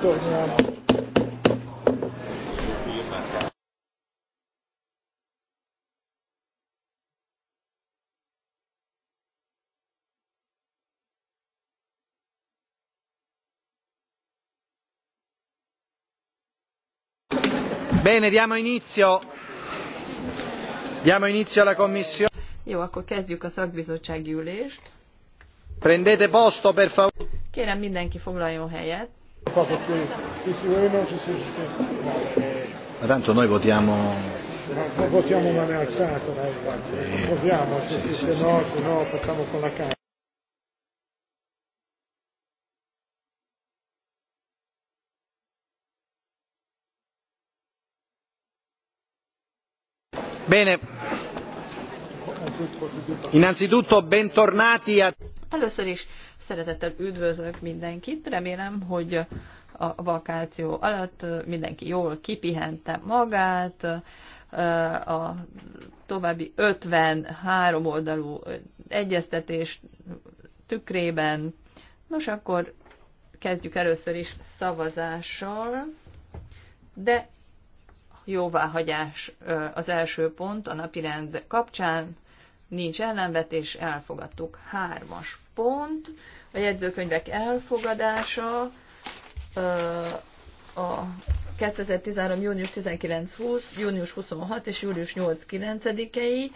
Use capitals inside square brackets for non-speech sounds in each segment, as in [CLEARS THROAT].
torniamo. Bene, diamo inizio. Diamo inizio alla commissione. Jó, akkor kezdjük a szakbizottsági ülést. Prendete posto, per favore. Kérem mindenki foglaljon helyet qua perché... Sì, sì, no, sì, sì, sì. No, Ma tanto noi votiamo... Ma votiamo una alzata, dai, eh, proviamo, se, sì, se, sì, se no, se no facciamo con la carta. Bene, innanzitutto bentornati a... Allora, is Szeretettel üdvözlök mindenkit, remélem, hogy a vakáció alatt mindenki jól kipihente magát, a további 53 oldalú egyeztetés tükrében. Nos, akkor kezdjük először is szavazással, de jóváhagyás az első pont a napirend kapcsán, nincs ellenvetés, elfogadtuk. Hármas pont, a jegyzőkönyvek elfogadása, a 2013. június 19-20, június 26 és július 8-9-ei,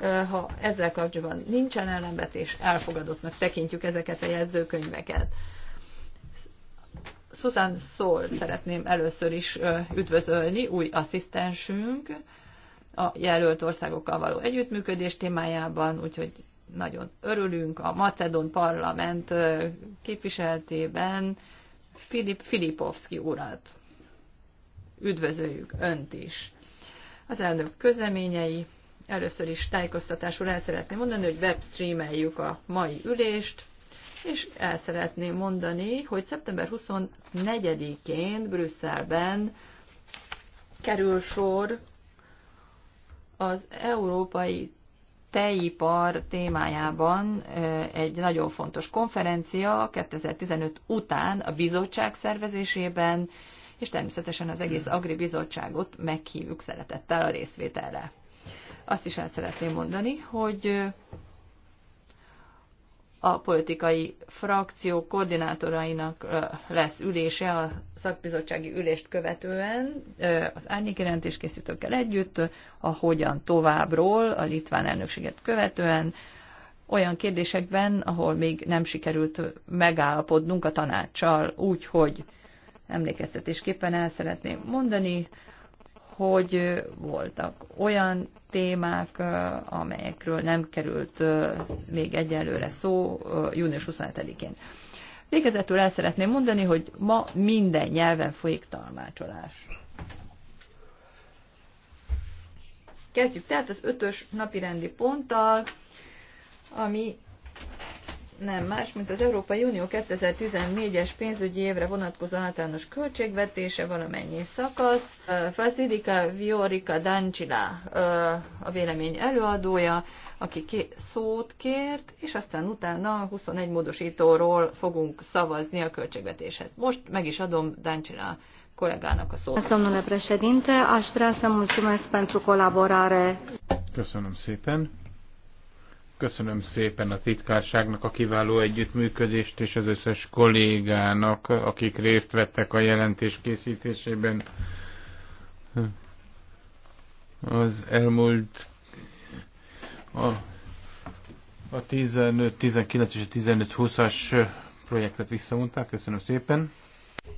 ha ezzel kapcsolatban nincsen ellenvetés, elfogadottnak tekintjük ezeket a jegyzőkönyveket. Susan Szól szeretném először is üdvözölni, új asszisztensünk a jelölt országokkal való együttműködés témájában, úgyhogy nagyon örülünk a Macedon Parlament képviseltében Filip Filipovski urat. Üdvözöljük önt is. Az elnök közleményei. Először is tájékoztatásul el szeretném mondani, hogy webstreameljük a mai ülést, és el szeretném mondani, hogy szeptember 24-én Brüsszelben kerül sor az Európai tejipar témájában egy nagyon fontos konferencia 2015 után a bizottság szervezésében, és természetesen az egész hmm. Agri Bizottságot meghívjuk szeretettel a részvételre. Azt is el szeretném mondani, hogy a politikai frakció koordinátorainak lesz ülése a szakbizottsági ülést követően az árnyékjelentés készítőkkel együtt, a hogyan továbbról a litván elnökséget követően, olyan kérdésekben, ahol még nem sikerült megállapodnunk a tanácssal, úgyhogy emlékeztetésképpen el szeretném mondani, hogy voltak olyan témák, amelyekről nem került még egyelőre szó június 27-én. Végezetül el szeretném mondani, hogy ma minden nyelven folyik talmácsolás. Kezdjük tehát az ötös napirendi ponttal, ami nem más, mint az Európai Unió 2014-es pénzügyi évre vonatkozó általános költségvetése valamennyi szakasz. Fazilika Viorica Dancila a vélemény előadója, aki szót kért, és aztán utána 21 módosítóról fogunk szavazni a költségvetéshez. Most meg is adom Dancila kollégának a szót. Domnule președinte, aș vrea să mulțumesc pentru colaborare. Köszönöm szépen. Köszönöm szépen a titkárságnak a kiváló együttműködést és az összes kollégának, akik részt vettek a jelentés készítésében. Az elmúlt a, a 15, 19 és a 15-20-as projektet visszamondták. Köszönöm szépen.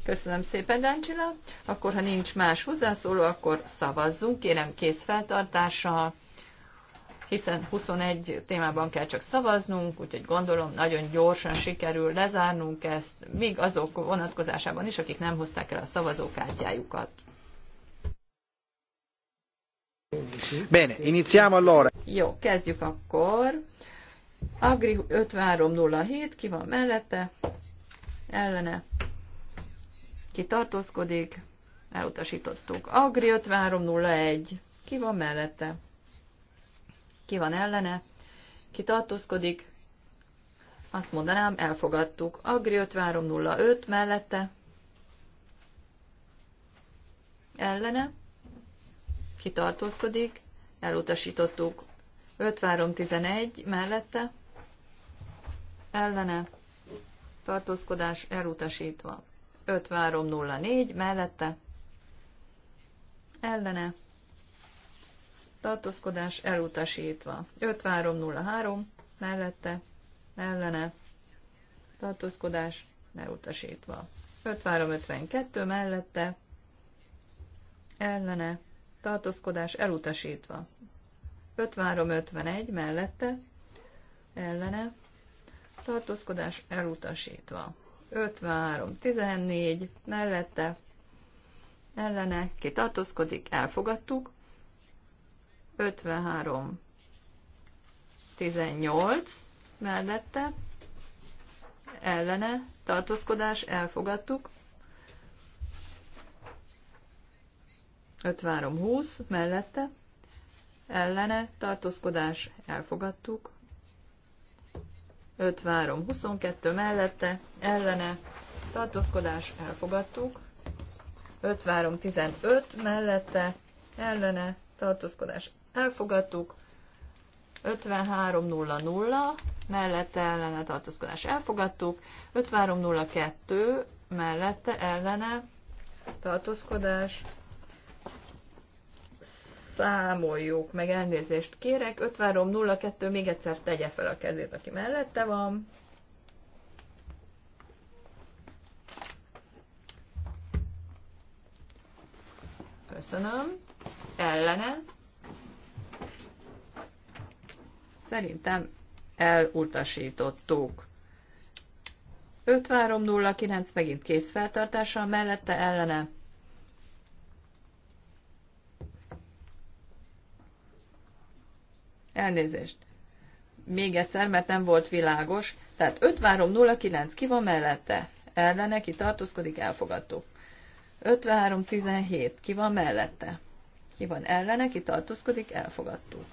Köszönöm szépen, Dáncsila. Akkor, ha nincs más hozzászóló, akkor szavazzunk. Kérem készfeltartással hiszen 21 témában kell csak szavaznunk, úgyhogy gondolom nagyon gyorsan sikerül lezárnunk ezt, még azok vonatkozásában is, akik nem hozták el a szavazókártyájukat. Bene, iniziamo allora. Jó, kezdjük akkor. Agri 5307, ki van mellette? Ellene. Ki tartózkodik? Elutasítottuk. Agri 5301, ki van mellette? ki van ellene, ki tartózkodik, azt mondanám, elfogadtuk. Agri 5305 mellette, ellene, ki tartózkodik, elutasítottuk. 5311 mellette, ellene, tartózkodás elutasítva. 5304 mellette, ellene, tartózkodás elutasítva. 5303 mellette, ellene, tartózkodás elutasítva. 5352 mellette, ellene, tartózkodás elutasítva. 5351 mellette, ellene, tartózkodás elutasítva. 5314 mellette, ellene, ki tartózkodik, elfogadtuk. 53 18 mellette ellene tartózkodás elfogadtuk. 53 20 mellette ellene tartózkodás elfogadtuk. 53 22 mellette ellene tartózkodás elfogadtuk. 53 15 mellette ellene tartózkodás elfogadtuk, 53.00 mellette ellene tartózkodás elfogadtuk, 53.02 mellette ellene tartózkodás számoljuk, meg elnézést kérek, 53.02 még egyszer tegye fel a kezét, aki mellette van. Köszönöm. Ellene Szerintem elutasítottuk. 5309 megint készfeltartással mellette ellene. Elnézést. Még egyszer, mert nem volt világos. Tehát 5309 ki van mellette? Ellene, ki tartózkodik, elfogadtuk. 5317 ki van mellette? Ki van ellene, ki tartózkodik, elfogadtuk.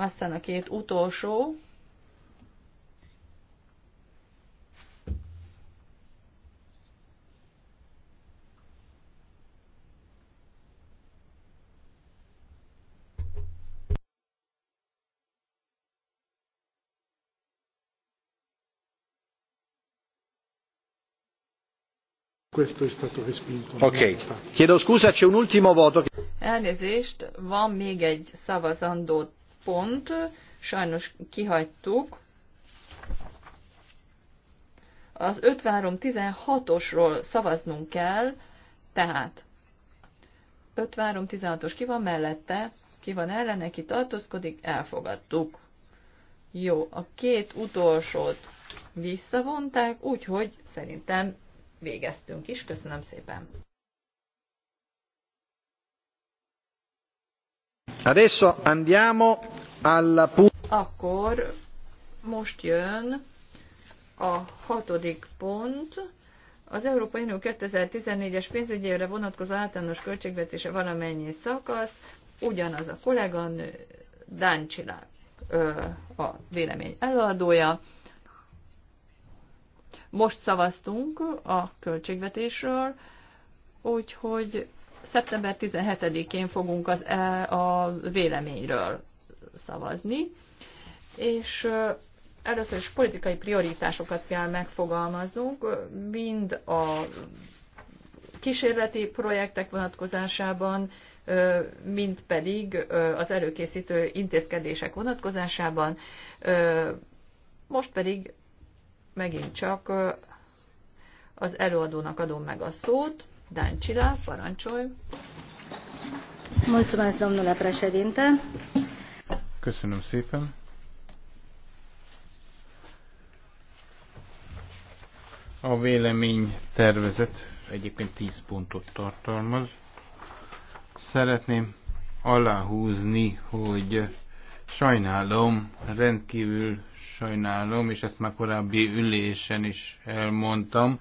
Aztán a két utolsó, Oké. è Ok, chiedo scusa, c'è un ultimo voto. Elnézést, van még egy szavazandó pont, sajnos kihagytuk, az 5316 osról szavaznunk kell, tehát 5316 os ki van mellette, ki van ellene, ki tartózkodik, elfogadtuk. Jó, a két utolsót visszavonták, úgyhogy szerintem végeztünk is. Köszönöm szépen! Adesso andiamo alla... Akkor most jön a hatodik pont, az Európai Unió 2014-es pénzügyére vonatkozó általános költségvetése valamennyi szakasz, ugyanaz a kolléganő, Dáncsilá a vélemény előadója. Most szavaztunk a költségvetésről, úgyhogy Szeptember 17-én fogunk az, e, a véleményről szavazni, és először is politikai prioritásokat kell megfogalmaznunk, mind a kísérleti projektek vonatkozásában, mint pedig az előkészítő intézkedések vonatkozásában. Most pedig megint csak az előadónak adom meg a szót. Dancila, parancsolj! Mulțumesc, domnule președinte! Köszönöm szépen! A vélemény tervezet egyébként 10 pontot tartalmaz. Szeretném aláhúzni, hogy sajnálom, rendkívül sajnálom, és ezt már korábbi ülésen is elmondtam,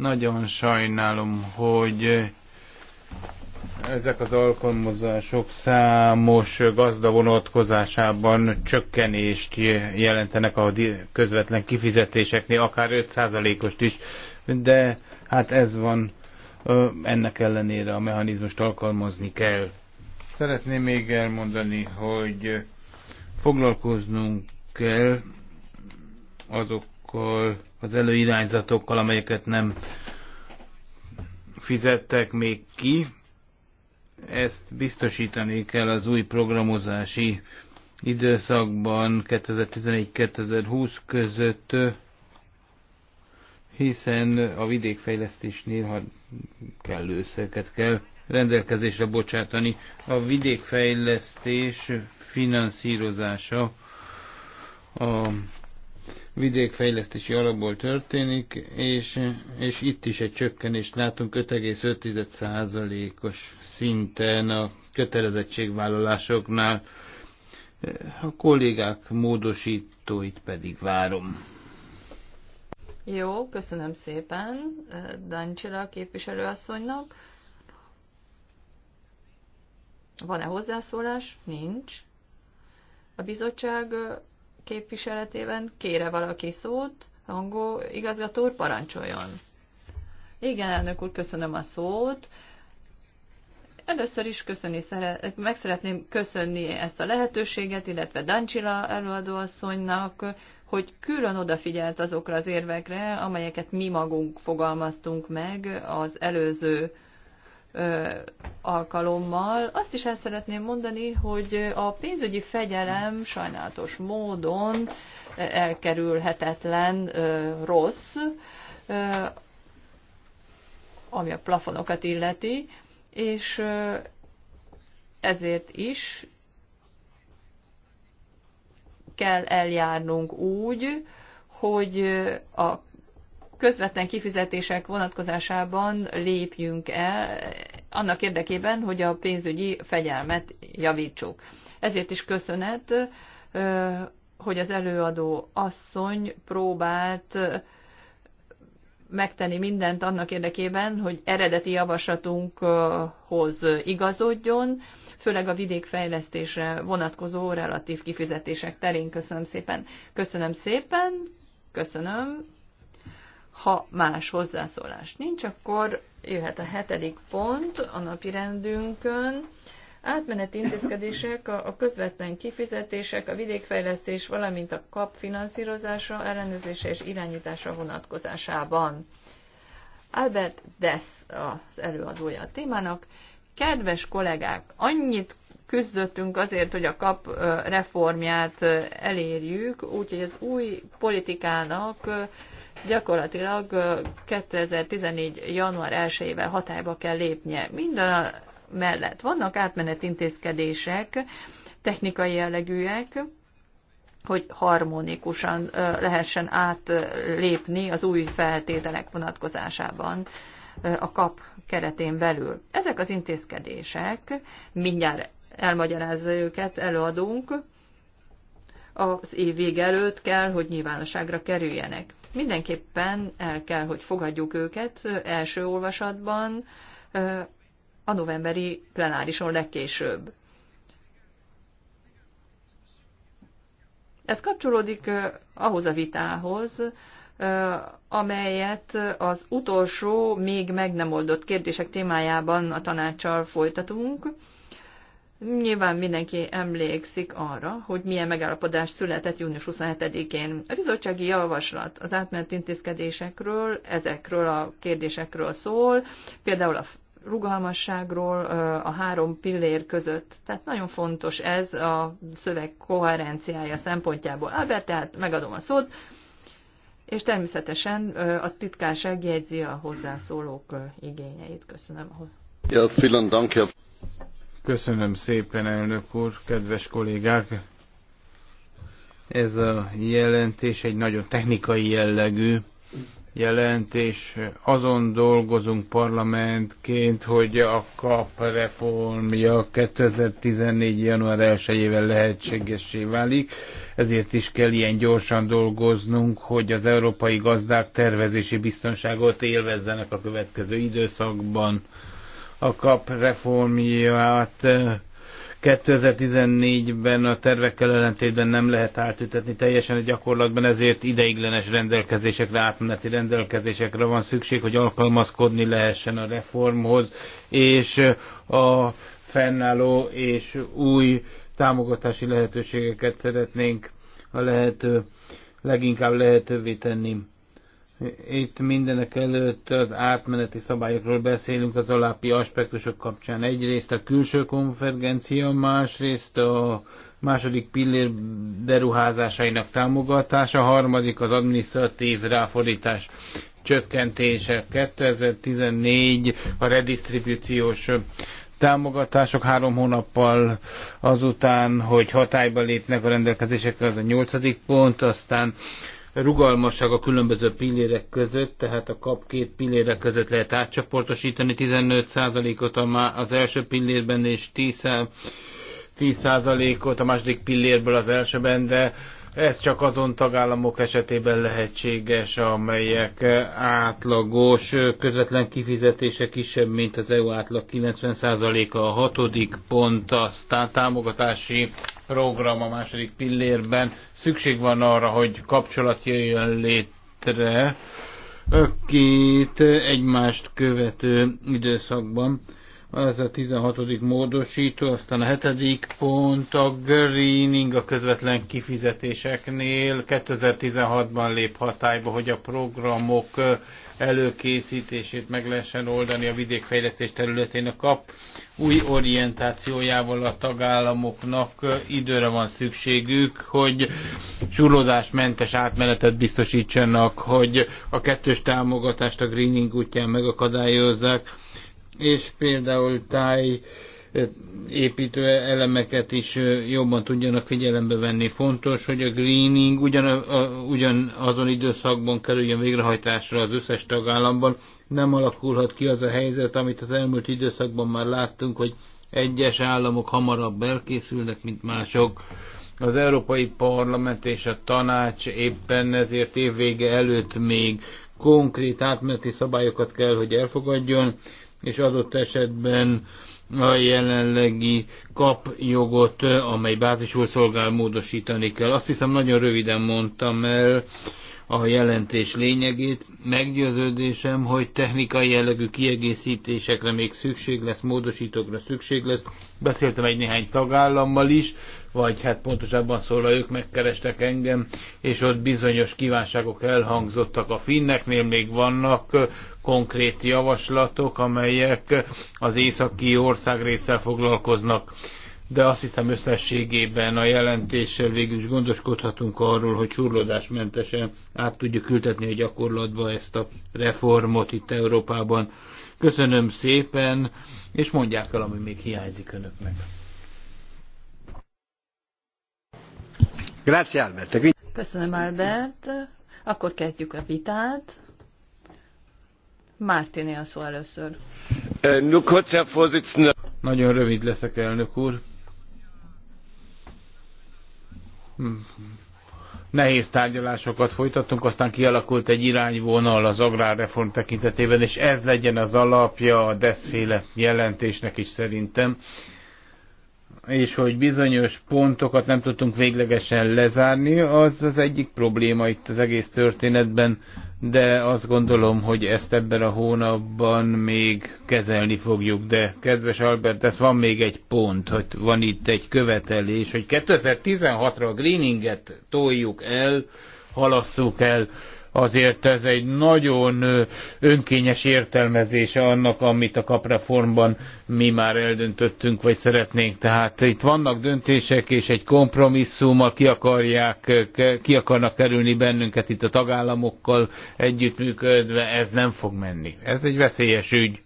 nagyon sajnálom, hogy ezek az alkalmazások számos gazda vonatkozásában csökkenést jelentenek a közvetlen kifizetéseknél, akár 5%-ost is, de hát ez van, ennek ellenére a mechanizmust alkalmazni kell. Szeretném még elmondani, hogy foglalkoznunk kell azokkal, az előirányzatokkal, amelyeket nem fizettek még ki. Ezt biztosítani kell az új programozási időszakban 2011 2020 között, hiszen a vidékfejlesztésnél ha kell összeget kell rendelkezésre bocsátani. A vidékfejlesztés finanszírozása a vidékfejlesztési alapból történik, és, és itt is egy csökkenést látunk 5,5%-os szinten a kötelezettségvállalásoknál. A kollégák módosítóit pedig várom. Jó, köszönöm szépen Dancsila képviselőasszonynak. Van-e hozzászólás? Nincs. A bizottság képviseletében kére valaki szót, hangó igazgató úr, parancsoljon. Igen, elnök úr, köszönöm a szót. Először is köszönni, meg szeretném köszönni ezt a lehetőséget, illetve Dancsila előadóasszonynak, hogy külön odafigyelt azokra az érvekre, amelyeket mi magunk fogalmaztunk meg az előző alkalommal. Azt is el szeretném mondani, hogy a pénzügyi fegyelem sajnálatos módon elkerülhetetlen rossz, ami a plafonokat illeti, és ezért is kell eljárnunk úgy, hogy a közvetlen kifizetések vonatkozásában lépjünk el, annak érdekében, hogy a pénzügyi fegyelmet javítsuk. Ezért is köszönet, hogy az előadó asszony próbált megtenni mindent annak érdekében, hogy eredeti javaslatunkhoz igazodjon, főleg a vidékfejlesztésre vonatkozó relatív kifizetések terén. Köszönöm szépen. Köszönöm szépen, köszönöm. Ha más hozzászólás nincs, akkor jöhet a hetedik pont a napi rendünkön. Átmeneti intézkedések, a közvetlen kifizetések, a vidékfejlesztés, valamint a kap finanszírozása, ellenőrzése és irányítása vonatkozásában. Albert Dess az előadója a témának. Kedves kollégák, annyit küzdöttünk azért, hogy a kap reformját elérjük, úgyhogy az új politikának gyakorlatilag 2014. január 1-ével hatályba kell lépnie. Minden mellett vannak átmenet intézkedések, technikai jellegűek, hogy harmonikusan lehessen átlépni az új feltételek vonatkozásában a kap keretén belül. Ezek az intézkedések, mindjárt elmagyarázza őket előadunk, az év vége előtt kell, hogy nyilvánosságra kerüljenek. Mindenképpen el kell, hogy fogadjuk őket első olvasatban, a novemberi plenárison legkésőbb. Ez kapcsolódik ahhoz a vitához, amelyet az utolsó, még meg nem oldott kérdések témájában a tanácssal folytatunk. Nyilván mindenki emlékszik arra, hogy milyen megállapodás született június 27-én. A bizottsági javaslat az átment intézkedésekről, ezekről a kérdésekről szól, például a rugalmasságról a három pillér között. Tehát nagyon fontos ez a szöveg koherenciája szempontjából. Albert, tehát megadom a szót, és természetesen a titkárság jegyzi a hozzászólók igényeit. Köszönöm. Ja, vielen Dank, Herr Köszönöm szépen, elnök úr, kedves kollégák! Ez a jelentés egy nagyon technikai jellegű jelentés. Azon dolgozunk parlamentként, hogy a KAP reformja 2014. január 1-ével lehetségessé válik. Ezért is kell ilyen gyorsan dolgoznunk, hogy az európai gazdák tervezési biztonságot élvezzenek a következő időszakban a kap reformját 2014-ben a tervekkel ellentétben nem lehet átütetni teljesen a gyakorlatban, ezért ideiglenes rendelkezésekre, átmeneti rendelkezésekre van szükség, hogy alkalmazkodni lehessen a reformhoz, és a fennálló és új támogatási lehetőségeket szeretnénk a lehető, leginkább lehetővé tenni. Itt mindenek előtt az átmeneti szabályokról beszélünk az alábbi aspektusok kapcsán. Egyrészt a külső konvergencia, másrészt a második pillér deruházásainak támogatása, a harmadik az adminisztratív ráfordítás csökkentése. 2014 a redistribúciós támogatások három hónappal azután, hogy hatályba lépnek a rendelkezések, az a nyolcadik pont, aztán rugalmasság a különböző pillérek között, tehát a kap két pillére között lehet átcsoportosítani 15%-ot az első pillérben és 10%-ot a második pillérből az elsőben, de ez csak azon tagállamok esetében lehetséges, amelyek átlagos közvetlen kifizetése kisebb, mint az EU átlag 90%-a. A hatodik pont a támogatási program a második pillérben. Szükség van arra, hogy kapcsolat jöjjön létre két egymást követő időszakban ez a 16. módosító, aztán a hetedik pont a greening a közvetlen kifizetéseknél 2016-ban lép hatályba, hogy a programok előkészítését meg lehessen oldani a vidékfejlesztés területén a kap új orientációjával a tagállamoknak időre van szükségük, hogy csurlódásmentes átmenetet biztosítsanak, hogy a kettős támogatást a greening útján megakadályozzák és például táj építő elemeket is jobban tudjanak figyelembe venni. Fontos, hogy a greening ugyan, a, ugyanazon időszakban kerüljön végrehajtásra az összes tagállamban. Nem alakulhat ki az a helyzet, amit az elmúlt időszakban már láttunk, hogy egyes államok hamarabb elkészülnek, mint mások. Az Európai Parlament és a tanács éppen ezért évvége előtt még konkrét átmeneti szabályokat kell, hogy elfogadjon, és adott esetben a jelenlegi kapjogot, amely bázisul szolgál, módosítani kell. Azt hiszem nagyon röviden mondtam el a jelentés lényegét. Meggyőződésem, hogy technikai jellegű kiegészítésekre még szükség lesz, módosítókra szükség lesz. Beszéltem egy néhány tagállammal is, vagy hát pontosabban szólva ők megkerestek engem, és ott bizonyos kívánságok elhangzottak a finneknél, még vannak konkrét javaslatok, amelyek az északi ország részsel foglalkoznak de azt hiszem összességében a jelentéssel végül is gondoskodhatunk arról, hogy csurlódásmentesen át tudjuk ültetni a gyakorlatba ezt a reformot itt Európában. Köszönöm szépen, és mondják el, ami még hiányzik önöknek. Grazie, Albert. Köszönöm, Albert. Akkor kezdjük a vitát. Mártiné a szó először. Nagyon rövid leszek, elnök úr. Nehéz tárgyalásokat folytattunk, aztán kialakult egy irányvonal az agrárreform tekintetében, és ez legyen az alapja a deszféle jelentésnek is szerintem és hogy bizonyos pontokat nem tudtunk véglegesen lezárni, az az egyik probléma itt az egész történetben, de azt gondolom, hogy ezt ebben a hónapban még kezelni fogjuk. De kedves Albert, ez van még egy pont, hogy van itt egy követelés, hogy 2016-ra a greeninget toljuk el, halasszuk el. Azért ez egy nagyon önkényes értelmezése annak, amit a kapreformban mi már eldöntöttünk, vagy szeretnénk. Tehát itt vannak döntések, és egy kompromisszummal ki, akarják, ki akarnak kerülni bennünket itt a tagállamokkal együttműködve, ez nem fog menni. Ez egy veszélyes ügy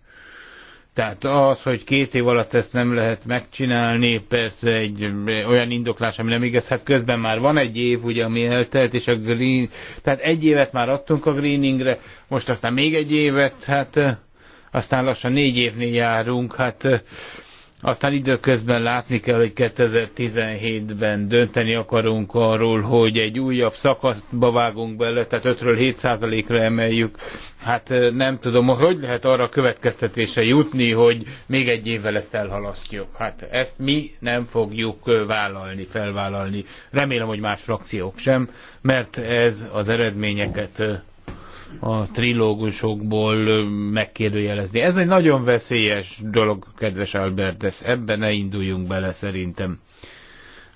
tehát az, hogy két év alatt ezt nem lehet megcsinálni, persze egy eh, olyan indoklás, ami nem igaz, hát közben már van egy év, ugye, ami eltelt, és a green, tehát egy évet már adtunk a greeningre, most aztán még egy évet, hát eh, aztán lassan négy évnél járunk, hát eh, aztán időközben látni kell, hogy 2017-ben dönteni akarunk arról, hogy egy újabb szakaszba vágunk bele, tehát 5-ről 7%-ra emeljük. Hát nem tudom, hogy lehet arra a következtetése jutni, hogy még egy évvel ezt elhalasztjuk. Hát ezt mi nem fogjuk vállalni, felvállalni. Remélem, hogy más frakciók sem, mert ez az eredményeket a trilógusokból megkérdőjelezni. Ez egy nagyon veszélyes dolog, kedves Albert, de ebben ne induljunk bele szerintem.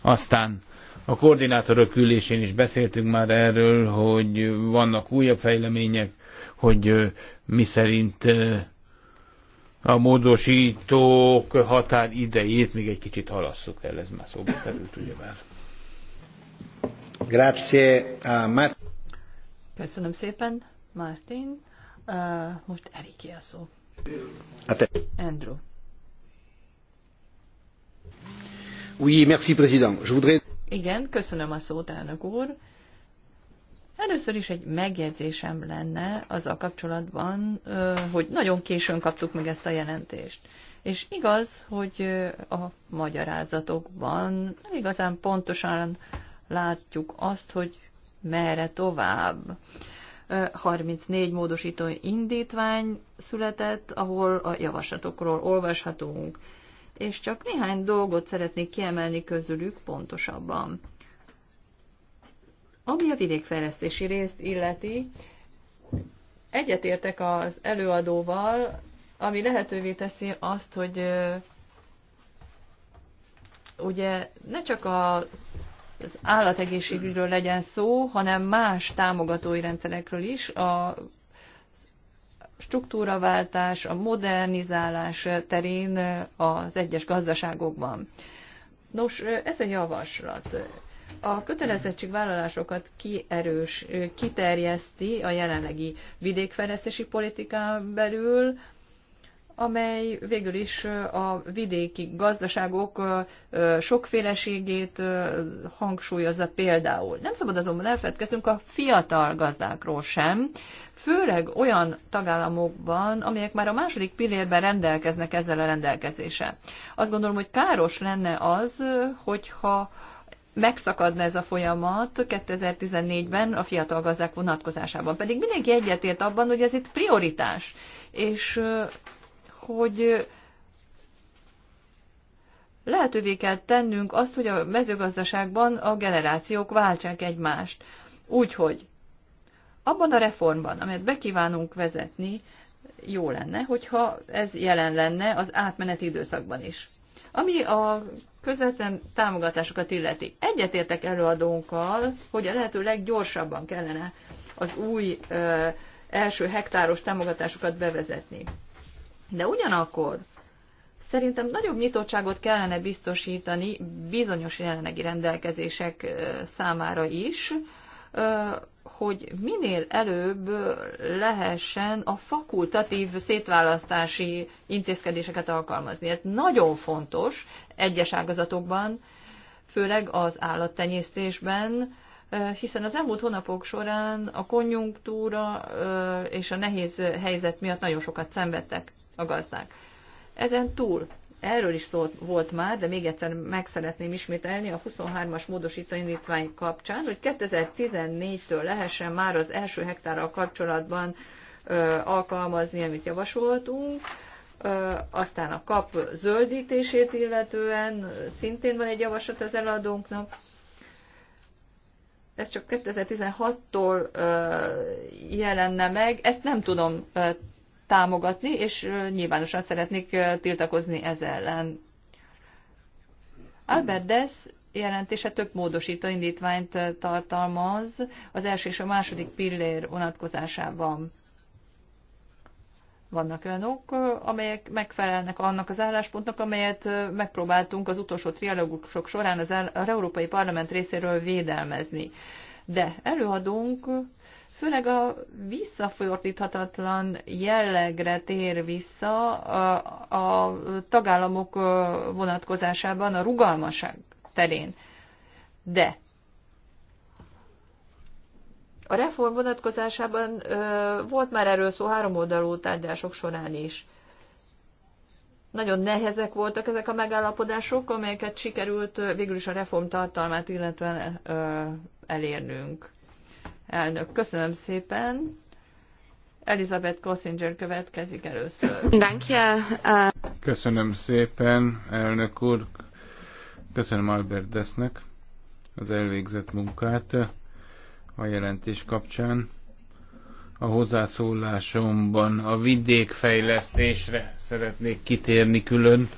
Aztán a koordinátorok ülésén is beszéltünk már erről, hogy vannak újabb fejlemények, hogy mi szerint a módosítók határidejét még egy kicsit halasszuk el, ez már szóba került ugyebár. Grazie. Köszönöm szépen. Martin, uh, most Eriké a szó. Hát, Andrew. Oui, merci, président. Je voudrais... Igen, köszönöm a szót, elnök úr. Először is egy megjegyzésem lenne az a kapcsolatban, hogy nagyon későn kaptuk meg ezt a jelentést. És igaz, hogy a magyarázatokban nem igazán pontosan látjuk azt, hogy merre tovább. 34 módosító indítvány született, ahol a javaslatokról olvashatunk, és csak néhány dolgot szeretnék kiemelni közülük pontosabban. Ami a vidékfejlesztési részt illeti, egyetértek az előadóval, ami lehetővé teszi azt, hogy ugye ne csak a az állategészségügyről legyen szó, hanem más támogatói rendszerekről is, a struktúraváltás, a modernizálás terén az egyes gazdaságokban. Nos, ez egy javaslat. A kötelezettségvállalásokat kierős, kiterjeszti a jelenlegi vidékfejlesztési politikán belül, amely végül is a vidéki gazdaságok sokféleségét hangsúlyozza például. Nem szabad azonban elfedkeznünk a fiatal gazdákról sem, főleg olyan tagállamokban, amelyek már a második pillérben rendelkeznek ezzel a rendelkezése. Azt gondolom, hogy káros lenne az, hogyha megszakadna ez a folyamat 2014-ben a fiatal gazdák vonatkozásában. Pedig mindenki egyetért abban, hogy ez itt prioritás. És hogy lehetővé kell tennünk azt, hogy a mezőgazdaságban a generációk váltsák egymást. Úgyhogy abban a reformban, amelyet bekívánunk vezetni, jó lenne, hogyha ez jelen lenne az átmeneti időszakban is. Ami a közvetlen támogatásokat illeti. Egyetértek előadónkkal, hogy a lehető leggyorsabban kellene az új ö, első hektáros támogatásokat bevezetni. De ugyanakkor szerintem nagyobb nyitottságot kellene biztosítani bizonyos jelenlegi rendelkezések számára is, hogy minél előbb lehessen a fakultatív szétválasztási intézkedéseket alkalmazni. Ez nagyon fontos egyes ágazatokban, főleg az állattenyésztésben, hiszen az elmúlt hónapok során a konjunktúra és a nehéz helyzet miatt nagyon sokat szenvedtek a gazdák. Ezen túl, erről is szó volt már, de még egyszer meg szeretném ismételni a 23-as módosítóindítvány kapcsán, hogy 2014-től lehessen már az első hektárral kapcsolatban ö, alkalmazni, amit javasoltunk, aztán a kap zöldítését illetően szintén van egy javaslat az eladónknak. Ez csak 2016-tól jelenne meg, ezt nem tudom támogatni, és nyilvánosan szeretnék tiltakozni ez ellen. Albert Dess jelentése több módosító indítványt tartalmaz az első és a második pillér vonatkozásában. Vannak olyanok, amelyek megfelelnek annak az álláspontnak, amelyet megpróbáltunk az utolsó trialógusok során az Európai Parlament részéről védelmezni. De előadónk főleg a visszafordíthatatlan jellegre tér vissza a, a tagállamok vonatkozásában a rugalmaság terén. De a reform vonatkozásában ö, volt már erről szó oldalú tárgyások során is. Nagyon nehezek voltak ezek a megállapodások, amelyeket sikerült végül is a reform tartalmát illetve ö, elérnünk. Elnök, köszönöm szépen. Elizabeth Kossinger következik először. Köszönöm szépen, elnök úr. Köszönöm Albert Desznek az elvégzett munkát a jelentés kapcsán. A hozzászólásomban a vidékfejlesztésre szeretnék kitérni külön,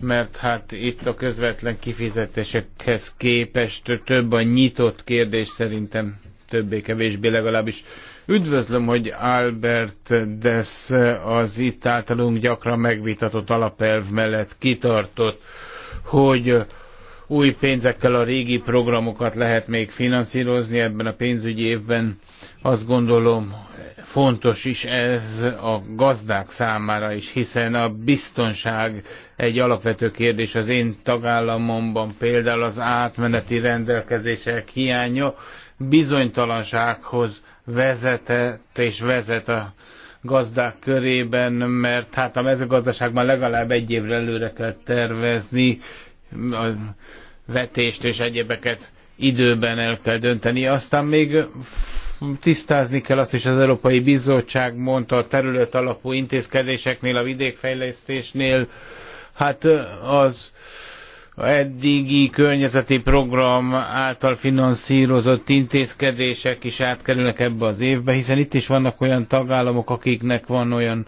mert hát itt a közvetlen kifizetésekhez képest több a nyitott kérdés szerintem többé-kevésbé legalábbis. Üdvözlöm, hogy Albert Dess az itt általunk gyakran megvitatott alapelv mellett kitartott, hogy új pénzekkel a régi programokat lehet még finanszírozni ebben a pénzügyi évben. Azt gondolom fontos is ez a gazdák számára is, hiszen a biztonság egy alapvető kérdés az én tagállamomban, például az átmeneti rendelkezések hiánya bizonytalansághoz vezetett és vezet a gazdák körében, mert hát a mezőgazdaságban legalább egy évre előre kell tervezni a vetést és egyebeket időben el kell dönteni. Aztán még tisztázni kell azt is az Európai Bizottság mondta a terület alapú intézkedéseknél, a vidékfejlesztésnél, hát az eddigi környezeti program által finanszírozott intézkedések is átkerülnek ebbe az évbe, hiszen itt is vannak olyan tagállamok, akiknek van olyan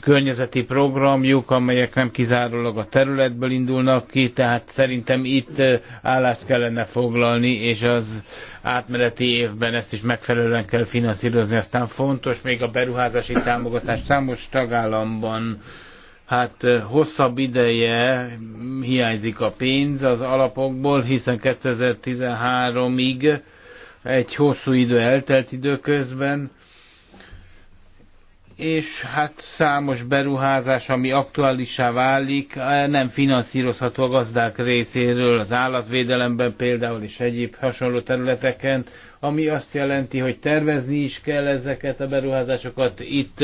környezeti programjuk, amelyek nem kizárólag a területből indulnak ki, tehát szerintem itt állást kellene foglalni, és az átmeneti évben ezt is megfelelően kell finanszírozni. Aztán fontos még a beruházási támogatás számos tagállamban hát eh, hosszabb ideje hiányzik a pénz az alapokból, hiszen 2013-ig egy hosszú idő eltelt időközben, és hát számos beruházás, ami aktuálisá válik, eh, nem finanszírozható a gazdák részéről, az állatvédelemben például és egyéb hasonló területeken, ami azt jelenti, hogy tervezni is kell ezeket a beruházásokat, itt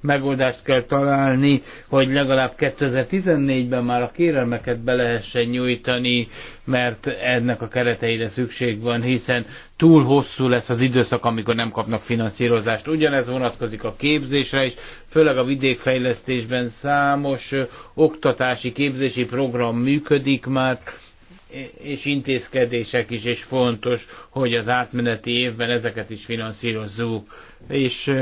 megoldást kell találni, hogy legalább 2014-ben már a kérelmeket be lehessen nyújtani, mert ennek a kereteire szükség van, hiszen túl hosszú lesz az időszak, amikor nem kapnak finanszírozást. Ugyanez vonatkozik a képzésre is, főleg a vidékfejlesztésben számos oktatási képzési program működik már, és intézkedések is, és fontos, hogy az átmeneti évben ezeket is finanszírozzuk, és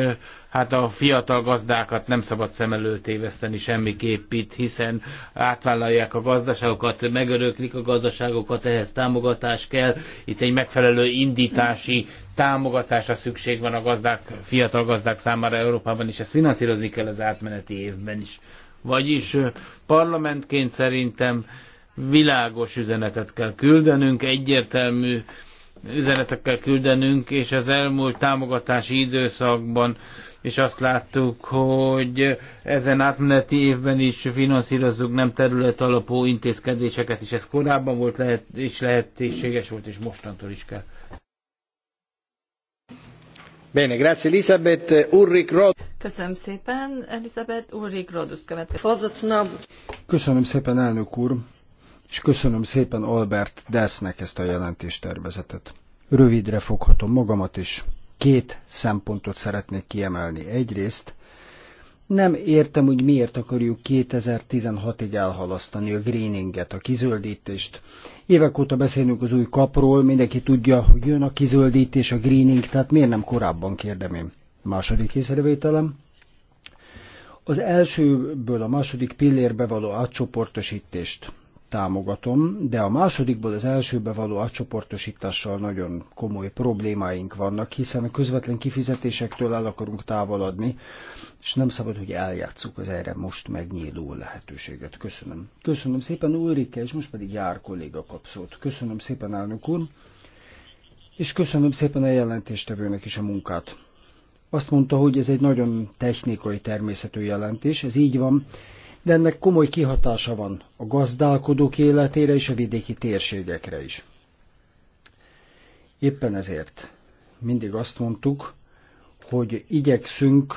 hát a fiatal gazdákat nem szabad szem előtt téveszteni semmiképp itt, hiszen átvállalják a gazdaságokat, megöröklik a gazdaságokat, ehhez támogatás kell, itt egy megfelelő indítási támogatásra szükség van a gazdák, fiatal gazdák számára Európában, és ezt finanszírozni kell az átmeneti évben is. Vagyis parlamentként szerintem világos üzenetet kell küldenünk, egyértelmű üzenetekkel küldenünk, és az elmúlt támogatási időszakban és azt láttuk, hogy ezen átmeneti évben is finanszírozzuk nem terület alapú intézkedéseket, és ez korábban volt lehet, és lehetséges volt, és mostantól is kell. Bene, grazie Elisabeth. Ulrich Rod. Köszönöm szépen, Elisabeth. Ulrich Rodus következik. Köszönöm szépen, elnök úr és köszönöm szépen Albert Dessnek ezt a jelentéstervezetet. Rövidre foghatom magamat is. Két szempontot szeretnék kiemelni. Egyrészt nem értem, hogy miért akarjuk 2016-ig elhalasztani a greeninget, a kizöldítést. Évek óta beszélünk az új kapról, mindenki tudja, hogy jön a kizöldítés, a greening, tehát miért nem korábban kérdem én. Második észrevételem. Az elsőből a második pillérbe való átcsoportosítést támogatom, de a másodikból az elsőbe való átcsoportosítással nagyon komoly problémáink vannak, hiszen a közvetlen kifizetésektől el akarunk távolodni, és nem szabad, hogy eljátsszuk az erre most megnyíló lehetőséget. Köszönöm. Köszönöm szépen Ulrike, és most pedig jár kolléga kapszót. Köszönöm szépen, elnök úr, és köszönöm szépen a jelentéstevőnek is a munkát. Azt mondta, hogy ez egy nagyon technikai természetű jelentés, ez így van, de ennek komoly kihatása van a gazdálkodók életére és a vidéki térségekre is. Éppen ezért mindig azt mondtuk, hogy igyekszünk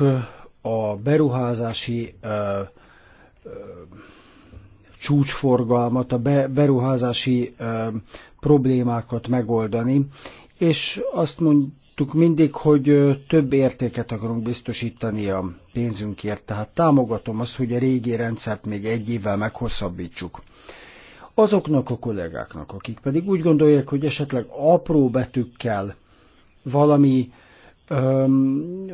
a beruházási ö, ö, csúcsforgalmat, a be, beruházási ö, problémákat megoldani, és azt mondjuk, hangoztuk mindig, hogy több értéket akarunk biztosítani a pénzünkért, tehát támogatom azt, hogy a régi rendszert még egy évvel meghosszabbítsuk. Azoknak a kollégáknak, akik pedig úgy gondolják, hogy esetleg apró betűkkel valami öm,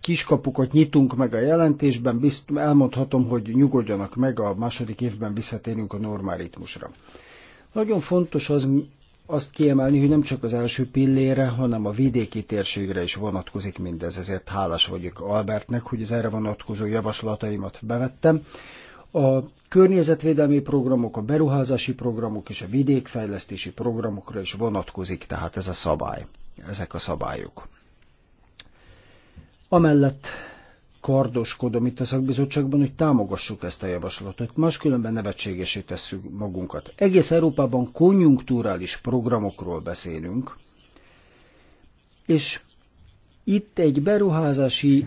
kiskapukat nyitunk meg a jelentésben, bizt, elmondhatom, hogy nyugodjanak meg, a második évben visszatérünk a normál ritmusra. Nagyon fontos az, azt kiemelni, hogy nem csak az első pillére, hanem a vidéki térségre is vonatkozik mindez, ezért hálás vagyok Albertnek, hogy az erre vonatkozó javaslataimat bevettem. A környezetvédelmi programok, a beruházási programok és a vidékfejlesztési programokra is vonatkozik, tehát ez a szabály, ezek a szabályok. Amellett kardoskodom itt a szakbizottságban, hogy támogassuk ezt a javaslatot, máskülönben nevetségesé tesszük magunkat. Egész Európában konjunkturális programokról beszélünk, és itt egy beruházási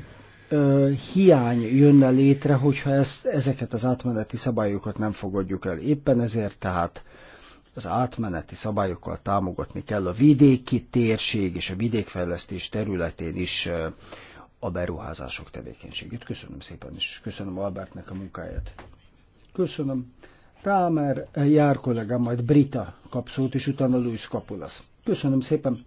ö, hiány jönne létre, hogyha ezt, ezeket az átmeneti szabályokat nem fogadjuk el. Éppen ezért tehát az átmeneti szabályokkal támogatni kell a vidéki térség és a vidékfejlesztés területén is ö, a beruházások tevékenységét. Köszönöm szépen, és köszönöm Albertnek a munkáját. Köszönöm. Rámer eh, jár kollega, majd Brita kap szót, és utána Luis Kapulasz. Köszönöm szépen.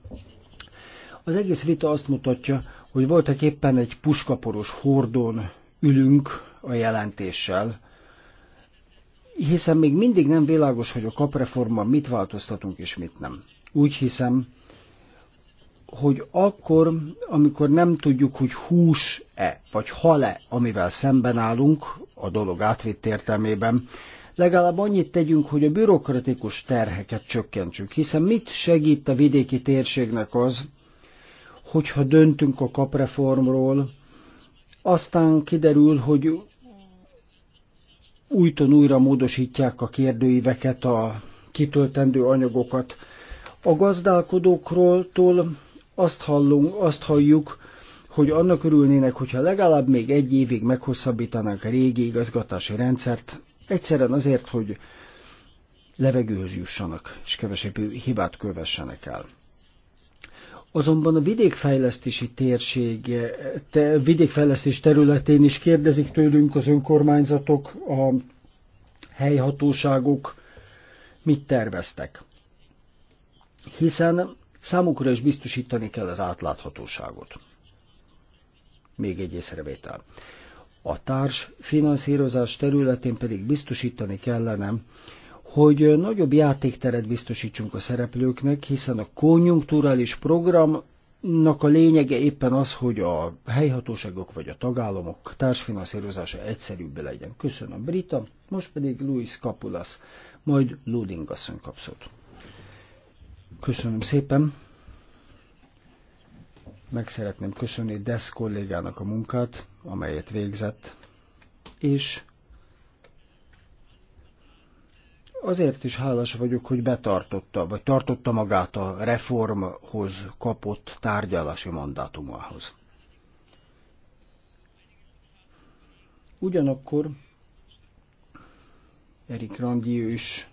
Az egész vita azt mutatja, hogy voltak éppen egy puskaporos hordón ülünk a jelentéssel, hiszen még mindig nem világos, hogy a kapreforma mit változtatunk és mit nem. Úgy hiszem, hogy akkor, amikor nem tudjuk, hogy hús-e vagy hale, amivel szemben állunk, a dolog átvitt értelmében, legalább annyit tegyünk, hogy a bürokratikus terheket csökkentsük, hiszen mit segít a vidéki térségnek az, hogyha döntünk a kapreformról, aztán kiderül, hogy újton újra módosítják a kérdőíveket, a kitöltendő anyagokat. A gazdálkodókról azt hallunk, azt halljuk, hogy annak örülnének, hogyha legalább még egy évig meghosszabbítanánk a régi igazgatási rendszert, egyszerűen azért, hogy levegőhöz jussanak, és kevesebb hibát kövessenek el. Azonban a vidékfejlesztési térség, te, vidékfejlesztés területén is kérdezik tőlünk az önkormányzatok, a helyhatóságok, mit terveztek. Hiszen Számukra is biztosítani kell az átláthatóságot. Még egy észrevétel. A társ finanszírozás területén pedig biztosítani kellene, hogy nagyobb játékteret biztosítsunk a szereplőknek, hiszen a konjunkturális programnak a lényege éppen az, hogy a helyhatóságok vagy a tagállamok társfinanszírozása egyszerűbb legyen. Köszönöm, Brita, most pedig Louis Capulas, majd Luding asszony kapszott. Köszönöm szépen. Meg szeretném köszönni Desz kollégának a munkát, amelyet végzett, és azért is hálás vagyok, hogy betartotta, vagy tartotta magát a reformhoz kapott tárgyalási mandátumához. Ugyanakkor Erik Randi is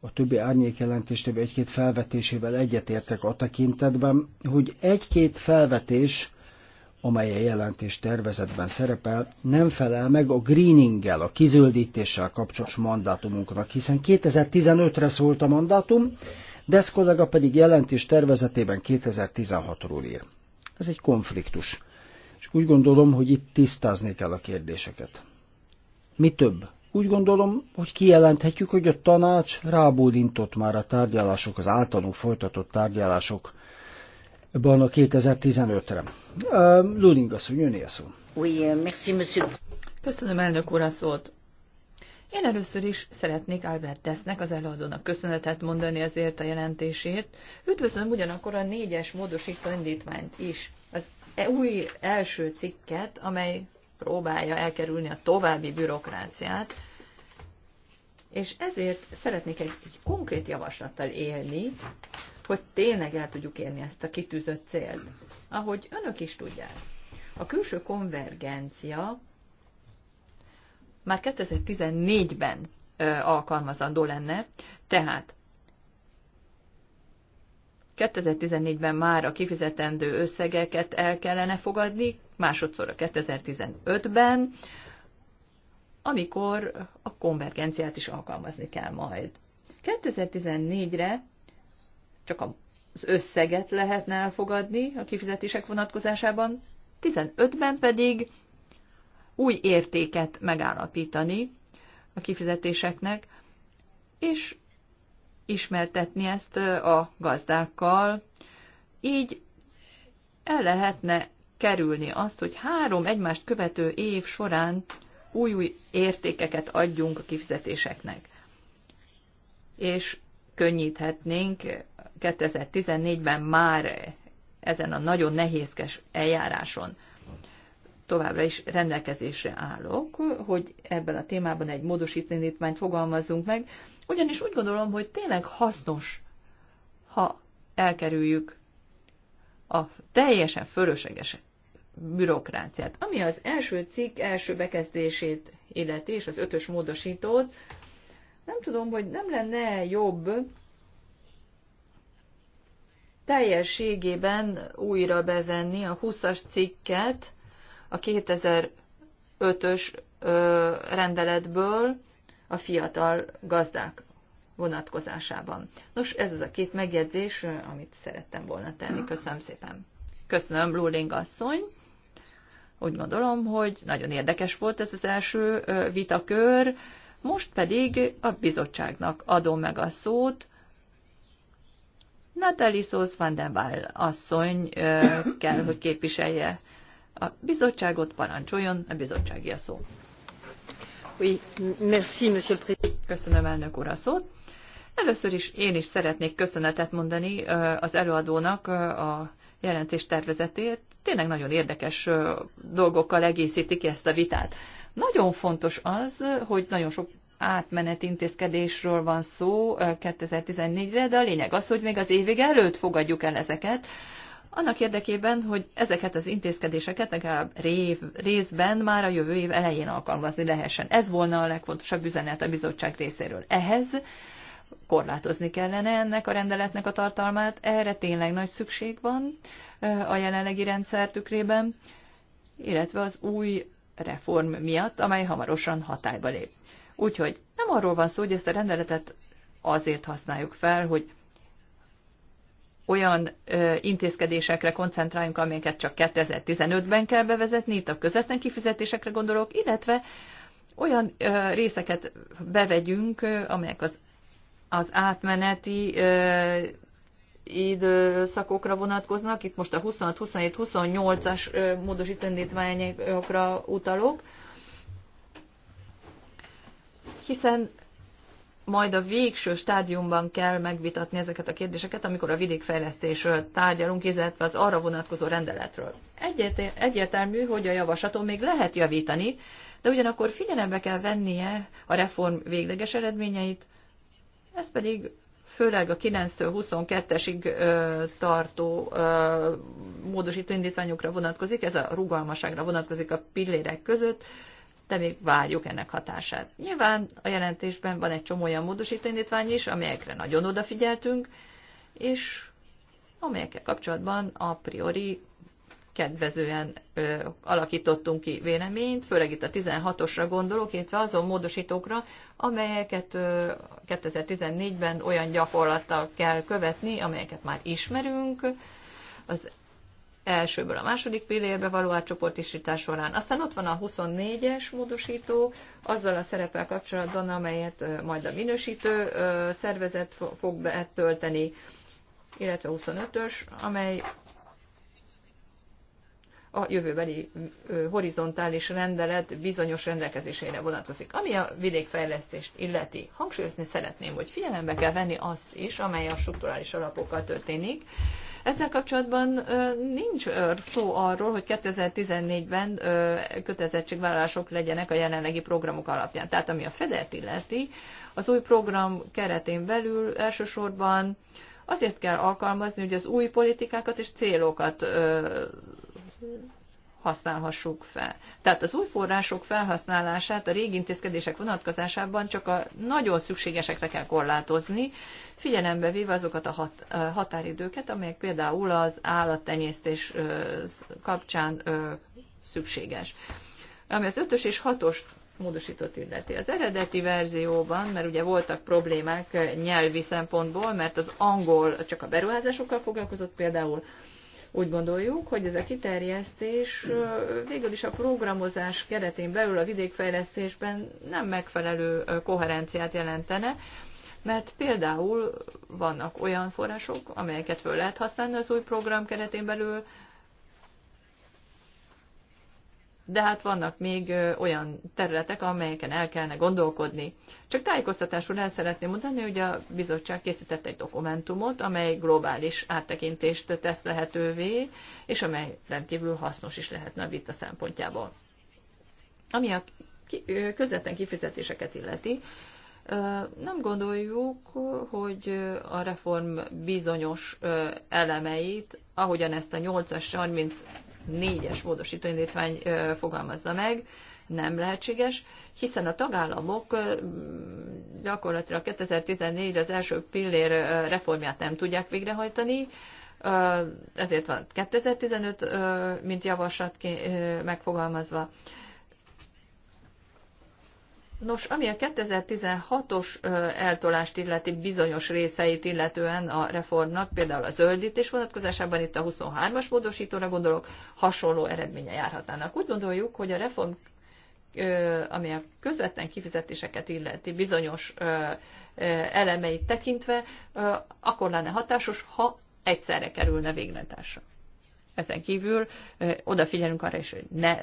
a többi árnyékjelentés több egy-két felvetésével egyetértek a tekintetben, hogy egy-két felvetés, amely a jelentés tervezetben szerepel, nem felel meg a greeninggel, a kizöldítéssel kapcsolatos mandátumunknak, hiszen 2015-re szólt a mandátum, ez kollega pedig jelentés tervezetében 2016-ról ír. Ez egy konfliktus, és úgy gondolom, hogy itt tisztázni kell a kérdéseket. Mi több, úgy gondolom, hogy kijelenthetjük, hogy a tanács rábólintott már a tárgyalások, az általunk folytatott tárgyalások van a 2015-re. Luling asszony, jön a szó. Köszönöm, elnök úr, a szót. Én először is szeretnék Albert Tesznek, az előadónak köszönetet mondani azért a jelentésért. Üdvözlöm ugyanakkor a négyes módosító indítványt is. Az e új első cikket, amely próbálja elkerülni a további bürokráciát, és ezért szeretnék egy, egy konkrét javaslattal élni, hogy tényleg el tudjuk érni ezt a kitűzött célt. Ahogy önök is tudják, a külső konvergencia már 2014-ben alkalmazandó lenne, tehát 2014-ben már a kifizetendő összegeket el kellene fogadni, másodszor a 2015-ben, amikor a konvergenciát is alkalmazni kell majd. 2014-re csak az összeget lehetne elfogadni a kifizetések vonatkozásában, 15-ben pedig új értéket megállapítani a kifizetéseknek, és ismertetni ezt a gazdákkal. Így el lehetne kerülni azt, hogy három egymást követő év során új-új értékeket adjunk a kifizetéseknek. És könnyíthetnénk 2014-ben már ezen a nagyon nehézkes eljáráson. Továbbra is rendelkezésre állok, hogy ebben a témában egy módosítindítványt fogalmazzunk meg, ugyanis úgy gondolom, hogy tényleg hasznos, ha elkerüljük a teljesen fölösleges bürokráciát. Ami az első cikk első bekezdését illeti, és az ötös módosítót, nem tudom, hogy nem lenne jobb teljességében újra bevenni a 20-as cikket a 2005-ös rendeletből a fiatal gazdák vonatkozásában. Nos, ez az a két megjegyzés, amit szerettem volna tenni. Köszönöm szépen. Köszönöm, Lulling asszony. Úgy gondolom, hogy nagyon érdekes volt ez az első vitakör, most pedig a bizottságnak adom meg a szót. Natalie Szósz van den Waal asszony kell, hogy képviselje a bizottságot, parancsoljon, a bizottsági a szó. Oui, merci, monsieur le Köszönöm elnök úr a szót. Először is én is szeretnék köszönetet mondani az előadónak a jelentés tervezetért, tényleg nagyon érdekes dolgokkal egészítik ezt a vitát. Nagyon fontos az, hogy nagyon sok átmenet intézkedésről van szó 2014-re, de a lényeg az, hogy még az évig előtt fogadjuk el ezeket, annak érdekében, hogy ezeket az intézkedéseket legalább rév, részben már a jövő év elején alkalmazni lehessen. Ez volna a legfontosabb üzenet a bizottság részéről. Ehhez korlátozni kellene ennek a rendeletnek a tartalmát. Erre tényleg nagy szükség van a jelenlegi rendszer tükrében, illetve az új reform miatt, amely hamarosan hatályba lép. Úgyhogy nem arról van szó, hogy ezt a rendeletet azért használjuk fel, hogy olyan ö, intézkedésekre koncentráljunk, amelyeket csak 2015-ben kell bevezetni, itt a közvetlen kifizetésekre gondolok, illetve olyan ö, részeket bevegyünk, ö, amelyek az az átmeneti ö, időszakokra vonatkoznak, itt most a 26, 27, 28-as módosítendítványokra utalok, hiszen majd a végső stádiumban kell megvitatni ezeket a kérdéseket, amikor a vidékfejlesztésről tárgyalunk, illetve az arra vonatkozó rendeletről. Egyértelmű, hogy a javaslaton még lehet javítani, de ugyanakkor figyelembe kell vennie a reform végleges eredményeit, ez pedig főleg a 9-től 22-esig tartó ö, módosító indítványokra vonatkozik, ez a rugalmaságra vonatkozik a pillérek között, de még várjuk ennek hatását. Nyilván a jelentésben van egy csomó olyan módosító indítvány is, amelyekre nagyon odafigyeltünk, és amelyekkel kapcsolatban a priori kedvezően ö, alakítottunk ki véleményt, főleg itt a 16-osra gondolok, illetve azon módosítókra, amelyeket 2014-ben olyan gyakorlattal kell követni, amelyeket már ismerünk, az elsőből a második pillérbe való átcsoportisítás során. Aztán ott van a 24-es módosító, azzal a szerepel kapcsolatban, amelyet majd a minősítő szervezet fog betölteni, illetve 25-ös, amely a jövőbeli horizontális rendelet bizonyos rendelkezésére vonatkozik. Ami a vidékfejlesztést illeti, hangsúlyozni szeretném, hogy figyelembe kell venni azt is, amely a strukturális alapokkal történik. Ezzel kapcsolatban nincs szó arról, hogy 2014-ben kötelezettségvállalások legyenek a jelenlegi programok alapján. Tehát ami a Federt illeti, az új program keretén belül elsősorban azért kell alkalmazni, hogy az új politikákat és célokat használhassuk fel. Tehát az új források felhasználását a régi intézkedések vonatkozásában csak a nagyon szükségesekre kell korlátozni, figyelembe véve azokat a hat, határidőket, amelyek például az állattenyésztés kapcsán szükséges. Ami az ötös és hatos módosított illeti. Az eredeti verzióban, mert ugye voltak problémák nyelvi szempontból, mert az angol csak a beruházásokkal foglalkozott például, úgy gondoljuk, hogy ez a kiterjesztés végül is a programozás keretén belül a vidékfejlesztésben nem megfelelő koherenciát jelentene, mert például vannak olyan források, amelyeket föl lehet használni az új program keretén belül, de hát vannak még olyan területek, amelyeken el kellene gondolkodni. Csak tájékoztatásul el szeretném mondani, hogy a bizottság készített egy dokumentumot, amely globális áttekintést tesz lehetővé, és amely rendkívül hasznos is lehetne a vita szempontjából. Ami a közvetlen kifizetéseket illeti, nem gondoljuk, hogy a reform bizonyos elemeit, ahogyan ezt a 8-as, négyes módosító indítvány fogalmazza meg, nem lehetséges, hiszen a tagállamok gyakorlatilag 2014 az első pillér reformját nem tudják végrehajtani, ezért van 2015, mint javaslat megfogalmazva. Nos, ami a 2016-os eltolást illeti bizonyos részeit illetően a reformnak, például a zöldítés vonatkozásában itt a 23-as módosítóra gondolok, hasonló eredménye járhatnának. Úgy gondoljuk, hogy a reform, ami a közvetlen kifizetéseket illeti bizonyos elemeit tekintve, akkor lenne hatásos, ha egyszerre kerülne végrehajtásra. Ezen kívül odafigyelünk arra is, hogy ne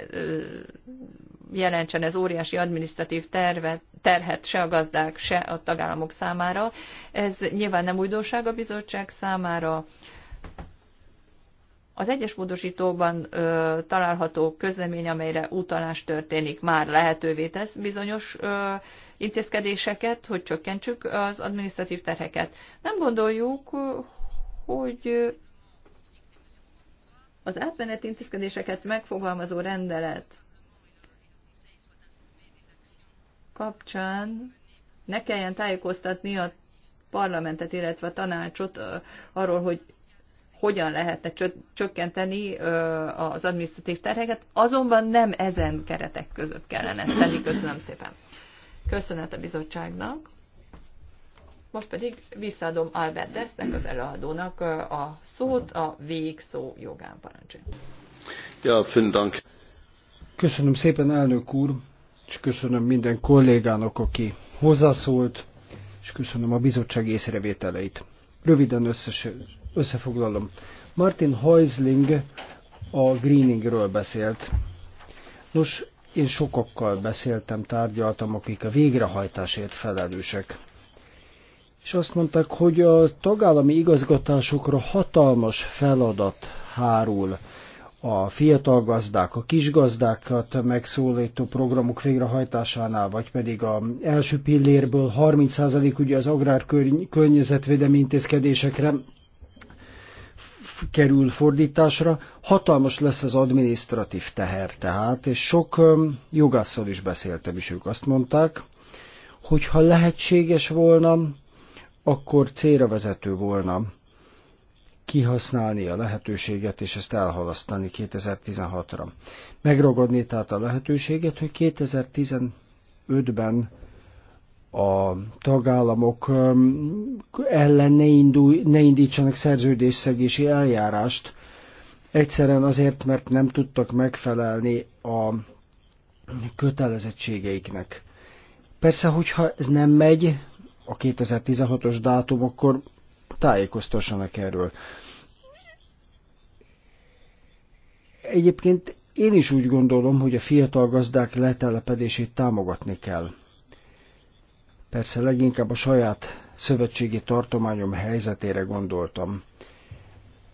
jelentsen ez óriási adminisztratív tervet, terhet se a gazdák, se a tagállamok számára. Ez nyilván nem újdonság a bizottság számára. Az egyes módosítóban ö, található közlemény, amelyre utalás történik, már lehetővé tesz bizonyos ö, intézkedéseket, hogy csökkentsük az administratív terheket. Nem gondoljuk, hogy az átmeneti intézkedéseket megfogalmazó rendelet kapcsán ne kelljen tájékoztatni a parlamentet, illetve a tanácsot arról, hogy hogyan lehetne csökkenteni az adminisztratív terheket, azonban nem ezen keretek között kellene ezt tenni. Köszönöm szépen. Köszönet a bizottságnak. Most pedig visszaadom Albert Desznek, az előadónak a szót a végszó jogán parancsolja. Ja, Köszönöm szépen, elnök úr és köszönöm minden kollégának, aki hozzászólt, és köszönöm a bizottság észrevételeit. Röviden összes, összefoglalom. Martin Heusling a greeningről beszélt. Nos, én sokakkal beszéltem, tárgyaltam, akik a végrehajtásért felelősek. És azt mondták, hogy a tagállami igazgatásokra hatalmas feladat hárul a fiatal gazdák, a kisgazdákat megszólító programok végrehajtásánál, vagy pedig a első pillérből 30% ugye az agrárkörnyezetvédelmi intézkedésekre kerül fordításra, hatalmas lesz az adminisztratív teher tehát, és sok jogásszal is beszéltem, és ők azt mondták, hogy ha lehetséges volna, akkor célra vezető volna kihasználni a lehetőséget, és ezt elhalasztani 2016-ra. Megragadni tehát a lehetőséget, hogy 2015-ben a tagállamok um, ellen ne, indul, ne indítsanak szerződésszegési eljárást, egyszerűen azért, mert nem tudtak megfelelni a kötelezettségeiknek. Persze, hogyha ez nem megy, a 2016-os dátum, akkor tájékoztassanak erről. Egyébként én is úgy gondolom, hogy a fiatal gazdák letelepedését támogatni kell. Persze leginkább a saját szövetségi tartományom helyzetére gondoltam.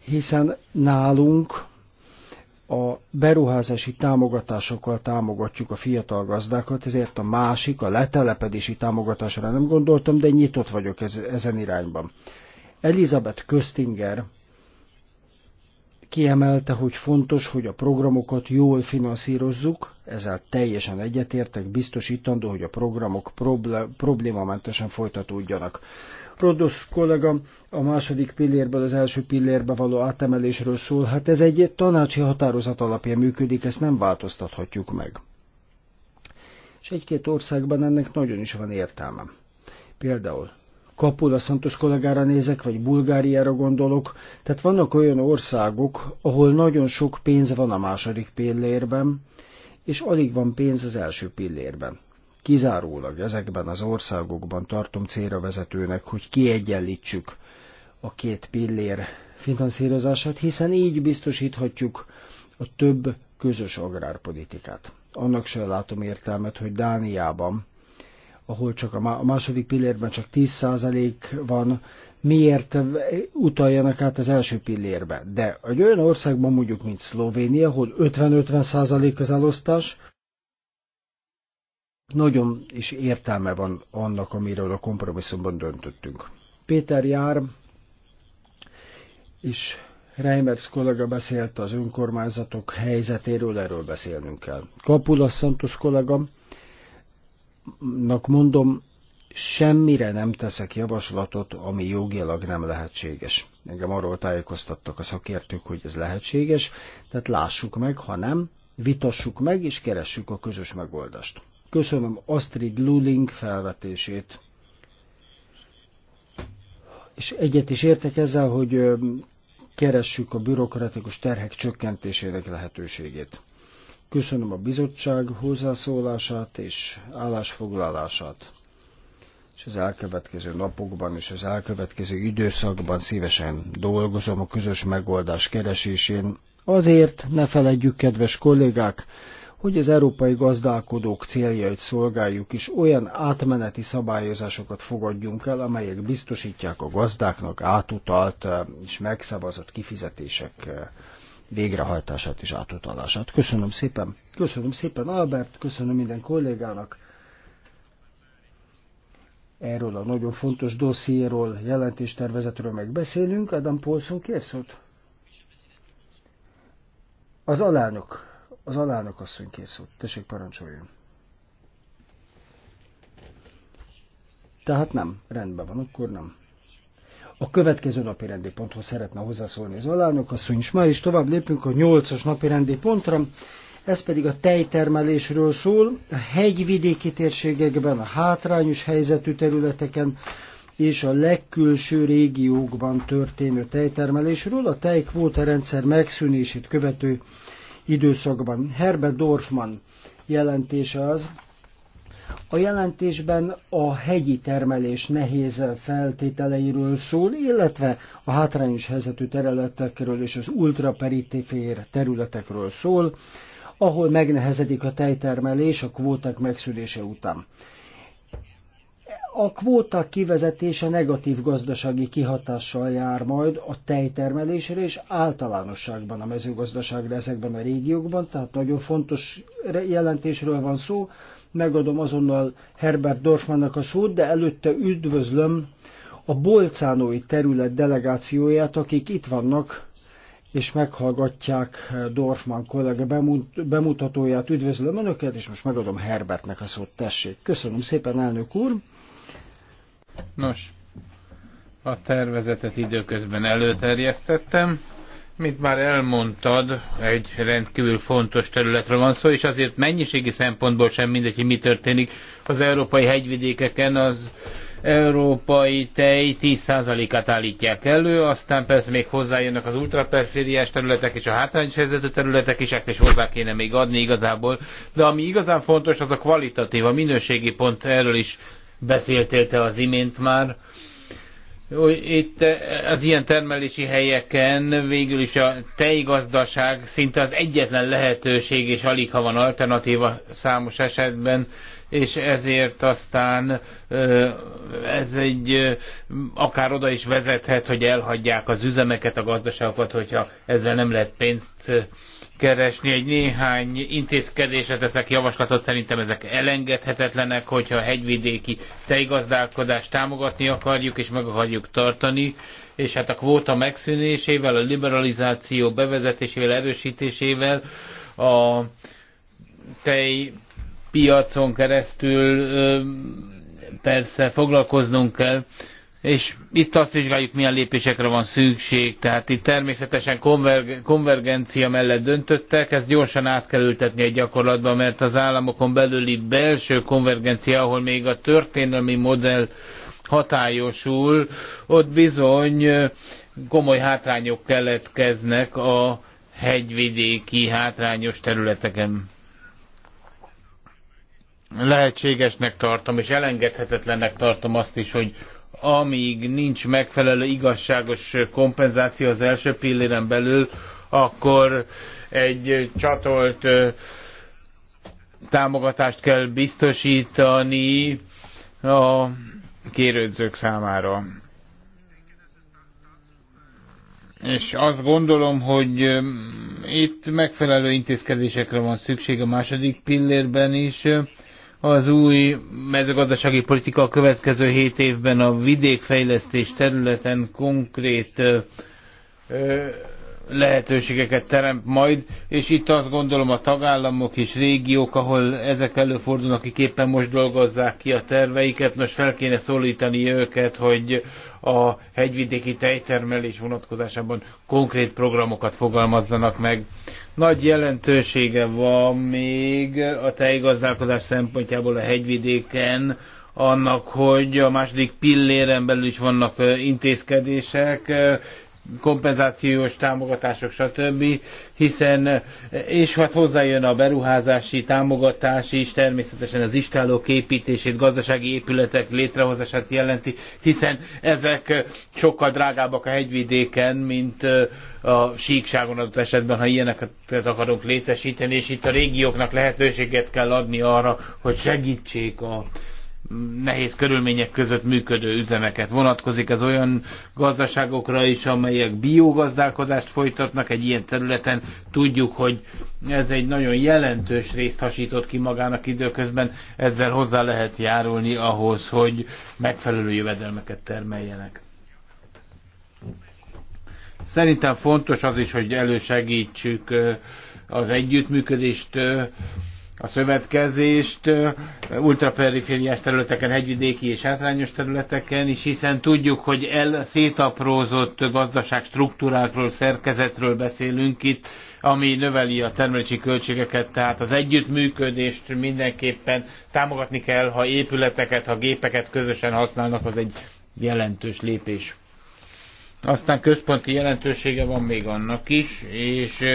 Hiszen nálunk a beruházási támogatásokkal támogatjuk a fiatal gazdákat, ezért a másik, a letelepedési támogatásra nem gondoltam, de nyitott vagyok ez, ezen irányban. Elizabeth Köstinger kiemelte, hogy fontos, hogy a programokat jól finanszírozzuk, ezzel teljesen egyetértek, biztosítandó, hogy a programok problémamentesen folytatódjanak. Rodosz kollega a második pillérből az első pillérbe való átemelésről szól, hát ez egy tanácsi határozat alapján működik, ezt nem változtathatjuk meg. És egy-két országban ennek nagyon is van értelme. Például Kapula Szantos kollégára nézek, vagy Bulgáriára gondolok. Tehát vannak olyan országok, ahol nagyon sok pénz van a második pillérben, és alig van pénz az első pillérben. Kizárólag ezekben az országokban tartom célra vezetőnek, hogy kiegyenlítsük a két pillér finanszírozását, hiszen így biztosíthatjuk a több közös agrárpolitikát. Annak sem látom értelmet, hogy Dániában ahol csak a második pillérben csak 10% van, miért utaljanak át az első pillérbe. De egy olyan országban mondjuk, mint Szlovénia, ahol 50-50% az elosztás, nagyon is értelme van annak, amiről a kompromisszumban döntöttünk. Péter Jár és Reimers kollega beszélt az önkormányzatok helyzetéről, erről beszélnünk kell. Kapula Santos kollega mondom, semmire nem teszek javaslatot, ami jogilag nem lehetséges. Engem arról tájékoztattak a szakértők, hogy ez lehetséges, tehát lássuk meg, ha nem, vitassuk meg, és keressük a közös megoldást. Köszönöm Astrid Luling felvetését. És egyet is értek ezzel, hogy keressük a bürokratikus terhek csökkentésének lehetőségét. Köszönöm a bizottság hozzászólását és állásfoglalását. És az elkövetkező napokban és az elkövetkező időszakban szívesen dolgozom a közös megoldás keresésén. Azért ne feledjük, kedves kollégák, hogy az európai gazdálkodók céljait szolgáljuk, és olyan átmeneti szabályozásokat fogadjunk el, amelyek biztosítják a gazdáknak átutalt és megszavazott kifizetések végrehajtását és átutalását. Köszönöm szépen. Köszönöm szépen Albert, köszönöm minden kollégának erről a nagyon fontos dossziéról, jelentéstervezetről megbeszélünk. Adam Paulson kérszót? Az alánok, az alánok asszony kérszót. Tessék, parancsoljon. Tehát nem, rendben van, akkor nem. A következő napi rendi ponthoz szeretne hozzászólni az a asszony is már is tovább lépünk a nyolcas napi rendi pontra, ez pedig a tejtermelésről szól, a hegyvidéki térségekben, a hátrányos helyzetű területeken és a legkülső régiókban történő tejtermelésről, a tejkvóta rendszer megszűnését követő időszakban. Herbert Dorfman jelentése az, a jelentésben a hegyi termelés nehéz feltételeiről szól, illetve a hátrányos helyzetű területekről és az ultraperitifér területekről szól, ahol megnehezedik a tejtermelés a kvóták megszűnése után a kvóta kivezetése negatív gazdasági kihatással jár majd a tejtermelésre és általánosságban a mezőgazdaságra ezekben a régiókban, tehát nagyon fontos jelentésről van szó. Megadom azonnal Herbert Dorfmannak a szót, de előtte üdvözlöm a bolcánói terület delegációját, akik itt vannak, és meghallgatják Dorfman kollega bemutatóját. Üdvözlöm Önöket, és most megadom Herbertnek a szót, tessék. Köszönöm szépen, elnök úr! Nos, a tervezetet időközben előterjesztettem. Mint már elmondtad, egy rendkívül fontos területről van szó, és azért mennyiségi szempontból sem mindegy, hogy mi történik az európai hegyvidékeken, az európai tej 10%-át állítják elő, aztán persze még hozzájönnek az ultraperifériás területek és a hátrányos helyzetű területek is, ezt is hozzá kéne még adni igazából. De ami igazán fontos, az a kvalitatív, a minőségi pont, erről is beszéltél te az imént már. Itt eh, az ilyen termelési helyeken végül is a tejgazdaság szinte az egyetlen lehetőség, és alig ha van alternatíva számos esetben, és ezért aztán eh, ez egy eh, akár oda is vezethet, hogy elhagyják az üzemeket, a gazdaságokat, hogyha ezzel nem lehet pénzt keresni. Egy néhány intézkedésre teszek javaslatot, szerintem ezek elengedhetetlenek, hogyha a hegyvidéki tejgazdálkodást támogatni akarjuk és meg akarjuk tartani, és hát a kvóta megszűnésével, a liberalizáció bevezetésével, erősítésével a tej piacon keresztül persze foglalkoznunk kell és itt azt vizsgáljuk, milyen lépésekre van szükség. Tehát itt természetesen konvergencia mellett döntöttek, ezt gyorsan át kell ültetni egy gyakorlatba, mert az államokon belüli belső konvergencia, ahol még a történelmi modell hatályosul, ott bizony komoly hátrányok keletkeznek a hegyvidéki hátrányos területeken lehetségesnek tartom, és elengedhetetlennek tartom azt is, hogy amíg nincs megfelelő igazságos kompenzáció az első pilléren belül, akkor egy csatolt támogatást kell biztosítani a kérődzők számára. És azt gondolom, hogy itt megfelelő intézkedésekre van szükség a második pillérben is. Az új mezőgazdasági politika a következő hét évben a vidékfejlesztés területen konkrét lehetőségeket teremt majd, és itt azt gondolom a tagállamok és régiók, ahol ezek előfordulnak, akik éppen most dolgozzák ki a terveiket, most fel kéne szólítani őket, hogy a hegyvidéki tejtermelés vonatkozásában konkrét programokat fogalmazzanak meg. Nagy jelentősége van még a tejgazdálkodás szempontjából a hegyvidéken annak, hogy a második pilléren belül is vannak intézkedések, kompenzációs támogatások, stb. Hiszen, és hát hozzájön a beruházási támogatás is, természetesen az istállók építését, gazdasági épületek létrehozását jelenti, hiszen ezek sokkal drágábbak a hegyvidéken, mint a síkságon adott esetben, ha ilyeneket akarunk létesíteni, és itt a régióknak lehetőséget kell adni arra, hogy segítsék a nehéz körülmények között működő üzemeket. Vonatkozik ez olyan gazdaságokra is, amelyek biogazdálkodást folytatnak egy ilyen területen. Tudjuk, hogy ez egy nagyon jelentős részt hasított ki magának időközben, ezzel hozzá lehet járulni ahhoz, hogy megfelelő jövedelmeket termeljenek. Szerintem fontos az is, hogy elősegítsük az együttműködést a szövetkezést ultraperifériás területeken, hegyvidéki és hátrányos területeken is, hiszen tudjuk, hogy el szétaprózott gazdaság struktúrákról, szerkezetről beszélünk itt, ami növeli a termelési költségeket, tehát az együttműködést mindenképpen támogatni kell, ha épületeket, ha gépeket közösen használnak, az egy jelentős lépés. Aztán központi jelentősége van még annak is, és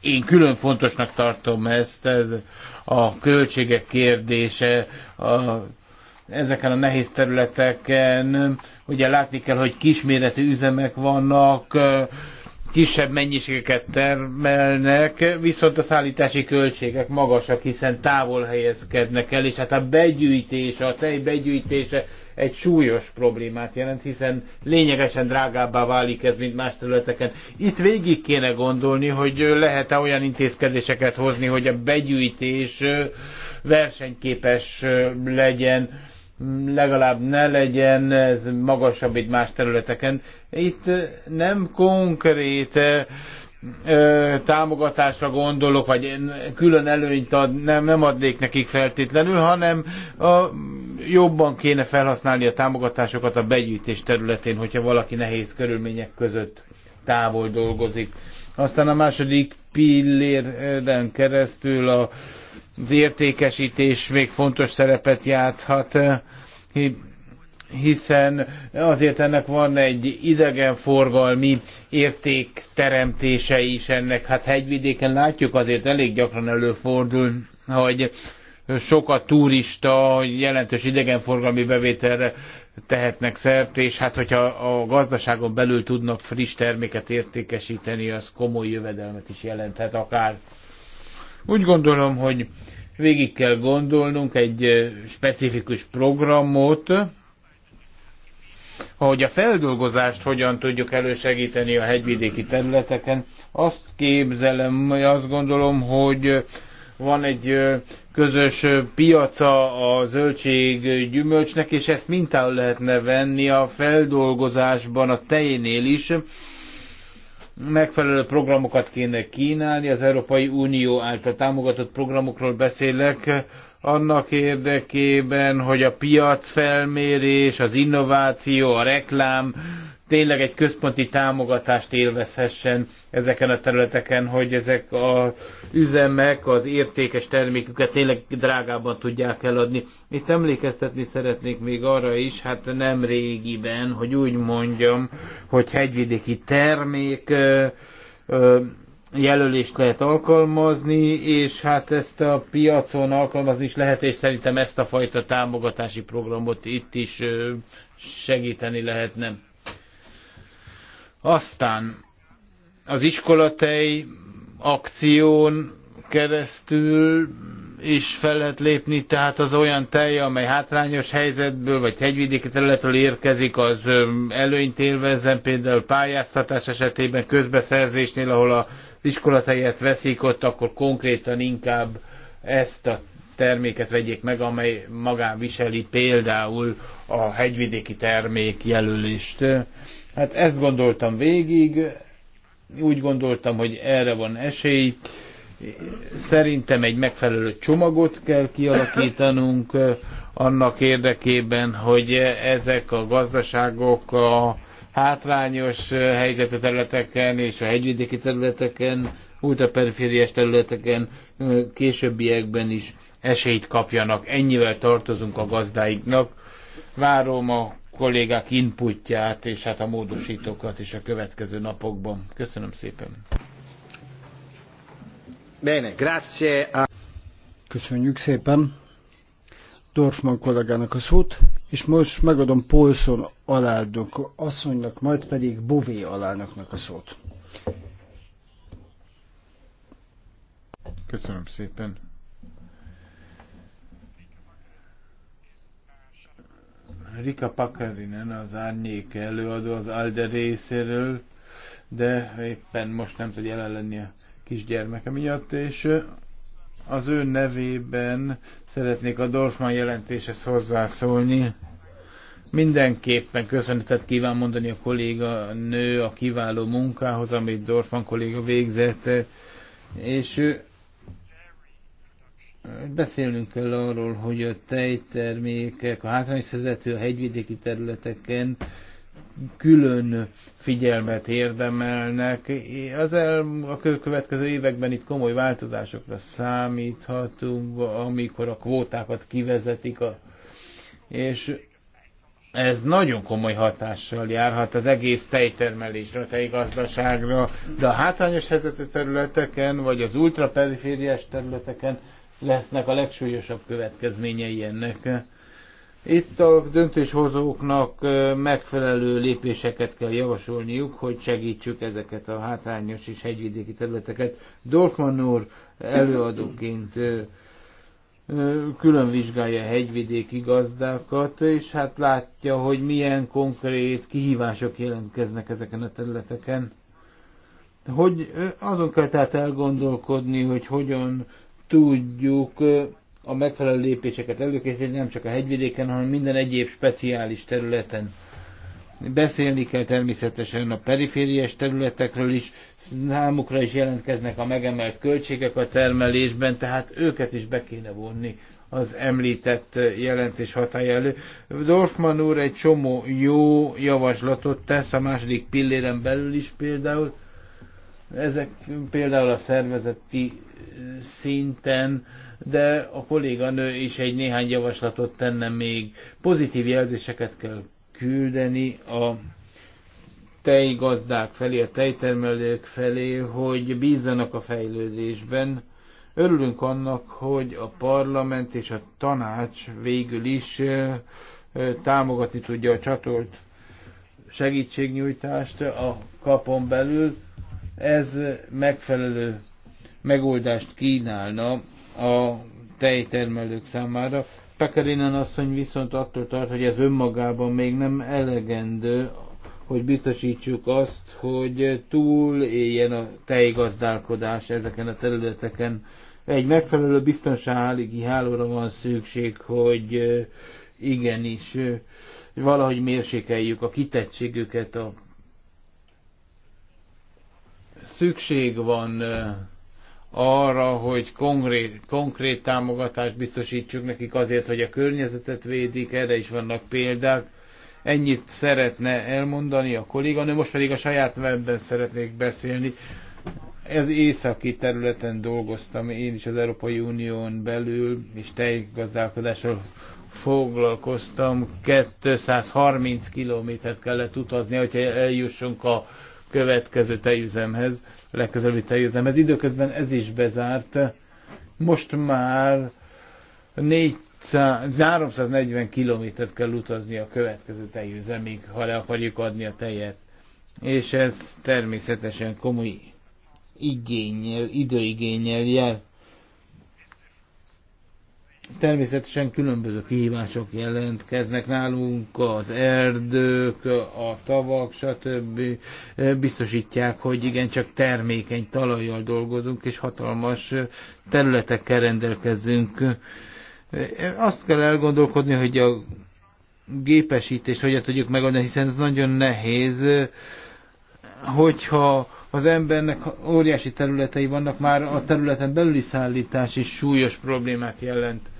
én külön fontosnak tartom ezt, ez a költségek kérdése, a ezeken a nehéz területeken. Ugye látni kell, hogy kisméretű üzemek vannak, kisebb mennyiségeket termelnek, viszont a szállítási költségek magasak, hiszen távol helyezkednek el, és hát a begyűjtés, a tej begyűjtése egy súlyos problémát jelent, hiszen lényegesen drágábbá válik ez, mint más területeken. Itt végig kéne gondolni, hogy lehet-e olyan intézkedéseket hozni, hogy a begyűjtés versenyképes legyen, legalább ne legyen ez magasabb, mint más területeken. Itt nem konkrét támogatásra gondolok, vagy külön előnyt ad, nem, nem adnék nekik feltétlenül, hanem a jobban kéne felhasználni a támogatásokat a begyűjtés területén, hogyha valaki nehéz körülmények között távol dolgozik. Aztán a második pilléren keresztül a, az értékesítés még fontos szerepet játszhat, hiszen azért ennek van egy idegenforgalmi értékteremtése is ennek. Hát hegyvidéken látjuk azért elég gyakran előfordul, hogy sok a turista, jelentős idegenforgalmi bevételre tehetnek szert, és hát hogyha a gazdaságon belül tudnak friss terméket értékesíteni, az komoly jövedelmet is jelenthet akár. Úgy gondolom, hogy végig kell gondolnunk egy eh, specifikus programot, ahogy a feldolgozást hogyan tudjuk elősegíteni a hegyvidéki területeken, azt képzelem, azt gondolom, hogy van egy eh, közös piaca a zöldség gyümölcsnek, és ezt mintául lehetne venni a feldolgozásban, a tejnél is. Megfelelő programokat kéne kínálni, az Európai Unió által támogatott programokról beszélek, annak érdekében, hogy a piacfelmérés, az innováció, a reklám tényleg egy központi támogatást élvezhessen ezeken a területeken, hogy ezek az üzemek az értékes terméküket tényleg drágában tudják eladni. Itt emlékeztetni szeretnék még arra is, hát nem régiben, hogy úgy mondjam, hogy hegyvidéki termék jelölést lehet alkalmazni, és hát ezt a piacon alkalmazni is lehet, és szerintem ezt a fajta támogatási programot itt is segíteni lehetne. Aztán az iskolatei akción keresztül is fel lehet lépni, tehát az olyan tej, amely hátrányos helyzetből vagy hegyvidéki területről érkezik, az előnyt élvezzen, például pályáztatás esetében, közbeszerzésnél, ahol az iskolatejet veszik, ott akkor konkrétan inkább ezt a terméket vegyék meg, amely magán viseli például a hegyvidéki termék jelölést. Hát ezt gondoltam végig, úgy gondoltam, hogy erre van esély. Szerintem egy megfelelő csomagot kell kialakítanunk eh, annak érdekében, hogy ezek a gazdaságok a hátrányos eh, helyzetű területeken és a hegyvidéki területeken, ultraperifériás területeken eh, későbbiekben is esélyt kapjanak. Ennyivel tartozunk a gazdáiknak. Várom a kollégák inputját és hát a módosítókat is a következő napokban. Köszönöm szépen. Bene, grazie. A... Köszönjük szépen Dorfman kollégának a szót, és most megadom Polson aládok asszonynak, majd pedig Bové alánoknak a szót. Köszönöm szépen. Rika Pakarinen az árnyék előadó az Alde részéről, de éppen most nem tud jelen lenni a kisgyermeke miatt, és az ő nevében szeretnék a Dorfman jelentéshez hozzászólni. Mindenképpen köszönetet kíván mondani a kolléga nő a kiváló munkához, amit Dorfman kolléga végzett, és ő beszélnünk kell arról, hogy a tejtermékek, a hátrányos vezető a hegyvidéki területeken külön figyelmet érdemelnek. Az el, a következő években itt komoly változásokra számíthatunk, amikor a kvótákat kivezetik, a, és ez nagyon komoly hatással járhat az egész tejtermelésre, a tejgazdaságra, de a hátrányos helyzetű területeken, vagy az ultraperifériás területeken lesznek a legsúlyosabb következményei ennek. Itt a döntéshozóknak megfelelő lépéseket kell javasolniuk, hogy segítsük ezeket a hátrányos és hegyvidéki területeket. Dorfman úr előadóként külön vizsgálja a hegyvidéki gazdákat, és hát látja, hogy milyen konkrét kihívások jelentkeznek ezeken a területeken. Hogy azon kell tehát elgondolkodni, hogy hogyan tudjuk a megfelelő lépéseket előkészíteni, nem csak a hegyvidéken, hanem minden egyéb speciális területen. Beszélni kell természetesen a perifériás területekről is, számukra is jelentkeznek a megemelt költségek a termelésben, tehát őket is be kéne vonni az említett jelentés hatája elő. Dorfman úr egy csomó jó javaslatot tesz a második pilléren belül is például. Ezek például a szervezeti szinten, de a kolléganő is egy néhány javaslatot tenne még. Pozitív jelzéseket kell küldeni a tejgazdák felé, a tejtermelők felé, hogy bízzanak a fejlődésben. Örülünk annak, hogy a parlament és a tanács végül is támogatni tudja a csatolt segítségnyújtást a kapon belül. Ez megfelelő megoldást kínálna a tejtermelők számára. Pekerinen asszony viszont attól tart, hogy ez önmagában még nem elegendő, hogy biztosítsuk azt, hogy túl éljen a tejgazdálkodás ezeken a területeken. Egy megfelelő biztonsági hálóra van szükség, hogy igenis valahogy mérsékeljük a kitettségüket. A szükség van arra, hogy konkrét, konkrét támogatást biztosítsuk nekik azért, hogy a környezetet védik, erre is vannak példák. Ennyit szeretne elmondani a kolléganő, most pedig a saját webben szeretnék beszélni. Ez északi területen dolgoztam én is az Európai Unión belül, és tejgazdálkodással foglalkoztam. 230 kilométert kellett utazni, hogyha eljussunk a következő tejüzemhez legközelebb itt Ez időközben ez is bezárt. Most már 400, 340 kilométert kell utazni a következő teljőzemig, ha le akarjuk adni a tejet. És ez természetesen komoly igényel, időigényel jel. Természetesen különböző kihívások jelentkeznek nálunk, az erdők, a tavak, stb. biztosítják, hogy igencsak termékeny talajjal dolgozunk, és hatalmas területekkel rendelkezünk. Azt kell elgondolkodni, hogy a gépesítés hogyan tudjuk megoldani, hiszen ez nagyon nehéz, hogyha az embernek óriási területei vannak, már a területen belüli szállítás is súlyos problémát jelent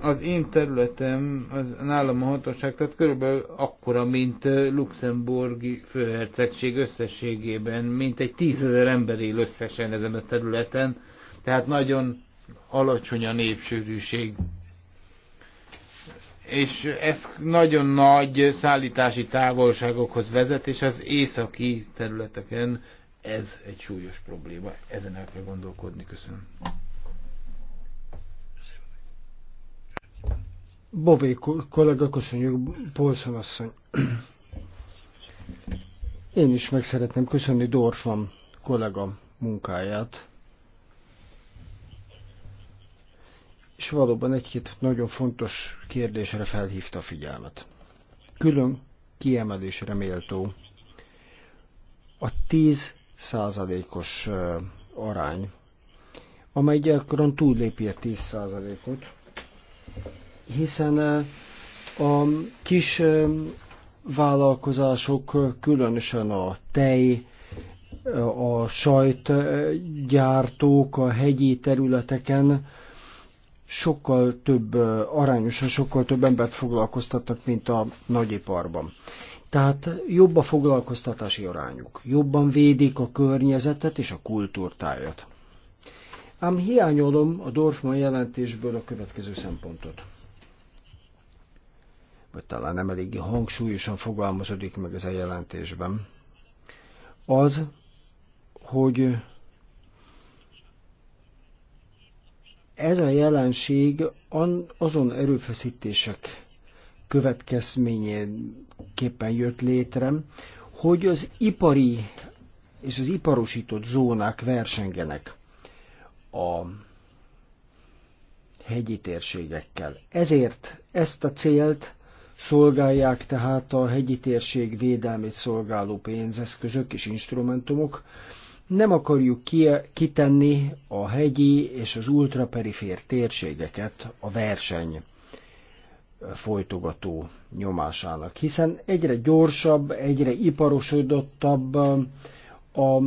az én területem az nálam a hatóság, tehát körülbelül akkora, mint luxemburgi főhercegség összességében, mint egy tízezer ember él összesen ezen a területen, tehát nagyon alacsony a népsűrűség. És ez nagyon nagy szállítási távolságokhoz vezet, és az északi területeken ez egy súlyos probléma. Ezen el kell gondolkodni. Köszönöm. Bové kollega, köszönjük, Polson asszony. Én is meg szeretném köszönni Dorfan kollega munkáját. És valóban egy-két nagyon fontos kérdésre felhívta a figyelmet. Külön kiemelésre méltó a 10 százalékos arány, amely gyakran túllépje a 10 százalékot hiszen a kis vállalkozások, különösen a tej, a sajtgyártók a hegyi területeken sokkal több, arányosan sokkal több embert foglalkoztattak, mint a nagyiparban. Tehát jobb a foglalkoztatási arányuk, jobban védik a környezetet és a kultúrtájat. Ám hiányolom a Dorfman jelentésből a következő szempontot vagy talán nem eléggé hangsúlyosan fogalmazódik meg ez a jelentésben, az, hogy ez a jelenség azon erőfeszítések következményeképpen jött létre, hogy az ipari és az iparosított zónák versengenek a hegyi térségekkel. Ezért ezt a célt szolgálják tehát a hegyi térség védelmét szolgáló pénzeszközök és instrumentumok. Nem akarjuk kitenni a hegyi és az ultraperifér térségeket a verseny folytogató nyomásának, hiszen egyre gyorsabb, egyre iparosodottabb a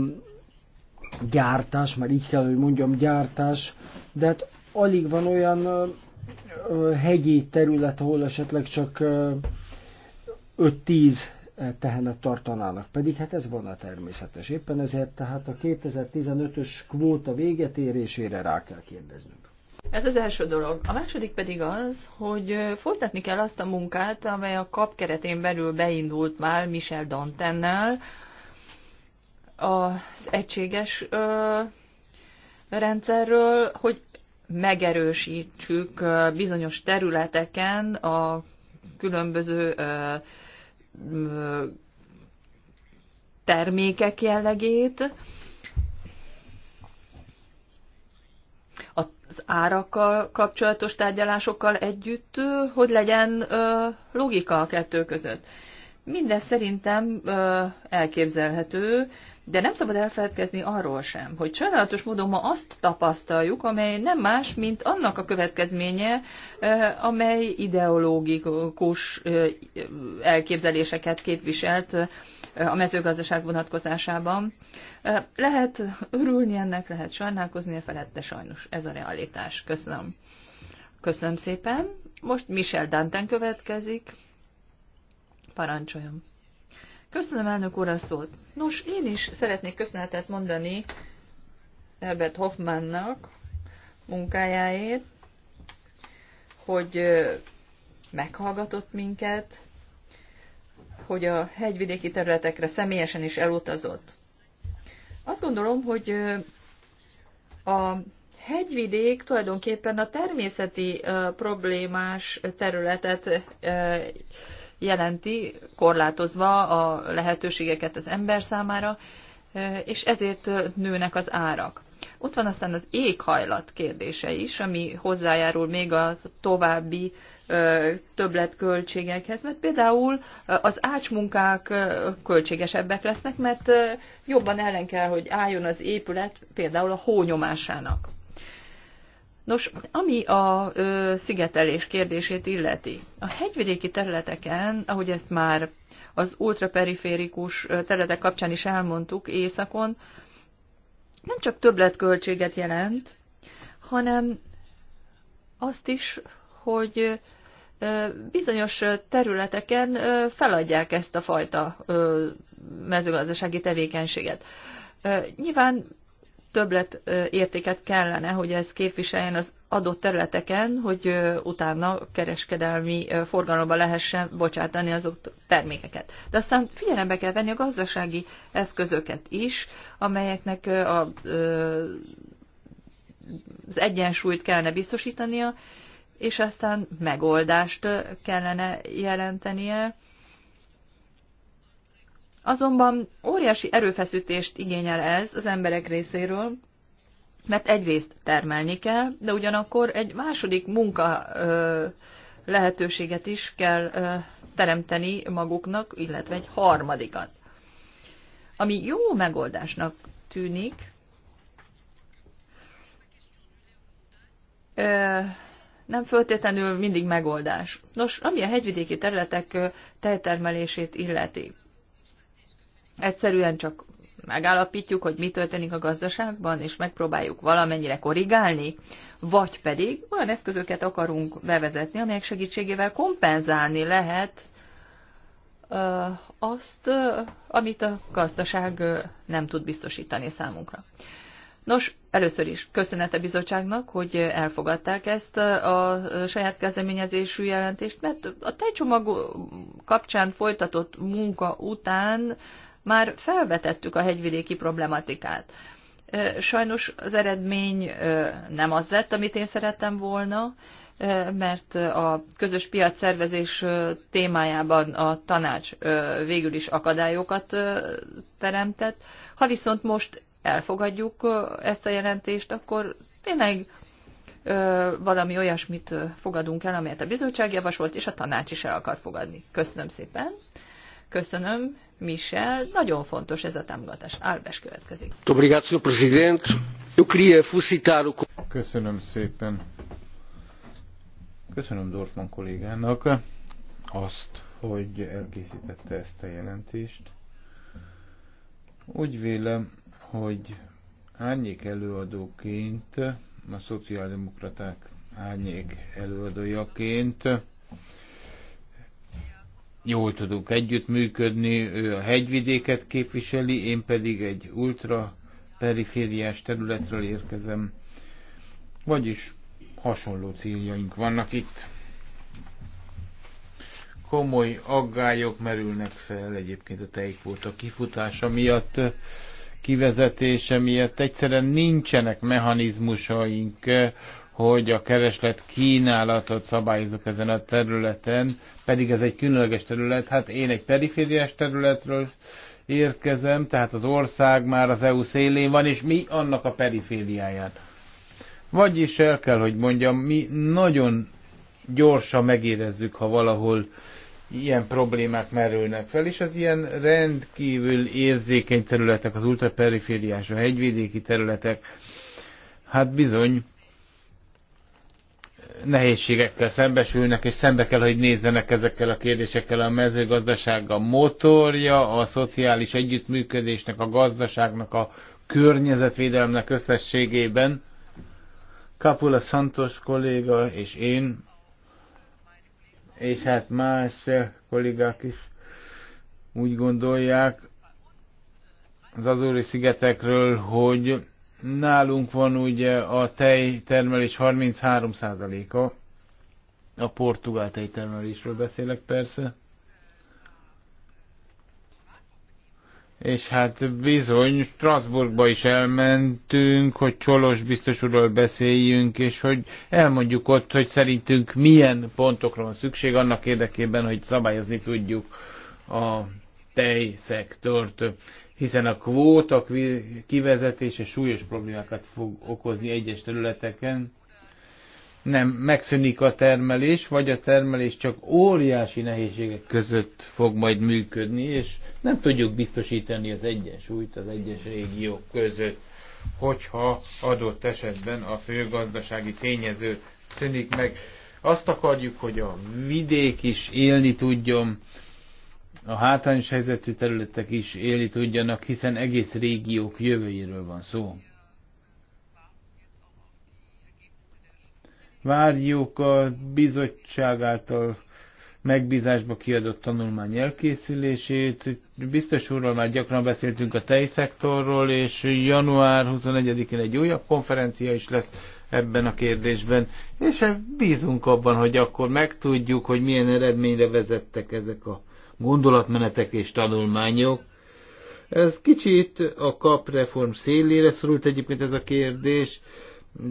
gyártás, már így kell, hogy mondjam, gyártás, de hát alig van olyan hegyi terület, ahol esetleg csak 5-10 tehenet tartanának. Pedig hát ez volna természetes. Éppen ezért tehát a 2015-ös kvóta véget érésére rá kell kérdeznünk. Ez az első dolog. A második pedig az, hogy folytatni kell azt a munkát, amely a kap keretén belül beindult már Michel Dantennel, az egységes ö, rendszerről, hogy megerősítsük bizonyos területeken a különböző termékek jellegét, az árakkal kapcsolatos tárgyalásokkal együtt, hogy legyen logika a kettő között. Mindez szerintem elképzelhető, de nem szabad elfeledkezni arról sem, hogy csodálatos módon ma azt tapasztaljuk, amely nem más, mint annak a következménye, eh, amely ideológikus eh, elképzeléseket képviselt eh, a mezőgazdaság vonatkozásában. Lehet örülni ennek, lehet sajnálkozni a felette sajnos. Ez a realitás. Köszönöm. Köszönöm szépen. Most Michel Danten következik. Parancsoljon. Köszönöm, elnök úr, a szót. Nos, én is szeretnék köszönetet mondani Herbert Hoffmannnak munkájáért, hogy meghallgatott minket, hogy a hegyvidéki területekre személyesen is elutazott. Azt gondolom, hogy a hegyvidék tulajdonképpen a természeti problémás területet jelenti, korlátozva a lehetőségeket az ember számára, és ezért nőnek az árak. Ott van aztán az éghajlat kérdése is, ami hozzájárul még a további többletköltségekhez, mert például az ácsmunkák költségesebbek lesznek, mert jobban ellen kell, hogy álljon az épület például a hónyomásának. Nos, ami a ö, szigetelés kérdését illeti, a hegyvidéki területeken, ahogy ezt már az ultraperiférikus területek kapcsán is elmondtuk északon, nem csak többletköltséget jelent, hanem azt is, hogy bizonyos területeken feladják ezt a fajta mezőgazdasági tevékenységet. Nyilván többlet értéket kellene, hogy ez képviseljen az adott területeken, hogy utána kereskedelmi forgalomba lehessen bocsátani azok termékeket. De aztán figyelembe kell venni a gazdasági eszközöket is, amelyeknek a, az egyensúlyt kellene biztosítania, és aztán megoldást kellene jelentenie Azonban óriási erőfeszítést igényel ez az emberek részéről, mert egyrészt termelni kell, de ugyanakkor egy második munka ö, lehetőséget is kell ö, teremteni maguknak, illetve egy harmadikat. Ami jó megoldásnak tűnik, ö, nem föltétlenül mindig megoldás. Nos, ami a hegyvidéki területek tejtermelését illeti. Egyszerűen csak megállapítjuk, hogy mi történik a gazdaságban, és megpróbáljuk valamennyire korrigálni, vagy pedig olyan eszközöket akarunk bevezetni, amelyek segítségével kompenzálni lehet azt, amit a gazdaság nem tud biztosítani számunkra. Nos, először is köszönet a bizottságnak, hogy elfogadták ezt a saját kezdeményezésű jelentést, mert a tejcsomag kapcsán folytatott munka után már felvetettük a hegyvidéki problematikát. Sajnos az eredmény nem az lett, amit én szerettem volna, mert a közös piac szervezés témájában a tanács végül is akadályokat teremtett. Ha viszont most elfogadjuk ezt a jelentést, akkor tényleg valami olyasmit fogadunk el, amelyet a bizottság javasolt, és a tanács is el akar fogadni. Köszönöm szépen. Köszönöm, Michel, nagyon fontos ez a támogatás. Álves következik. Köszönöm szépen. Köszönöm Dorfman kollégának azt, hogy elkészítette ezt a jelentést. Úgy vélem, hogy árnyék előadóként, a szociáldemokraták árnyék előadójaként jól tudunk együttműködni, ő a hegyvidéket képviseli, én pedig egy ultra perifériás területről érkezem. Vagyis hasonló céljaink vannak itt. Komoly aggályok merülnek fel egyébként a tejkvóta kifutása miatt, kivezetése miatt. Egyszerűen nincsenek mechanizmusaink, hogy a kereslet kínálatot szabályozok ezen a területen, pedig ez egy különleges terület. Hát én egy perifériás területről érkezem, tehát az ország már az EU szélén van, és mi annak a perifériáján. Vagyis el kell, hogy mondjam, mi nagyon gyorsan megérezzük, ha valahol ilyen problémák merülnek fel, és az ilyen rendkívül érzékeny területek, az ultraperifériás, a hegyvidéki területek, hát bizony nehézségekkel szembesülnek, és szembe kell, hogy nézzenek ezekkel a kérdésekkel. A mezőgazdaság a motorja, a szociális együttműködésnek, a gazdaságnak, a környezetvédelemnek összességében. Kapula Santos kolléga és én, és hát más kollégák is úgy gondolják az Azori szigetekről, hogy Nálunk van ugye a tejtermelés 33%-a, a portugál tejtermelésről beszélek persze, És hát bizony, Strasbourgba is elmentünk, hogy Csolos biztos úrral beszéljünk, és hogy elmondjuk ott, hogy szerintünk milyen pontokra van szükség annak érdekében, hogy szabályozni tudjuk a tejszektort hiszen a kvóta kivezetése súlyos problémákat fog okozni egyes területeken. Nem, megszűnik a termelés, vagy a termelés csak óriási nehézségek között fog majd működni, és nem tudjuk biztosítani az egyensúlyt az egyes régiók között, hogyha adott esetben a főgazdasági tényező szűnik meg. Azt akarjuk, hogy a vidék is élni tudjon, a hátrányos helyzetű területek is élni tudjanak, hiszen egész régiók jövőjéről van szó. Várjuk a bizottság által megbízásba kiadott tanulmány elkészülését. Biztos úrral már gyakran beszéltünk a tejszektorról, és január 21-én egy újabb konferencia is lesz ebben a kérdésben, és bízunk abban, hogy akkor megtudjuk, hogy milyen eredményre vezettek ezek a gondolatmenetek és tanulmányok. Ez kicsit a kapreform szélére szorult egyébként ez a kérdés,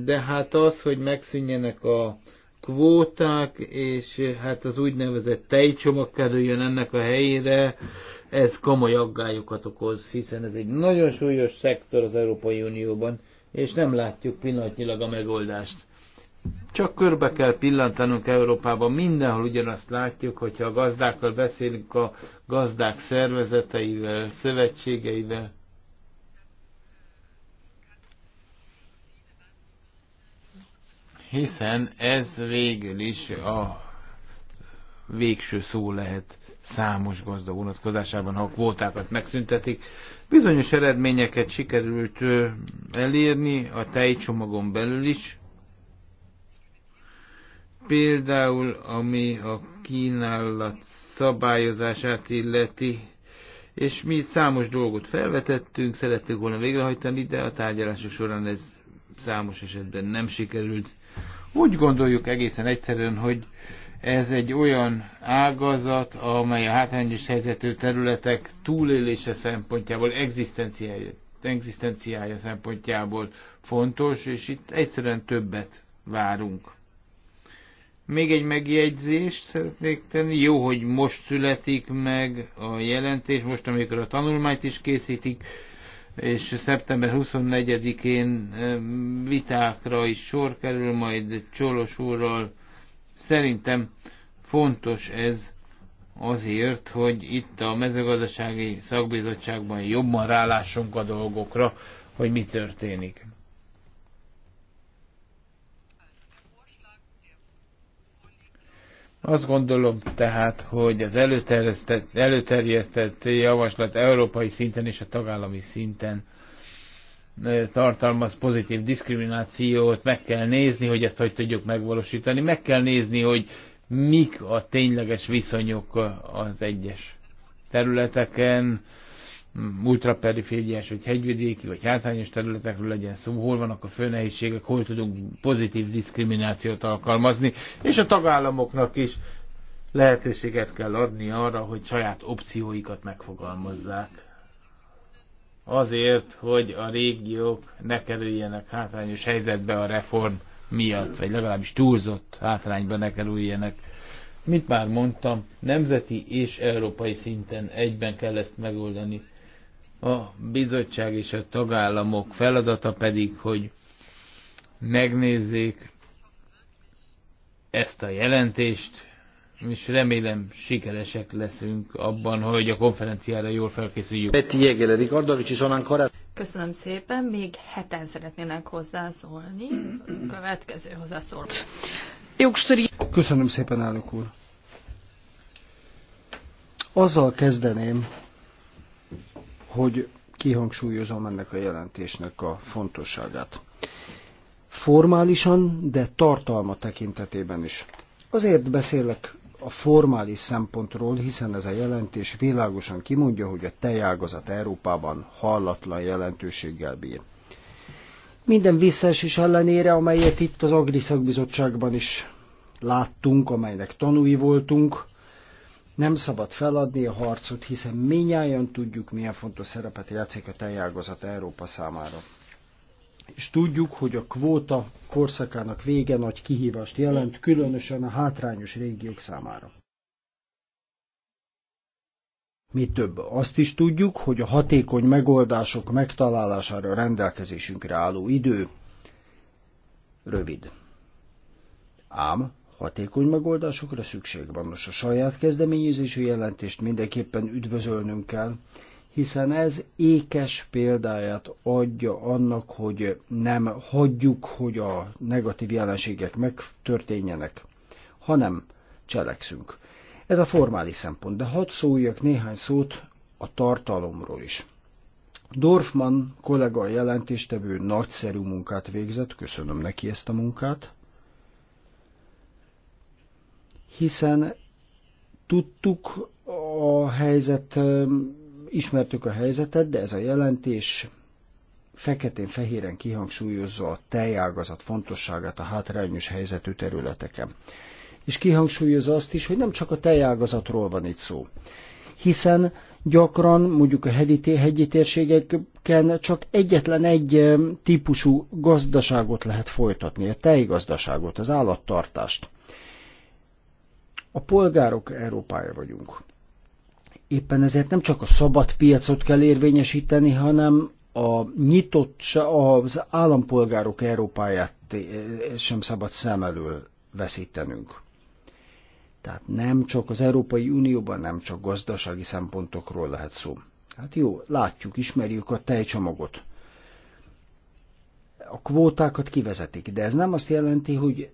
de hát az, hogy megszűnjenek a kvóták, és hát az úgynevezett tejcsomag kerüljön ennek a helyére, ez komoly aggályokat okoz, hiszen ez egy nagyon súlyos szektor az Európai Unióban, és nem látjuk pillanatnyilag a megoldást. Csak körbe kell pillantanunk Európában, mindenhol ugyanazt látjuk, hogyha a gazdákkal beszélünk, a gazdák szervezeteivel, szövetségeivel. Hiszen ez végül is a végső szó lehet számos gazda vonatkozásában, ha a kvótákat megszüntetik. Bizonyos eredményeket sikerült elérni a tejcsomagon belül is, Például, ami a kínálat szabályozását illeti, és mi itt számos dolgot felvetettünk, szerettük volna végrehajtani, de a tárgyalások során ez számos esetben nem sikerült. Úgy gondoljuk egészen egyszerűen, hogy ez egy olyan ágazat, amely a hátrányos helyzetű területek túlélése szempontjából, egzisztenciája, egzisztenciája szempontjából fontos, és itt egyszerűen többet várunk. Még egy megjegyzést szeretnék tenni. Jó, hogy most születik meg a jelentés, most amikor a tanulmányt is készítik, és szeptember 24-én vitákra is sor kerül, majd Csolos úrral. Szerintem fontos ez azért, hogy itt a mezőgazdasági szakbizottságban jobban rálássunk a dolgokra, hogy mi történik. Azt gondolom tehát, hogy az előterjesztett, előterjesztett javaslat európai szinten és a tagállami szinten tartalmaz pozitív diszkriminációt, meg kell nézni, hogy ezt hogy tudjuk megvalósítani, meg kell nézni, hogy mik a tényleges viszonyok az egyes területeken, ultraperifériás, vagy hegyvidéki, vagy hátrányos területekről legyen szó, szóval hol vannak a főnehézségek, hol tudunk pozitív diszkriminációt alkalmazni, és a tagállamoknak is lehetőséget kell adni arra, hogy saját opcióikat megfogalmazzák. Azért, hogy a régiók ne kerüljenek hátrányos helyzetbe a reform miatt, vagy legalábbis túlzott hátrányba ne kerüljenek. Mint már mondtam, nemzeti és európai szinten egyben kell ezt megoldani. A bizottság és a tagállamok feladata pedig, hogy megnézzék ezt a jelentést, és remélem sikeresek leszünk abban, hogy a konferenciára jól felkészüljük. Köszönöm szépen, még heten szeretnének hozzászólni. Következő hozzászólt. Köszönöm szépen, elnök úr. Azzal kezdeném, hogy kihangsúlyozom ennek a jelentésnek a fontosságát. Formálisan, de tartalma tekintetében is. Azért beszélek a formális szempontról, hiszen ez a jelentés világosan kimondja, hogy a tejágazat Európában hallatlan jelentőséggel bír. Minden visszaesés ellenére, amelyet itt az Agri Szakbizottságban is láttunk, amelynek tanúi voltunk, nem szabad feladni a harcot, hiszen minnyáján tudjuk, milyen fontos szerepet játszik a tejágazat Európa számára. És tudjuk, hogy a kvóta korszakának vége nagy kihívást jelent, különösen a hátrányos régiók számára. Mi több, azt is tudjuk, hogy a hatékony megoldások megtalálására rendelkezésünkre álló idő rövid. Ám Hatékony megoldásokra szükség van. Nos, a saját kezdeményezésű jelentést mindenképpen üdvözölnünk kell, hiszen ez ékes példáját adja annak, hogy nem hagyjuk, hogy a negatív jelenségek megtörténjenek, hanem cselekszünk. Ez a formális szempont, de hadd szóljak néhány szót a tartalomról is. Dorfman kollega a jelentéstevő nagyszerű munkát végzett, köszönöm neki ezt a munkát hiszen tudtuk a helyzet, ismertük a helyzetet, de ez a jelentés feketén-fehéren kihangsúlyozza a tejágazat fontosságát a hátrányos helyzetű területeken. És kihangsúlyozza azt is, hogy nem csak a teljágazatról van itt szó. Hiszen gyakran mondjuk a hegyi, hegyi térségeken csak egyetlen egy típusú gazdaságot lehet folytatni, a tejgazdaságot, az állattartást. A polgárok Európája vagyunk. Éppen ezért nem csak a szabad piacot kell érvényesíteni, hanem a nyitott, az állampolgárok Európáját eh, sem szabad szem elől veszítenünk. Tehát nem csak az Európai Unióban, nem csak gazdasági szempontokról lehet szó. Hát jó, látjuk, ismerjük a tejcsomagot. A kvótákat kivezetik, de ez nem azt jelenti, hogy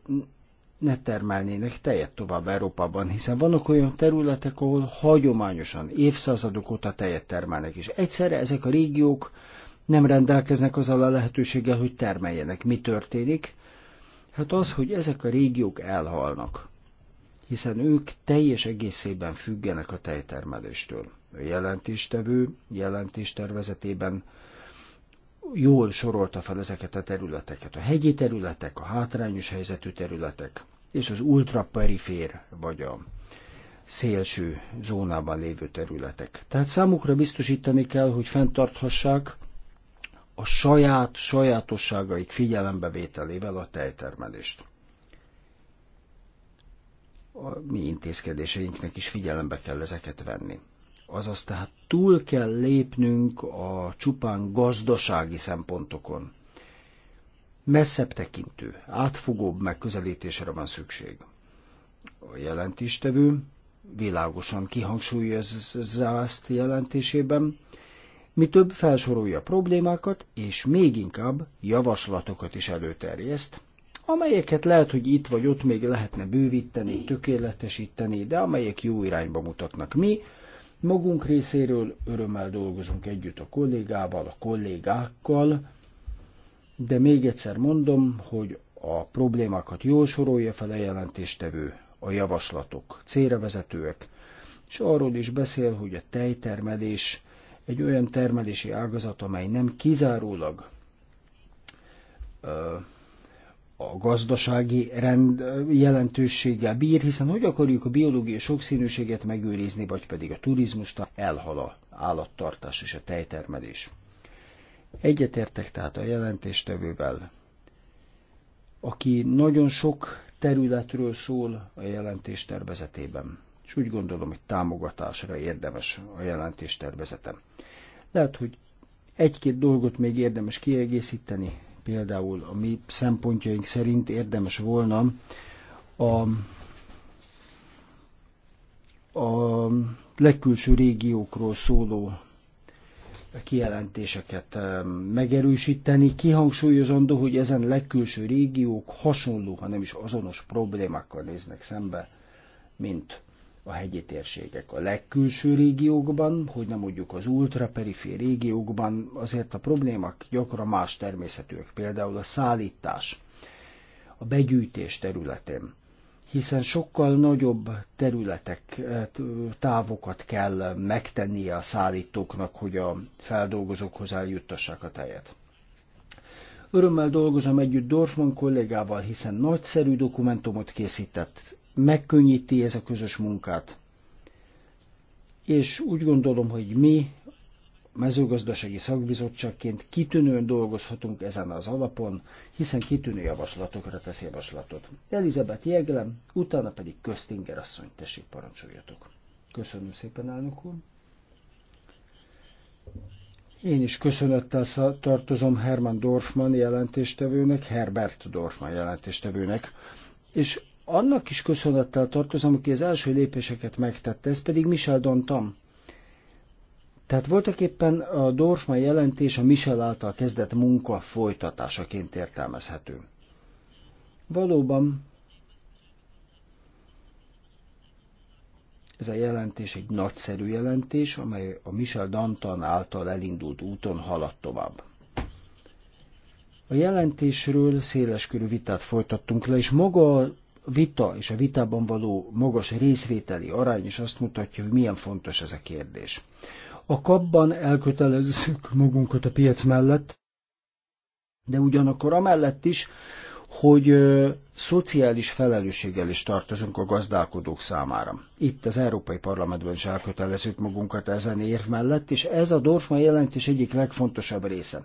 ne termelnének tejet tovább Európában, hiszen vannak olyan területek, ahol hagyományosan évszázadok óta tejet termelnek, és egyszerre ezek a régiók nem rendelkeznek azzal a lehetőséggel, hogy termeljenek. Mi történik? Hát az, hogy ezek a régiók elhalnak, hiszen ők teljes egészében függenek a tejtermeléstől. A jelentéstevő jelentéstervezetében tervezetében jól sorolta fel ezeket a területeket. A hegyi területek, a hátrányos helyzetű területek, és az ultraperifér vagy a szélső zónában lévő területek. Tehát számukra biztosítani kell, hogy fenntarthassák a saját sajátosságaik figyelembevételével a tejtermelést. A mi intézkedéseinknek is figyelembe kell ezeket venni. Azaz tehát túl kell lépnünk a csupán gazdasági szempontokon. Messzebb tekintő, átfogóbb megközelítésre van szükség. A jelentéstevő világosan kihangsúlyozza ezt jelentésében, mi több felsorolja problémákat, és még inkább javaslatokat is előterjeszt, amelyeket lehet, hogy itt vagy ott még lehetne bővíteni, tökéletesíteni, de amelyek jó irányba mutatnak. Mi Magunk részéről örömmel dolgozunk együtt a kollégával, a kollégákkal, de még egyszer mondom, hogy a problémákat jól sorolja fel a jelentéstevő, a javaslatok célra vezetőek, és arról is beszél, hogy a tejtermelés egy olyan termelési ágazat, amely nem kizárólag a gazdasági rend jelentőséggel bír, hiszen hogy akarjuk a biológiai sokszínűséget megőrizni, vagy pedig a turizmust elhal a állattartás és a tejtermelés. Egyetértek tehát a jelentéstevővel, aki nagyon sok területről szól a jelentés tervezetében, és úgy gondolom, hogy támogatásra érdemes a jelentés tervezetem. Lehet, hogy egy-két dolgot még érdemes kiegészíteni, Például a mi szempontjaink szerint érdemes volna a, a legkülső régiókról szóló kijelentéseket megerősíteni. Kihangsúlyozandó, hogy ezen legkülső régiók hasonló, hanem is azonos problémákkal néznek szembe, mint a hegyi térségek. A legkülső régiókban, hogy nem mondjuk az ultraperifér régiókban, azért a problémák gyakran más természetűek, például a szállítás, a begyűjtés területén hiszen sokkal nagyobb területek, eh, távokat kell megtennie a szállítóknak, hogy a feldolgozókhoz eljuttassák a tejet. Örömmel dolgozom együtt Dorfman kollégával, hiszen nagyszerű dokumentumot készített, megkönnyíti ez a közös munkát. És úgy gondolom, hogy mi mezőgazdasági szakbizottságként kitűnően dolgozhatunk ezen az alapon, hiszen kitűnő javaslatokra tesz javaslatot. Elizabeth Jeglem, utána pedig Köztinger asszony, tessék parancsoljatok. Köszönöm szépen, elnök úr. Én is köszönettel tartozom Herman Dorfman jelentéstevőnek, Herbert Dorfman jelentéstevőnek, és annak is köszönettel tartozom, aki az első lépéseket megtette, ez pedig Michel Dantam. Tehát voltak éppen a Dorfman jelentés a Michel által kezdett munka folytatásaként értelmezhető. Valóban ez a jelentés egy nagyszerű jelentés, amely a Michel Dantan által elindult úton haladt tovább. A jelentésről széleskörű vitát folytattunk le, és maga vita és a vitában való magas részvételi arány is azt mutatja, hogy milyen fontos ez a kérdés. A kapban elkötelezzük magunkat a piac mellett, de ugyanakkor amellett is, hogy ö, szociális felelősséggel is tartozunk a gazdálkodók számára. Itt az Európai Parlamentben is elkötelezzük magunkat ezen érv mellett, és ez a Dorfman jelentés egyik legfontosabb része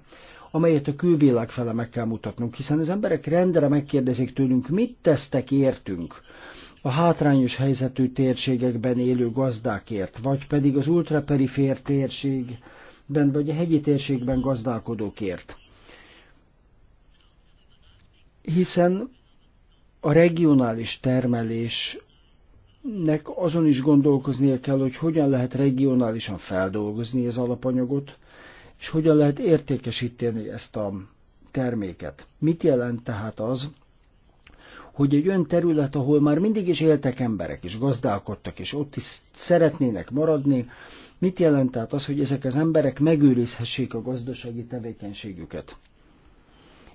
amelyet a külvilág fele meg kell mutatnunk, hiszen az emberek rendre megkérdezik tőlünk, mit tesztek értünk a hátrányos helyzetű térségekben élő gazdákért, vagy pedig az ultraperifér térségben, vagy a hegyi térségben gazdálkodókért. Hiszen a regionális termelés azon is gondolkoznia kell, hogy hogyan lehet regionálisan feldolgozni az alapanyagot, és hogyan lehet értékesíteni ezt a terméket. Mit jelent tehát az, hogy egy olyan terület, ahol már mindig is éltek emberek, és gazdálkodtak, és ott is szeretnének maradni, mit jelent tehát az, hogy ezek az emberek megőrizhessék a gazdasági tevékenységüket?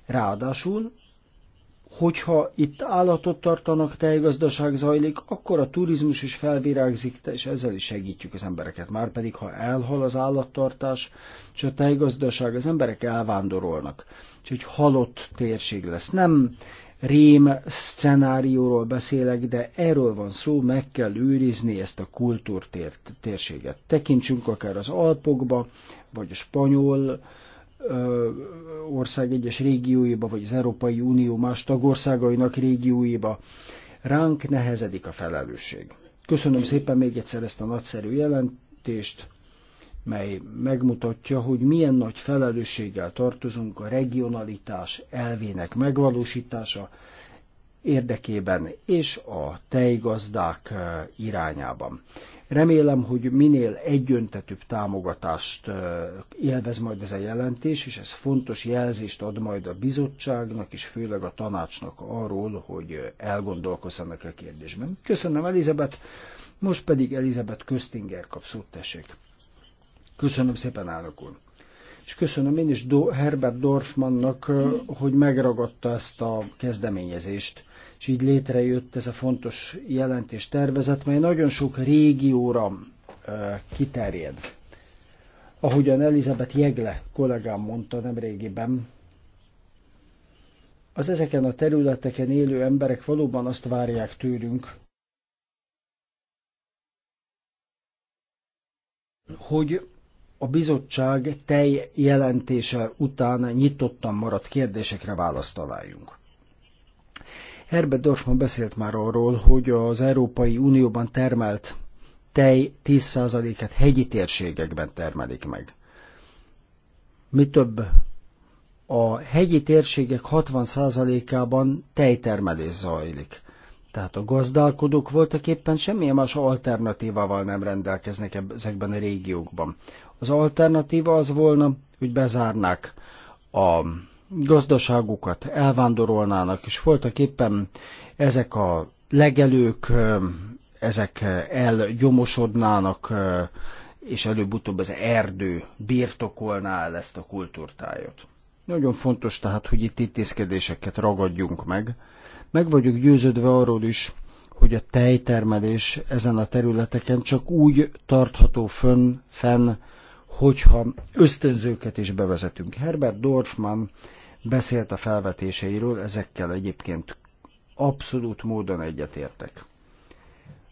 Ráadásul hogyha itt állatot tartanak, tejgazdaság zajlik, akkor a turizmus is felvirágzik, és ezzel is segítjük az embereket. Márpedig, ha elhal az állattartás, és a tejgazdaság, az emberek elvándorolnak. egy halott térség lesz. Nem rém szcenárióról beszélek, de erről van szó, meg kell őrizni ezt a kultúrtérséget. Tekintsünk akár az Alpokba, vagy a spanyol, ország egyes régióiba, vagy az Európai Unió más tagországainak régióiba. Ránk nehezedik a felelősség. Köszönöm szépen még egyszer ezt a nagyszerű jelentést, mely megmutatja, hogy milyen nagy felelősséggel tartozunk a regionalitás elvének megvalósítása érdekében és a tejgazdák irányában. Remélem, hogy minél egyöntetűbb támogatást élvez majd ez a jelentés, és ez fontos jelzést ad majd a bizottságnak, és főleg a tanácsnak arról, hogy elgondolkozzanak a kérdésben. Köszönöm, Elizabeth. Most pedig Elizabeth Köztinger kap szót, tessék. Köszönöm szépen, állok úr. És köszönöm én is Do- Herbert Dorfmannak, hogy megragadta ezt a kezdeményezést és így létrejött ez a fontos jelentés tervezet, mely nagyon sok régióra kiterjed. Ahogyan Elizabeth Jegle kollégám mondta nemrégiben, az ezeken a területeken élő emberek valóban azt várják tőlünk, hogy a bizottság tej jelentése után nyitottan maradt kérdésekre választ találjunk. Herbert Dorfman beszélt már arról, hogy az Európai Unióban termelt tej 10 et hegyi térségekben termelik meg. Mi több, a hegyi térségek 60%-ában tejtermelés zajlik. Tehát a gazdálkodók voltak éppen semmilyen más alternatívával nem rendelkeznek ezekben a régiókban. Az alternatíva az volna, hogy bezárnák a gazdaságukat elvándorolnának, és voltak éppen ezek a legelők, ezek elgyomosodnának, és előbb-utóbb az erdő birtokolná el ezt a kultúrtájat. Nagyon fontos tehát, hogy itt intézkedéseket ragadjunk meg. Meg vagyok győződve arról is, hogy a tejtermelés ezen a területeken csak úgy tartható fönn, fenn, hogyha ösztönzőket is bevezetünk. Herbert Dorfman beszélt a felvetéseiről, ezekkel egyébként abszolút módon egyetértek.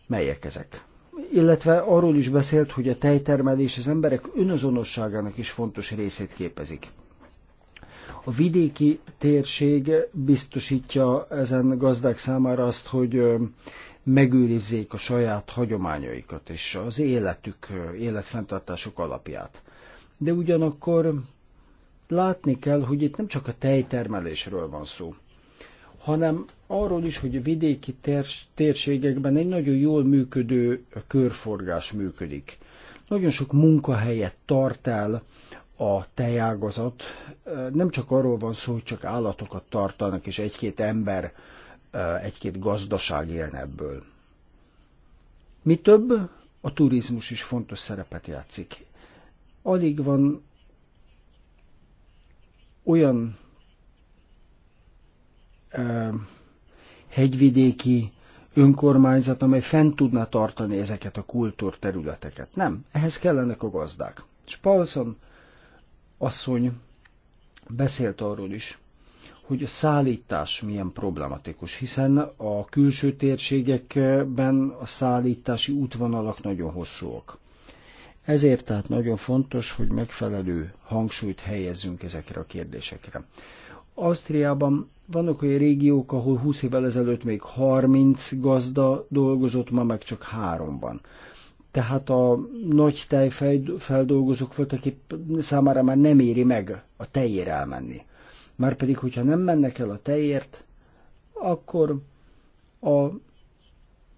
Melyek ezek? Illetve arról is beszélt, hogy a tejtermelés az emberek önazonosságának is fontos részét képezik. A vidéki térség biztosítja ezen gazdák számára azt, hogy megőrizzék a saját hagyományaikat és az életük, életfenntartások alapját. De ugyanakkor látni kell, hogy itt nem csak a tejtermelésről van szó, hanem arról is, hogy a vidéki térségekben egy nagyon jól működő körforgás működik. Nagyon sok munkahelyet tart el a tejágazat. Nem csak arról van szó, hogy csak állatokat tartanak, és egy-két ember, egy-két gazdaság élne ebből. Mi több, a turizmus is fontos szerepet játszik. Alig van olyan ö, hegyvidéki önkormányzat, amely fent tudná tartani ezeket a kultúrterületeket. Nem, ehhez kellenek a gazdák. És Paulson asszony beszélt arról is, hogy a szállítás milyen problematikus, hiszen a külső térségekben a szállítási útvonalak nagyon hosszúak. Ezért tehát nagyon fontos, hogy megfelelő hangsúlyt helyezzünk ezekre a kérdésekre. Ausztriában vannak olyan régiók, ahol 20 évvel ezelőtt még 30 gazda dolgozott, ma meg csak háromban. Tehát a nagy tejfeldolgozók voltak épp számára már nem éri meg a tejér elmenni. Márpedig, hogyha nem mennek el a tejért, akkor a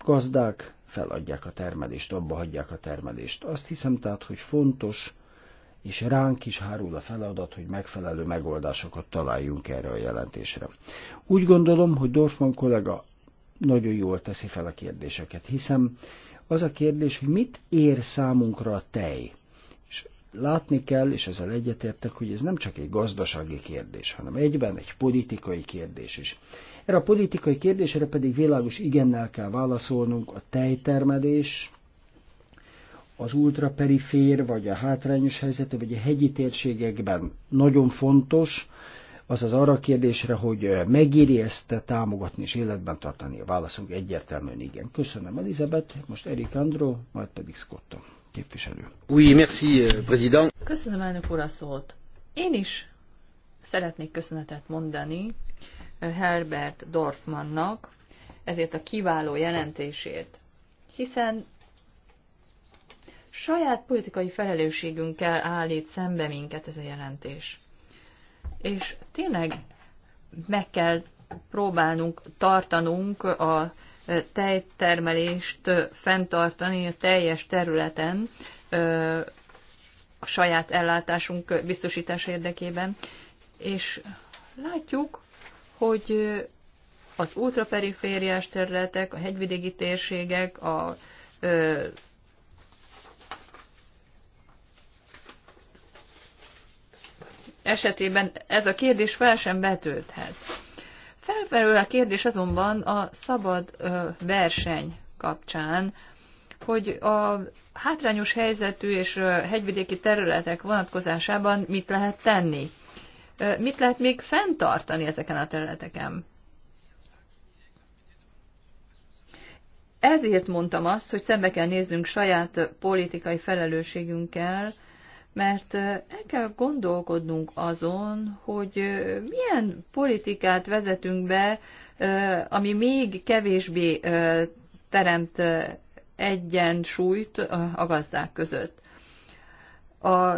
gazdák feladják a termelést, abba hagyják a termelést. Azt hiszem tehát, hogy fontos, és ránk is hárul a feladat, hogy megfelelő megoldásokat találjunk erre a jelentésre. Úgy gondolom, hogy Dorfman kollega nagyon jól teszi fel a kérdéseket, Hiszem, az a kérdés, hogy mit ér számunkra a tej. És látni kell, és ezzel egyetértek, hogy ez nem csak egy gazdasági kérdés, hanem egyben egy politikai kérdés is. Erre a politikai kérdésre pedig világos igennel kell válaszolnunk a tejtermelés, az ultraperifér, vagy a hátrányos helyzetű, vagy a hegyi térségekben nagyon fontos, az arra a kérdésre, hogy megéri ezt támogatni és életben tartani. A válaszunk egyértelműen igen. Köszönöm Elizabeth, most Erik Andró, majd pedig Scott képviselő. Oui, merci, président. Köszönöm elnök úr a szót. Én is szeretnék köszönetet mondani Herbert Dorfmannak ezért a kiváló jelentését, hiszen saját politikai felelősségünkkel állít szembe minket ez a jelentés. És tényleg meg kell próbálnunk tartanunk a tejtermelést fenntartani a teljes területen a saját ellátásunk biztosítása érdekében, és látjuk, hogy az ultraperifériás területek, a hegyvidéki térségek, a ö, esetében ez a kérdés fel sem vetődhet. Felfelül a kérdés azonban a szabad ö, verseny kapcsán, hogy a hátrányos helyzetű és hegyvidéki területek vonatkozásában mit lehet tenni mit lehet még fenntartani ezeken a területeken? Ezért mondtam azt, hogy szembe kell néznünk saját politikai felelősségünkkel, mert el kell gondolkodnunk azon, hogy milyen politikát vezetünk be, ami még kevésbé teremt egyensúlyt a gazdák között. A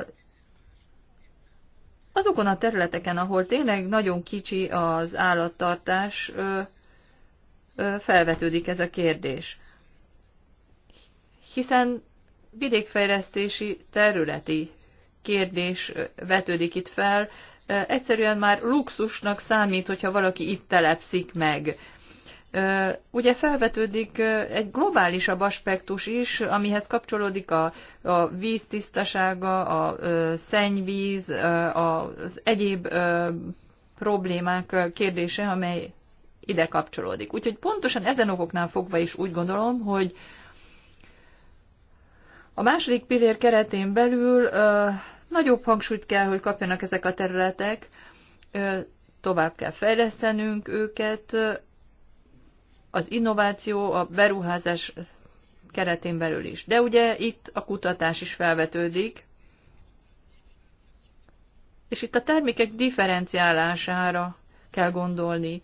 azokon a területeken, ahol tényleg nagyon kicsi az állattartás, felvetődik ez a kérdés. Hiszen vidékfejlesztési területi kérdés vetődik itt fel, egyszerűen már luxusnak számít, hogyha valaki itt telepszik meg. Ugye felvetődik egy globálisabb aspektus is, amihez kapcsolódik a, a víz tisztasága, a szennyvíz, az egyéb problémák kérdése, amely ide kapcsolódik. Úgyhogy pontosan ezen okoknál fogva is úgy gondolom, hogy a második pillér keretén belül ö, nagyobb hangsúlyt kell, hogy kapjanak ezek a területek, ö, tovább kell fejlesztenünk őket, az innováció a beruházás keretén belül is. De ugye itt a kutatás is felvetődik, és itt a termékek differenciálására kell gondolni.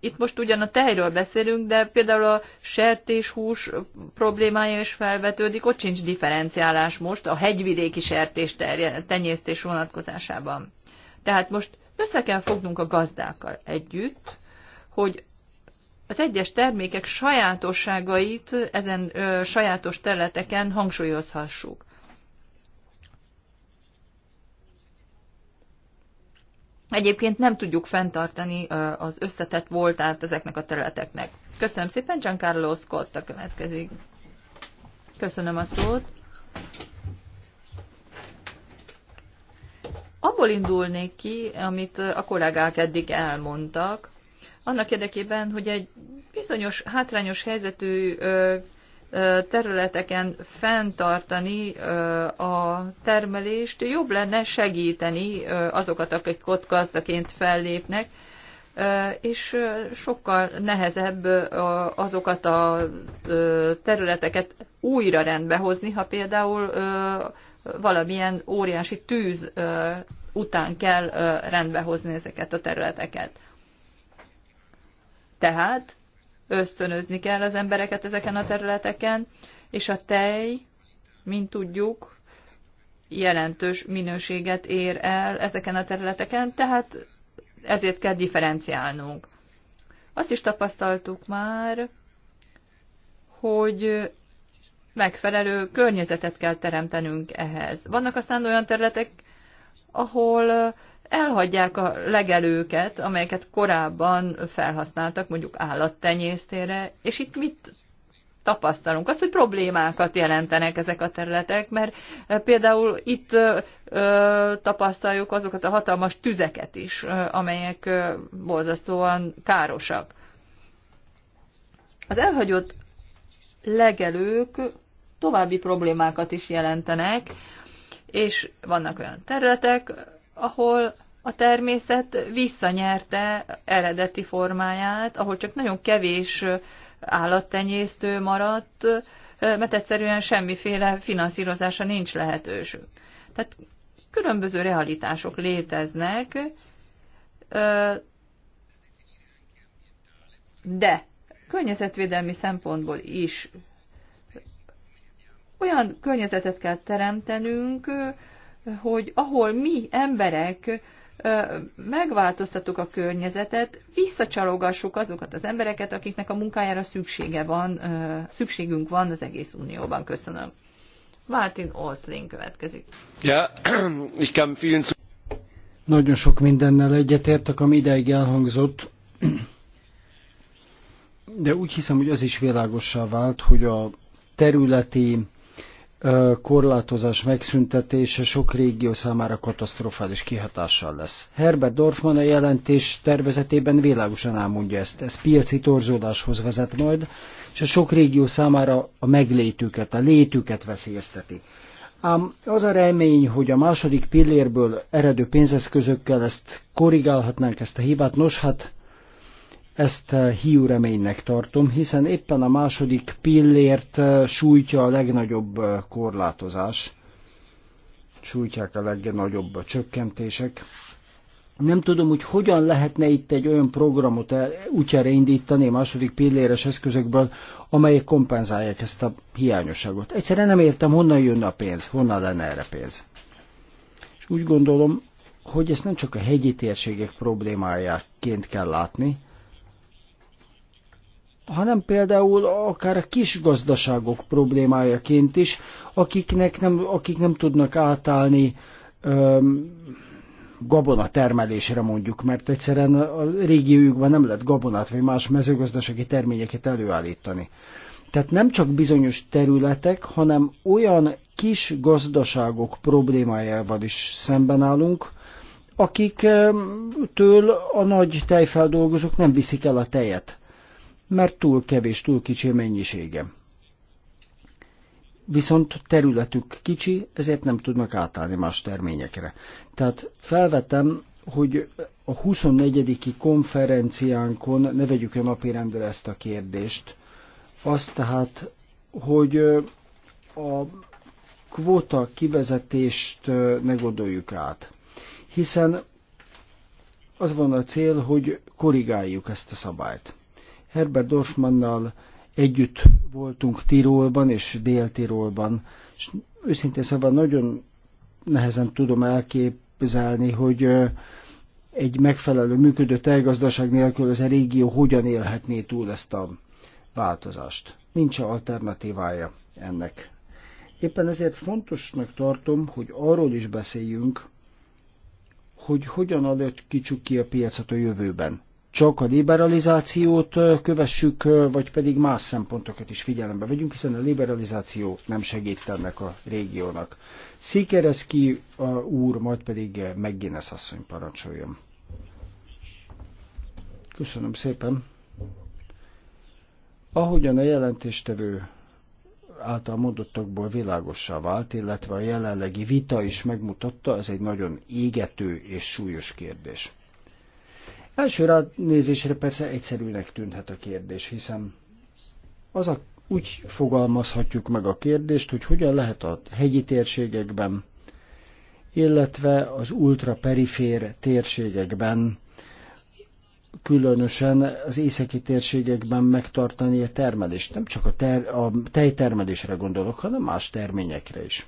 Itt most ugyan a tejről beszélünk, de például a sertéshús problémája is felvetődik, ott sincs differenciálás most a hegyvidéki sertés tenyésztés vonatkozásában. Tehát most össze kell fognunk a gazdákkal együtt, hogy az egyes termékek sajátosságait ezen ö, sajátos területeken hangsúlyozhassuk. Egyébként nem tudjuk fenntartani az összetett voltát ezeknek a területeknek. Köszönöm szépen, Giancarlo Scott a következik. Köszönöm a szót. Abból indulnék ki, amit a kollégák eddig elmondtak, annak érdekében, hogy egy bizonyos hátrányos helyzetű területeken fenntartani a termelést, jobb lenne segíteni azokat, akik ott gazdaként fellépnek, és sokkal nehezebb azokat a területeket újra rendbe hozni, ha például valamilyen óriási tűz után kell rendbe hozni ezeket a területeket. Tehát ösztönözni kell az embereket ezeken a területeken, és a tej, mint tudjuk, jelentős minőséget ér el ezeken a területeken, tehát ezért kell differenciálnunk. Azt is tapasztaltuk már, hogy megfelelő környezetet kell teremtenünk ehhez. Vannak aztán olyan területek, ahol elhagyják a legelőket, amelyeket korábban felhasználtak mondjuk állattenyésztére, és itt mit tapasztalunk? Azt, hogy problémákat jelentenek ezek a területek, mert e, például itt e, e, tapasztaljuk azokat a hatalmas tüzeket is, amelyek ö, borzasztóan károsak. Az elhagyott legelők további problémákat is jelentenek, és vannak olyan területek, ahol a természet visszanyerte eredeti formáját, ahol csak nagyon kevés állattenyésztő maradt, mert egyszerűen semmiféle finanszírozása nincs lehetőség. Tehát különböző realitások léteznek, de környezetvédelmi szempontból is olyan környezetet kell teremtenünk, hogy ahol mi emberek megváltoztattuk a környezetet, visszacsalogassuk azokat az embereket, akiknek a munkájára szüksége van, szükségünk van az egész Unióban. Köszönöm. Martin Oszlén következik. Ja, [CLEARS THROAT] ich kann vielen Nagyon sok mindennel egyetértek, ami ideig elhangzott, de úgy hiszem, hogy az is világossá vált, hogy a területi korlátozás megszüntetése sok régió számára katasztrofális kihatással lesz. Herbert Dorfman a jelentés tervezetében világosan elmondja ezt. Ez piaci torzódáshoz vezet majd, és a sok régió számára a meglétüket, a létüket veszélyezteti. Ám az a remény, hogy a második pillérből eredő pénzeszközökkel ezt korrigálhatnánk ezt a hibát, nos hát ezt eh, hiú reménynek tartom, hiszen éppen a második pillért eh, sújtja a legnagyobb eh, korlátozás, sújtják a legnagyobb csökkentések. Nem tudom, hogy hogyan lehetne itt egy olyan programot útjára indítani a második pilléres eszközökből, amelyek kompenzálják ezt a hiányosságot. Egyszerűen nem értem, honnan jönne a pénz, honnan lenne erre pénz. És úgy gondolom, hogy ezt nem csak a hegyi térségek problémájáként kell látni, hanem például akár a kis gazdaságok problémájaként is, akiknek nem, akik nem tudnak átállni öm, termelésre mondjuk, mert egyszerűen a régiójukban nem lehet gabonát vagy más mezőgazdasági terményeket előállítani. Tehát nem csak bizonyos területek, hanem olyan kis gazdaságok problémájával is szemben állunk, akiktől a nagy tejfeldolgozók nem viszik el a tejet mert túl kevés, túl kicsi a mennyisége. Viszont területük kicsi, ezért nem tudnak átállni más terményekre. Tehát felvetem, hogy a 24. konferenciánkon ne vegyük a napirendre ezt a kérdést. Azt tehát, hogy a kvóta kivezetést ne gondoljuk át. Hiszen az van a cél, hogy korrigáljuk ezt a szabályt. Herbert Dorfmannnal együtt voltunk Tirolban és Dél-Tirolban, és őszintén szóval nagyon nehezen tudom elképzelni, hogy egy megfelelő működő telgazdaság nélkül ez a régió hogyan élhetné túl ezt a változást. Nincs alternatívája ennek. Éppen ezért fontosnak tartom, hogy arról is beszéljünk, hogy hogyan kicsuk ki a piacot a jövőben csak a liberalizációt kövessük, vagy pedig más szempontokat is figyelembe vegyünk, hiszen a liberalizáció nem segít ennek a régiónak. Szikereszki úr, majd pedig meggyenes asszony parancsoljon. Köszönöm szépen. Ahogyan a jelentéstevő által mondottakból világossá vált, illetve a jelenlegi vita is megmutatta, ez egy nagyon égető és súlyos kérdés. Első nézésre persze egyszerűnek tűnhet a kérdés, hiszen az a, úgy fogalmazhatjuk meg a kérdést, hogy hogyan lehet a hegyi térségekben, illetve az ultraperifér térségekben, különösen az északi térségekben megtartani a termelést. Nem csak a, ter, a tejtermelésre gondolok, hanem más terményekre is.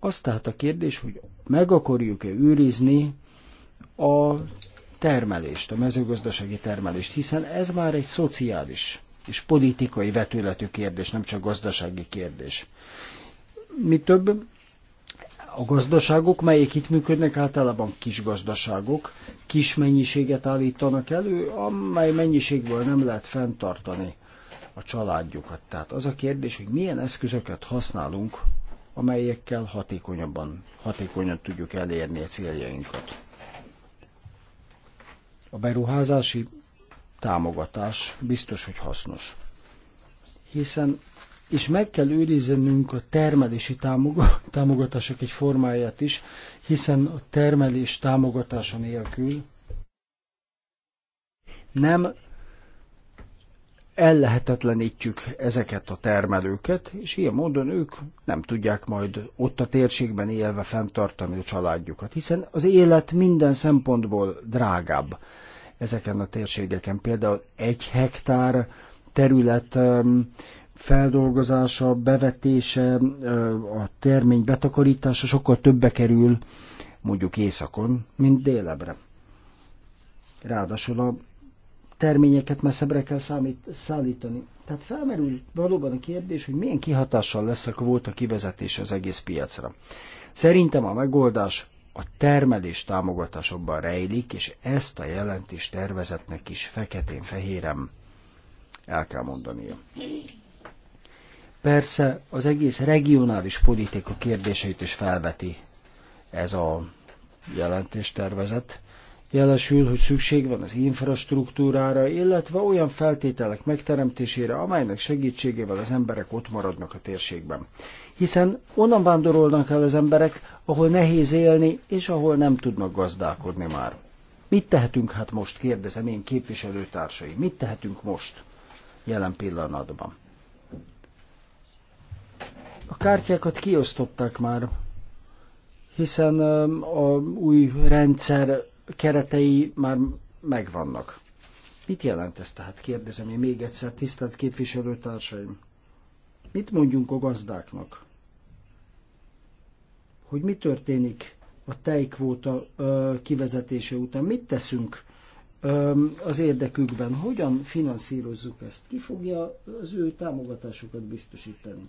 Az tehát a kérdés, hogy meg akarjuk-e őrizni a termelést, a mezőgazdasági termelést, hiszen ez már egy szociális és politikai vetületű kérdés, nem csak gazdasági kérdés. Mi több, a gazdaságok, melyek itt működnek, általában kis gazdaságok, kis mennyiséget állítanak elő, amely mennyiségből nem lehet fenntartani a családjukat. Tehát az a kérdés, hogy milyen eszközöket használunk, amelyekkel hatékonyabban, hatékonyan tudjuk elérni a céljainkat. A beruházási támogatás biztos, hogy hasznos. Hiszen és meg kell őriznünk a termelési támogatások egy formáját is, hiszen a termelés támogatása nélkül nem ellehetetlenítjük ezeket a termelőket, és ilyen módon ők nem tudják majd ott a térségben élve fenntartani a családjukat, hiszen az élet minden szempontból drágább ezeken a térségeken. Például egy hektár terület feldolgozása, bevetése, a termény betakarítása sokkal többe kerül mondjuk északon, mint délebre. Ráadásul a terményeket messzebbre kell számít, szállítani. Tehát felmerül valóban a kérdés, hogy milyen kihatással lesz a kvóta kivezetés az egész piacra. Szerintem a megoldás a termelés támogatásokban rejlik, és ezt a jelentést tervezetnek is feketén-fehérem el kell mondania. Persze az egész regionális politika kérdéseit is felveti ez a jelentéstervezet, jelesül, hogy szükség van az infrastruktúrára, illetve olyan feltételek megteremtésére, amelynek segítségével az emberek ott maradnak a térségben. Hiszen onnan vándorolnak el az emberek, ahol nehéz élni, és ahol nem tudnak gazdálkodni már. Mit tehetünk hát most, kérdezem én képviselőtársai, mit tehetünk most, jelen pillanatban? A kártyákat kiosztották már, hiszen a új rendszer keretei már megvannak. Mit jelent ez tehát, kérdezem én még egyszer, tisztelt képviselőtársaim? Mit mondjunk a gazdáknak? Hogy mi történik a tejkvóta ö, kivezetése után? Mit teszünk ö, az érdekükben? Hogyan finanszírozzuk ezt? Ki fogja az ő támogatásukat biztosítani?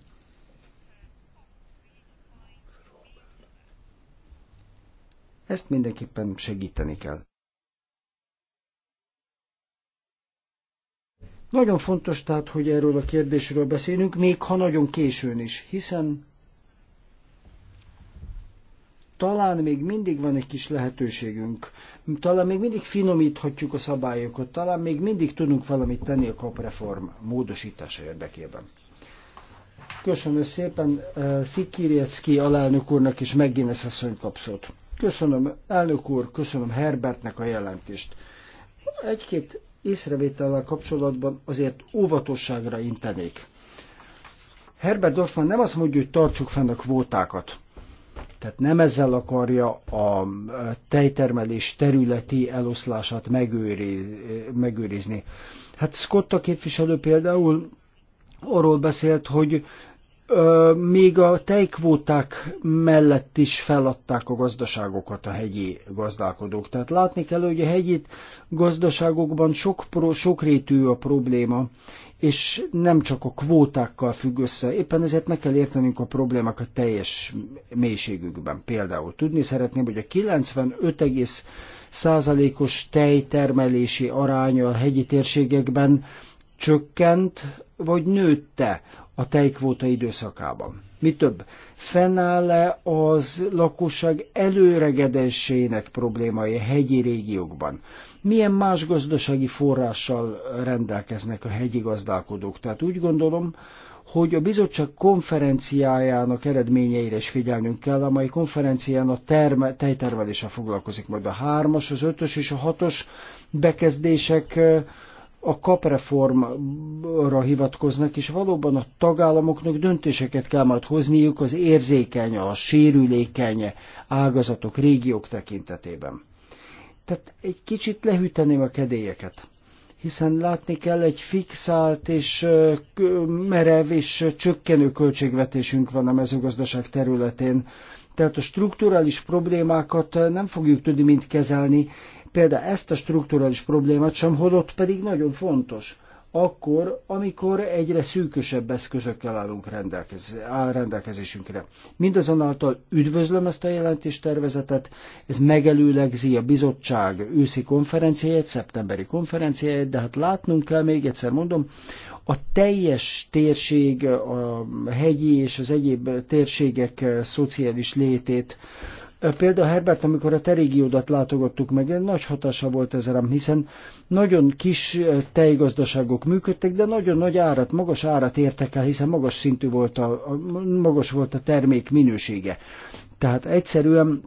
Ezt mindenképpen segíteni kell. Nagyon fontos tehát, hogy erről a kérdésről beszélünk, még ha nagyon későn is, hiszen talán még mindig van egy kis lehetőségünk, talán még mindig finomíthatjuk a szabályokat, talán még mindig tudunk valamit tenni a kapreform módosítása érdekében. Köszönöm szépen eh, Szikirjecki alelnök úrnak és Megginesz asszony kapszót. Köszönöm, elnök úr, köszönöm Herbertnek a jelentést. Egy-két észrevétellel kapcsolatban azért óvatosságra intenék. Herbert Dorfman nem azt mondja, hogy tartsuk fenn a kvótákat. Tehát nem ezzel akarja a tejtermelés területi eloszlását megőrizni. Hát Scott a képviselő például arról beszélt, hogy még a tejkvóták mellett is feladták a gazdaságokat a hegyi gazdálkodók. Tehát látni kell, hogy a hegyi gazdaságokban sok, pro, rétű a probléma, és nem csak a kvótákkal függ össze. Éppen ezért meg kell értenünk a problémákat teljes mélységükben. Például tudni szeretném, hogy a 95, százalékos tejtermelési aránya a hegyi térségekben csökkent vagy nőtte a tejkvóta időszakában. Mi több, fennáll-e az lakosság előregedésének problémai a hegyi régiókban? Milyen más gazdasági forrással rendelkeznek a hegyi gazdálkodók? Tehát úgy gondolom, hogy a bizottság konferenciájának eredményeire is figyelnünk kell, A mai konferencián a terme, tejtermeléssel foglalkozik majd a hármas, az ötös és a hatos bekezdések a kapreformra hivatkoznak, és valóban a tagállamoknak döntéseket kell majd hozniuk az érzékeny, a sérülékeny ágazatok, régiók tekintetében. Tehát egy kicsit lehűteném a kedélyeket, hiszen látni kell egy fixált és merev és csökkenő költségvetésünk van a mezőgazdaság területén, tehát a strukturális problémákat nem fogjuk tudni mind kezelni, Például ezt a strukturális problémát sem holott pedig nagyon fontos. Akkor, amikor egyre szűkösebb eszközökkel állunk rendelkez, áll rendelkezésünkre. Mindazonáltal üdvözlöm ezt a jelentéstervezetet, ez megelőlegzi a bizottság őszi konferenciáját, szeptemberi konferenciáját, de hát látnunk kell, még egyszer mondom, a teljes térség, a hegyi és az egyéb térségek szociális létét, E, például Herbert, amikor a terégiódat látogattuk meg, nagy hatása volt ez rám, hiszen nagyon kis e, tejgazdaságok működtek, de nagyon nagy árat, magas árat értek el, hiszen magas szintű volt a, a magas volt a termék minősége. Tehát egyszerűen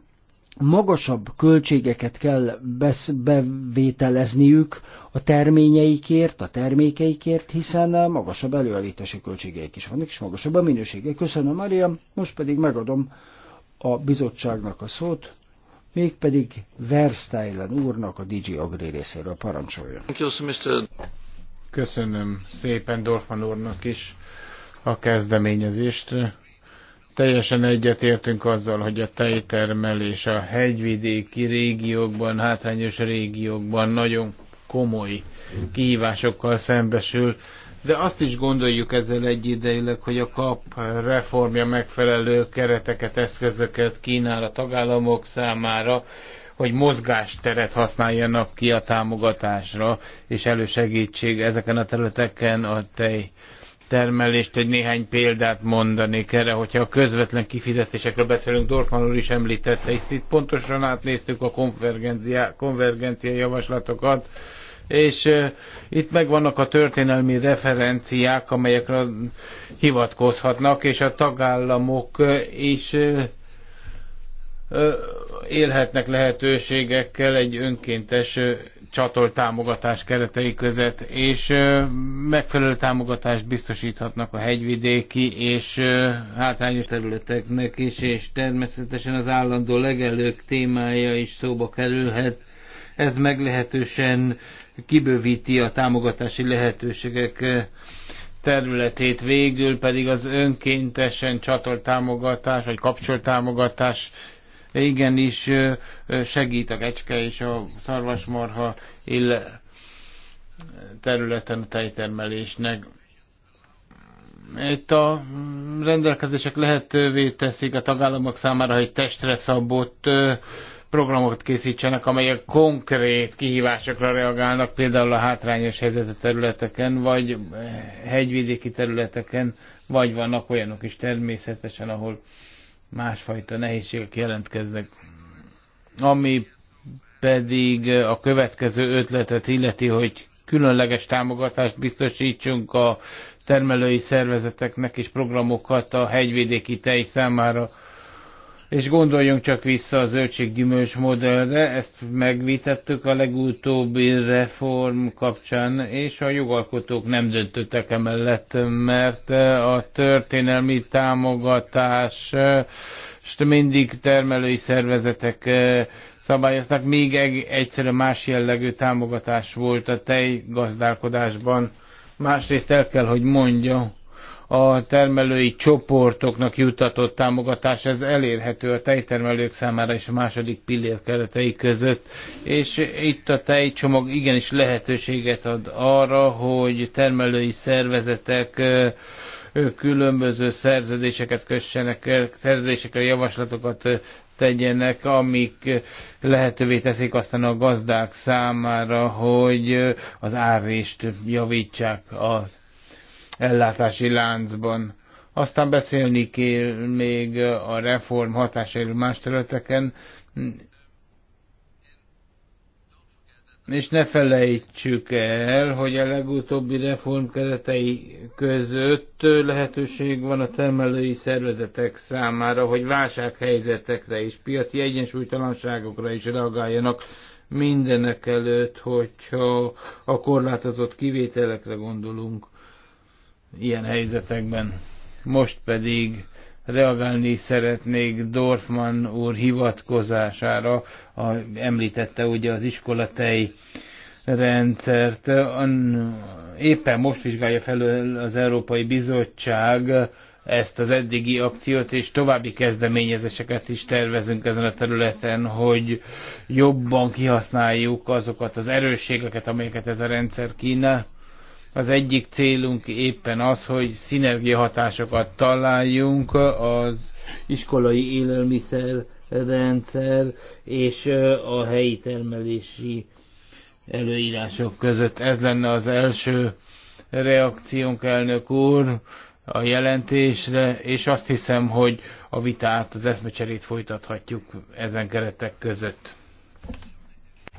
magasabb költségeket kell besz- bevételezniük a terményeikért, a termékeikért, hiszen magasabb előállítási költségeik is vannak, és magasabb a minősége. Köszönöm, Maria, most pedig megadom a bizottságnak a szót, mégpedig Versteilen úrnak a DJ Agri részéről parancsoljon. Köszönöm szépen Dorfan úrnak is a kezdeményezést. Teljesen egyetértünk azzal, hogy a tejtermelés a hegyvidéki régiókban, hátrányos régiókban nagyon komoly kihívásokkal szembesül de azt is gondoljuk ezzel egyidejűleg, hogy a kap reformja megfelelő kereteket, eszközöket kínál a tagállamok számára, hogy mozgásteret használjanak ki a támogatásra, és elősegítség ezeken a területeken a tej termelést, egy néhány példát mondanék erre, hogyha a közvetlen kifizetésekről beszélünk, Dorfman úr is említette, és itt pontosan átnéztük a konvergencia, konvergencia javaslatokat, és itt megvannak a történelmi referenciák, amelyekre hivatkozhatnak, és a tagállamok is élhetnek lehetőségekkel egy önkéntes csatolt támogatás keretei között, és megfelelő támogatást biztosíthatnak a hegyvidéki és hátrányos területeknek is, és természetesen az állandó legelők témája is szóba kerülhet. Ez meglehetősen kibővíti a támogatási lehetőségek eh, területét, végül pedig az önkéntesen csatolt támogatás, vagy kapcsolt támogatás igenis eh, segít a kecske és a szarvasmarha ill területen a tejtermelésnek. Itt a rendelkezések lehetővé teszik a tagállamok számára, hogy testre szabott eh, programokat készítsenek, amelyek konkrét kihívásokra reagálnak, például a hátrányos helyzetű területeken, vagy eh, hegyvidéki területeken, vagy vannak olyanok is természetesen, ahol másfajta nehézségek jelentkeznek. Ami pedig eh, a következő ötletet illeti, hogy különleges támogatást biztosítsunk a termelői szervezeteknek és programokat a hegyvidéki tej számára és gondoljunk csak vissza a zöldséggyümölcs modellre, ezt megvitettük a legutóbbi reform kapcsán, és a jogalkotók nem döntöttek emellett, mert a történelmi támogatás mindig termelői szervezetek eh, szabályoznak, még egyszerűen más jellegű támogatás volt a tejgazdálkodásban. Másrészt el kell, hogy mondja, a termelői csoportoknak juttatott támogatás, ez elérhető a tejtermelők számára és a második pillér keretei között, és itt a tejcsomag igenis lehetőséget ad arra, hogy termelői szervezetek különböző szerződéseket kössenek, szerződésekre javaslatokat tegyenek, amik lehetővé teszik aztán a gazdák számára, hogy az árrést javítsák az ellátási láncban. Aztán beszélni kell még a reform hatásairól más területeken, és ne felejtsük el, hogy a legutóbbi reform keretei között lehetőség van a termelői szervezetek számára, hogy válsághelyzetekre és piaci egyensúlytalanságokra is reagáljanak mindenek előtt, hogyha a korlátozott kivételekre gondolunk ilyen helyzetekben. Most pedig reagálni szeretnék Dorfman úr hivatkozására, a, említette ugye az iskolatei rendszert. Éppen most vizsgálja felül az Európai Bizottság ezt az eddigi akciót, és további kezdeményezéseket is tervezünk ezen a területen, hogy jobban kihasználjuk azokat az erősségeket, amelyeket ez a rendszer kínál az egyik célunk éppen az, hogy hatásokat találjunk az iskolai élelmiszer rendszer és a helyi termelési előírások között. Ez lenne az első reakciónk, elnök úr, a jelentésre, és azt hiszem, hogy a vitát, az eszmecserét folytathatjuk ezen keretek között.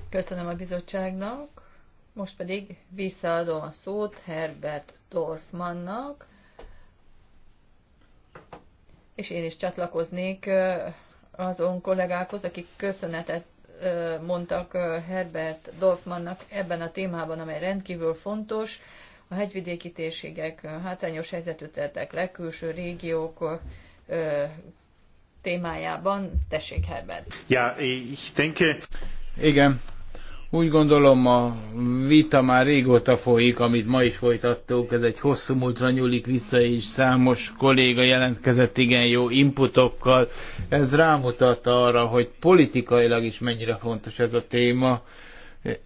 Köszönöm a bizottságnak most pedig visszaadom a szót Herbert Dorfmannak, és én is csatlakoznék azon kollégákhoz, akik köszönetet mondtak Herbert Dorfmannak ebben a témában, amely rendkívül fontos. A hegyvidéki térségek, hátrányos helyzetű területek, legkülső régiók témájában. Tessék, Herbert! Ja, ich denke... Igen, úgy gondolom a vita már régóta folyik, amit ma is folytattuk, ez egy hosszú múltra nyúlik vissza, és számos kolléga jelentkezett igen jó inputokkal. Ez rámutat arra, hogy politikailag is mennyire fontos ez a téma.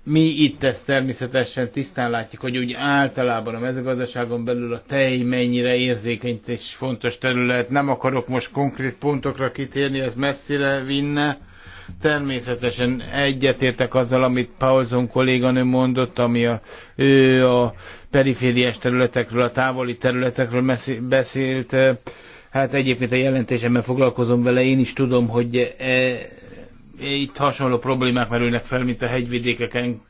Mi itt ezt természetesen tisztán látjuk, hogy úgy általában a mezőgazdaságon belül a tej mennyire érzékeny és fontos terület. Nem akarok most konkrét pontokra kitérni, ez messzire vinne Természetesen egyetértek azzal, amit Paulson kolléganő mondott, ami a, ő a perifériás területekről, a távoli területekről beszélt. Hát egyébként a jelentésemben foglalkozom vele, én is tudom, hogy e, e, itt hasonló problémák merülnek fel, mint a hegyvidékeken.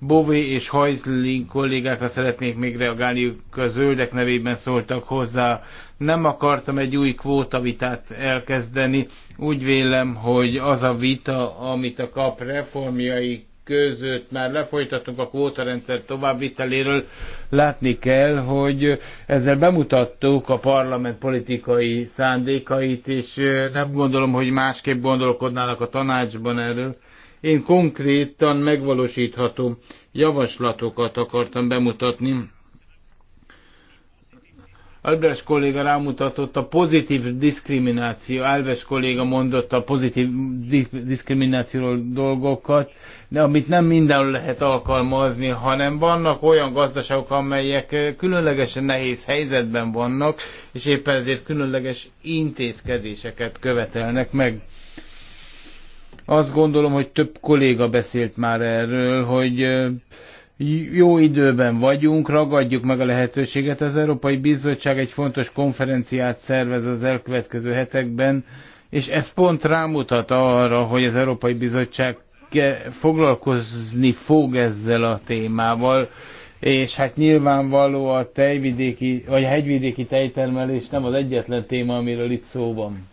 Bové és Hajzling kollégákra szeretnék még reagálni, ők a zöldek nevében szóltak hozzá nem akartam egy új kvótavitát elkezdeni. Úgy vélem, hogy az a vita, amit a kap reformjai között már lefolytatunk a kvótarendszer továbbviteléről, látni kell, hogy ezzel bemutattuk a parlament politikai szándékait, és nem gondolom, hogy másképp gondolkodnának a tanácsban erről. Én konkrétan megvalósítható javaslatokat akartam bemutatni Albrecht kolléga rámutatott a pozitív diszkrimináció, Albrecht kolléga mondott a pozitív diszkriminációról dolgokat, de amit nem mindenhol lehet alkalmazni, hanem vannak olyan gazdaságok, amelyek eh, különlegesen nehéz helyzetben vannak, és éppen ezért különleges intézkedéseket követelnek meg. Azt gondolom, hogy több kolléga beszélt már erről, hogy eh, jó időben vagyunk, ragadjuk meg a lehetőséget. Az Európai Bizottság egy fontos konferenciát szervez az elkövetkező hetekben, és ez pont rámutat arra, hogy az Európai Bizottság foglalkozni fog ezzel a témával, és hát nyilvánvaló a tejvidéki, vagy a hegyvidéki tejtermelés nem az egyetlen téma, amiről itt szó van.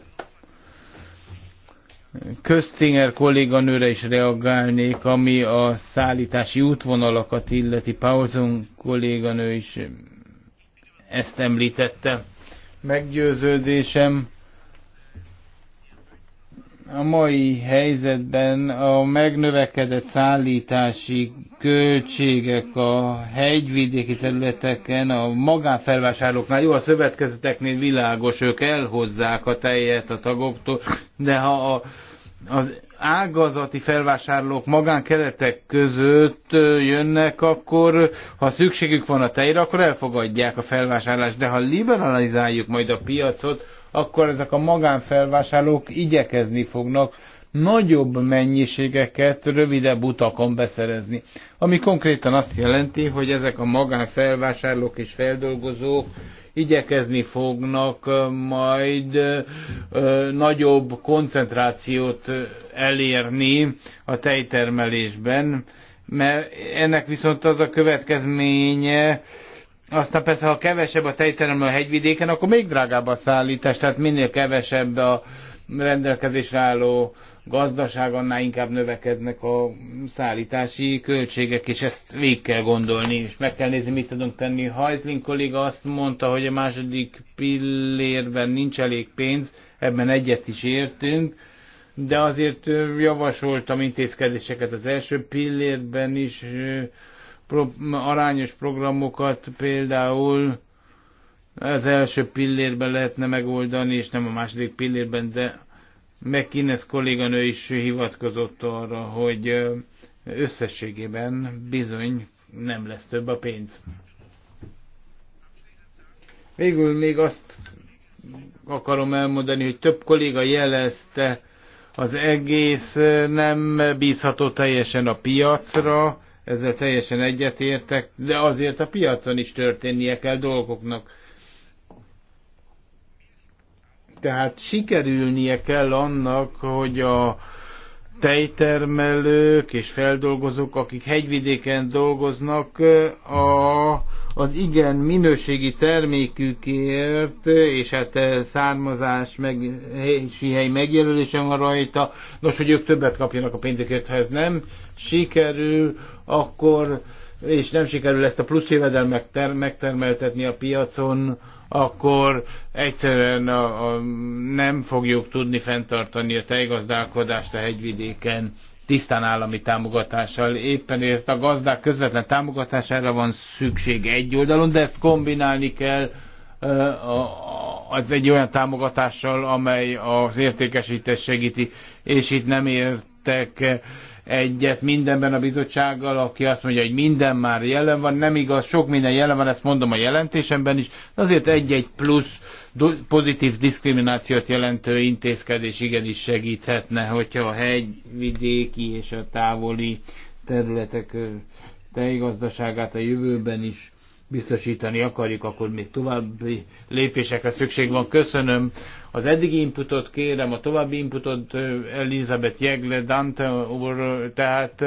Köztinger kolléganőre is reagálnék, ami a szállítási útvonalakat illeti. Paulson kolléganő is ezt említette. Meggyőződésem, a mai helyzetben a megnövekedett szállítási költségek a hegyvidéki területeken, a magánfelvásárlóknál, jó, a szövetkezeteknél világos, ők elhozzák a tejet a tagoktól, de ha a az ágazati felvásárlók magánkeretek között jönnek, akkor ha szükségük van a tejre, akkor elfogadják a felvásárlást. De ha liberalizáljuk majd a piacot, akkor ezek a magánfelvásárlók igyekezni fognak nagyobb mennyiségeket rövidebb utakon beszerezni. Ami konkrétan azt jelenti, hogy ezek a magánfelvásárlók és feldolgozók igyekezni fognak majd nagyobb koncentrációt elérni a tejtermelésben, mert ennek viszont az a következménye, aztán persze, ha kevesebb a tejtermelő a hegyvidéken, akkor még drágább a szállítás, tehát minél kevesebb a rendelkezésre álló gazdaság, annál inkább növekednek a szállítási költségek, és ezt végig kell gondolni, és meg kell nézni, mit tudunk tenni. Hajzlin kolléga azt mondta, hogy a második pillérben nincs elég pénz, ebben egyet is értünk, de azért javasoltam intézkedéseket az első pillérben is, pro, arányos programokat például az első pillérben lehetne megoldani, és nem a második pillérben, de McInnes kolléganő is hivatkozott arra, hogy összességében bizony nem lesz több a pénz. Végül még azt akarom elmondani, hogy több kolléga jelezte, az egész nem bízható teljesen a piacra, ezzel teljesen egyetértek, de azért a piacon is történnie kell dolgoknak tehát sikerülnie kell annak, hogy a tejtermelők és feldolgozók, akik hegyvidéken dolgoznak, a, az igen minőségi termékükért, és hát e, származás, meg, helyi megjelölése van rajta, nos, hogy ők többet kapjanak a pénzekért, ha ez nem sikerül, akkor és nem sikerül ezt a plusz jövedelmet megtermeltetni a piacon, akkor egyszerűen a, a, nem fogjuk tudni fenntartani a tejgazdálkodást a hegyvidéken tisztán állami támogatással. Éppen ért a gazdák közvetlen támogatására van szükség egy oldalon, de ezt kombinálni kell az egy olyan támogatással, amely az értékesítést segíti, és itt nem értek egyet mindenben a bizottsággal, aki azt mondja, hogy minden már jelen van, nem igaz, sok minden jelen van, ezt mondom a jelentésemben is, azért egy-egy plusz pozitív diszkriminációt jelentő intézkedés igenis segíthetne, hogyha a hegyvidéki és a távoli területek tejgazdaságát a jövőben is biztosítani akarjuk, akkor még további lépésekre szükség van. Köszönöm az eddigi inputot kérem, a további inputot Elizabeth Jegle, Dante úr, tehát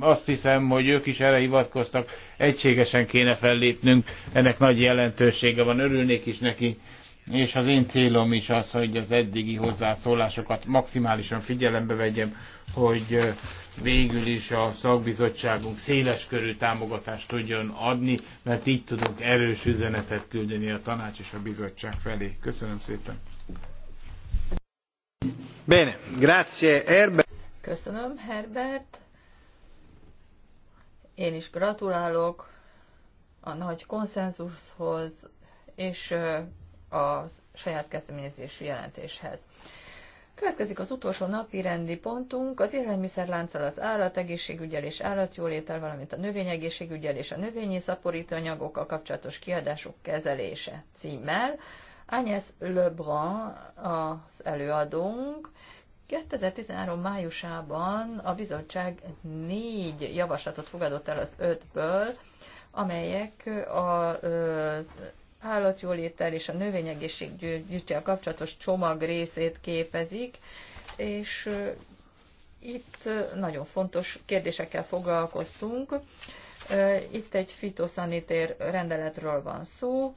azt hiszem, hogy ők is erre hivatkoztak, egységesen kéne fellépnünk, ennek nagy jelentősége van, örülnék is neki és az én célom is az, hogy az eddigi hozzászólásokat maximálisan figyelembe vegyem, hogy végül is a szakbizottságunk széles körű támogatást tudjon adni, mert így tudunk erős üzenetet küldeni a tanács és a bizottság felé. Köszönöm szépen. Bene, grazie Herbert. Köszönöm Herbert. Én is gratulálok a nagy konszenzushoz és a saját kezdeményezési jelentéshez. Következik az utolsó napi rendi pontunk, az élelmiszerlánccal az állategészségügyel és állatjólétel, valamint a növényegészségügyel és a növényi szaporítóanyagokkal kapcsolatos kiadások kezelése címmel. Agnes Lebrun az előadónk. 2013. májusában a bizottság négy javaslatot fogadott el az ötből, amelyek az állatjólétel és a gyűjtjel kapcsolatos csomag részét képezik, és itt nagyon fontos kérdésekkel foglalkoztunk. Itt egy fitoszanitér rendeletről van szó,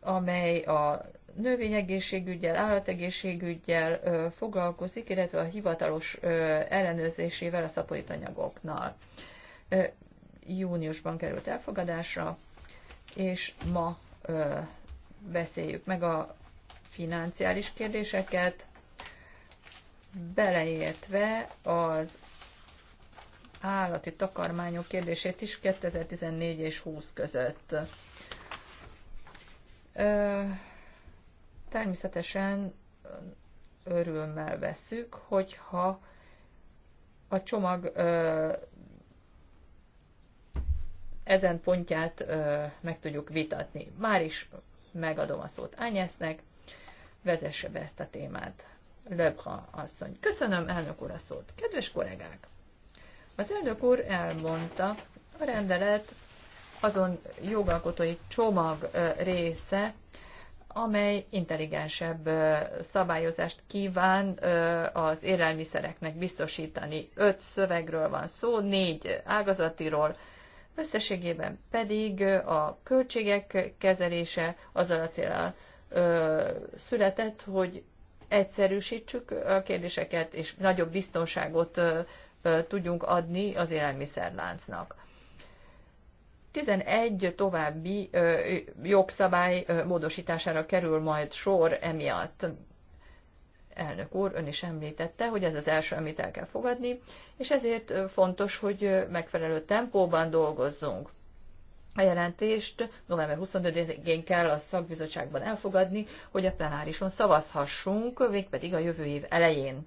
amely a növényegészségügyel, állategészségügyel foglalkozik, illetve a hivatalos ellenőrzésével a szaporítanyagoknál. Júniusban került elfogadásra, és ma ö, beszéljük meg a financiális kérdéseket, beleértve az állati takarmányok kérdését is 2014 és 20 között. Ö, természetesen örülmel veszük, hogyha a csomag ö, ezen pontját ö, meg tudjuk vitatni. Már is megadom a szót Ányesznek, vezesse be ezt a témát. Lebra asszony. Köszönöm, elnök úr, a szót. Kedves kollégák! Az elnök úr elmondta, a rendelet azon jogalkotói csomag része, amely intelligensebb szabályozást kíván az élelmiszereknek biztosítani. Öt szövegről van szó, négy ágazatiról, Összességében pedig a költségek kezelése azzal a célral született, hogy egyszerűsítsük a kérdéseket, és nagyobb biztonságot tudjunk adni az élelmiszerláncnak. 11 további jogszabály módosítására kerül majd sor emiatt elnök úr ön is említette, hogy ez az első, amit el kell fogadni, és ezért fontos, hogy megfelelő tempóban dolgozzunk. A jelentést november 25-én kell a szakbizottságban elfogadni, hogy a plenárison szavazhassunk, végpedig a jövő év elején.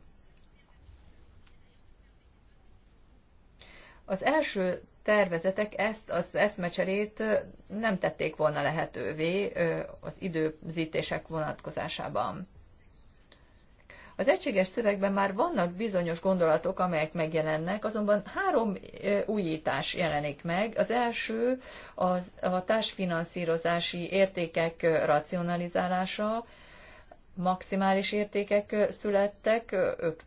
Az első tervezetek ezt az eszmecserét nem tették volna lehetővé az időzítések vonatkozásában. Az egységes szövegben már vannak bizonyos gondolatok, amelyek megjelennek, azonban három újítás jelenik meg. Az első az, a társfinanszírozási értékek racionalizálása, maximális értékek születtek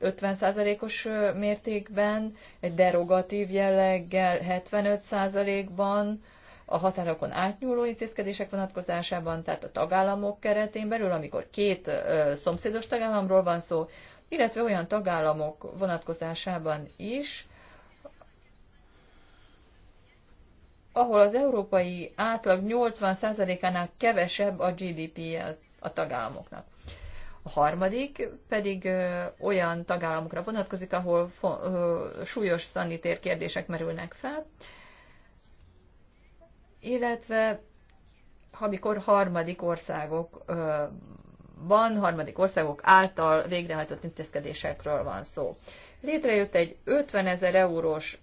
50%-os mértékben, egy derogatív jelleggel 75%-ban, a határokon átnyúló intézkedések vonatkozásában, tehát a tagállamok keretén belül, amikor két szomszédos tagállamról van szó, illetve olyan tagállamok vonatkozásában is, ahol az európai átlag 80%-ánál kevesebb a GDP a tagállamoknak. A harmadik pedig olyan tagállamokra vonatkozik, ahol súlyos szanitér kérdések merülnek fel, illetve amikor harmadik országok van, harmadik országok által végrehajtott intézkedésekről van szó. Létrejött egy 50 ezer eurós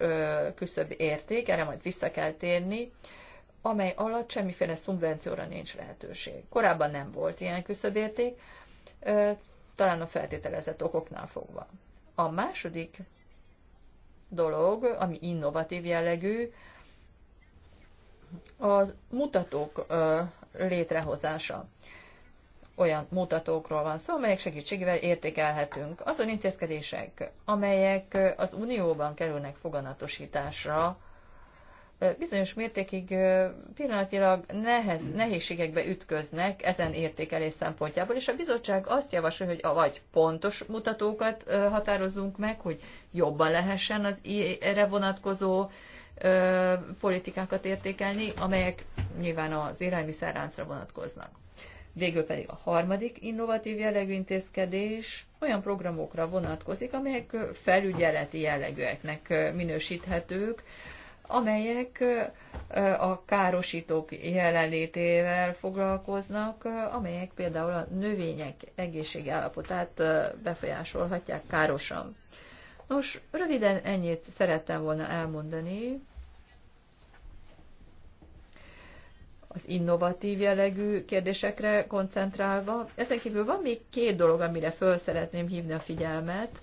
küszöb érték, erre majd vissza kell térni, amely alatt semmiféle szubvencióra nincs lehetőség. Korábban nem volt ilyen küszöbérték, talán a feltételezett okoknál fogva. A második dolog, ami innovatív jellegű, a mutatók létrehozása. Olyan mutatókról van szó, amelyek segítségével értékelhetünk. Azon intézkedések, amelyek az Unióban kerülnek foganatosításra, bizonyos mértékig pillanatilag nehez, nehézségekbe ütköznek ezen értékelés szempontjából, és a bizottság azt javasolja, hogy vagy pontos mutatókat határozzunk meg, hogy jobban lehessen az erre vonatkozó ö, politikákat értékelni, amelyek nyilván az élelmiszerláncra vonatkoznak. Végül pedig a harmadik innovatív jellegű intézkedés olyan programokra vonatkozik, amelyek felügyeleti jellegűeknek minősíthetők, amelyek a károsítók jelenlétével foglalkoznak, amelyek például a növények egészségi állapotát befolyásolhatják károsan. Nos, röviden ennyit szerettem volna elmondani. az innovatív jellegű kérdésekre koncentrálva. Ezen kívül van még két dolog, amire föl szeretném hívni a figyelmet.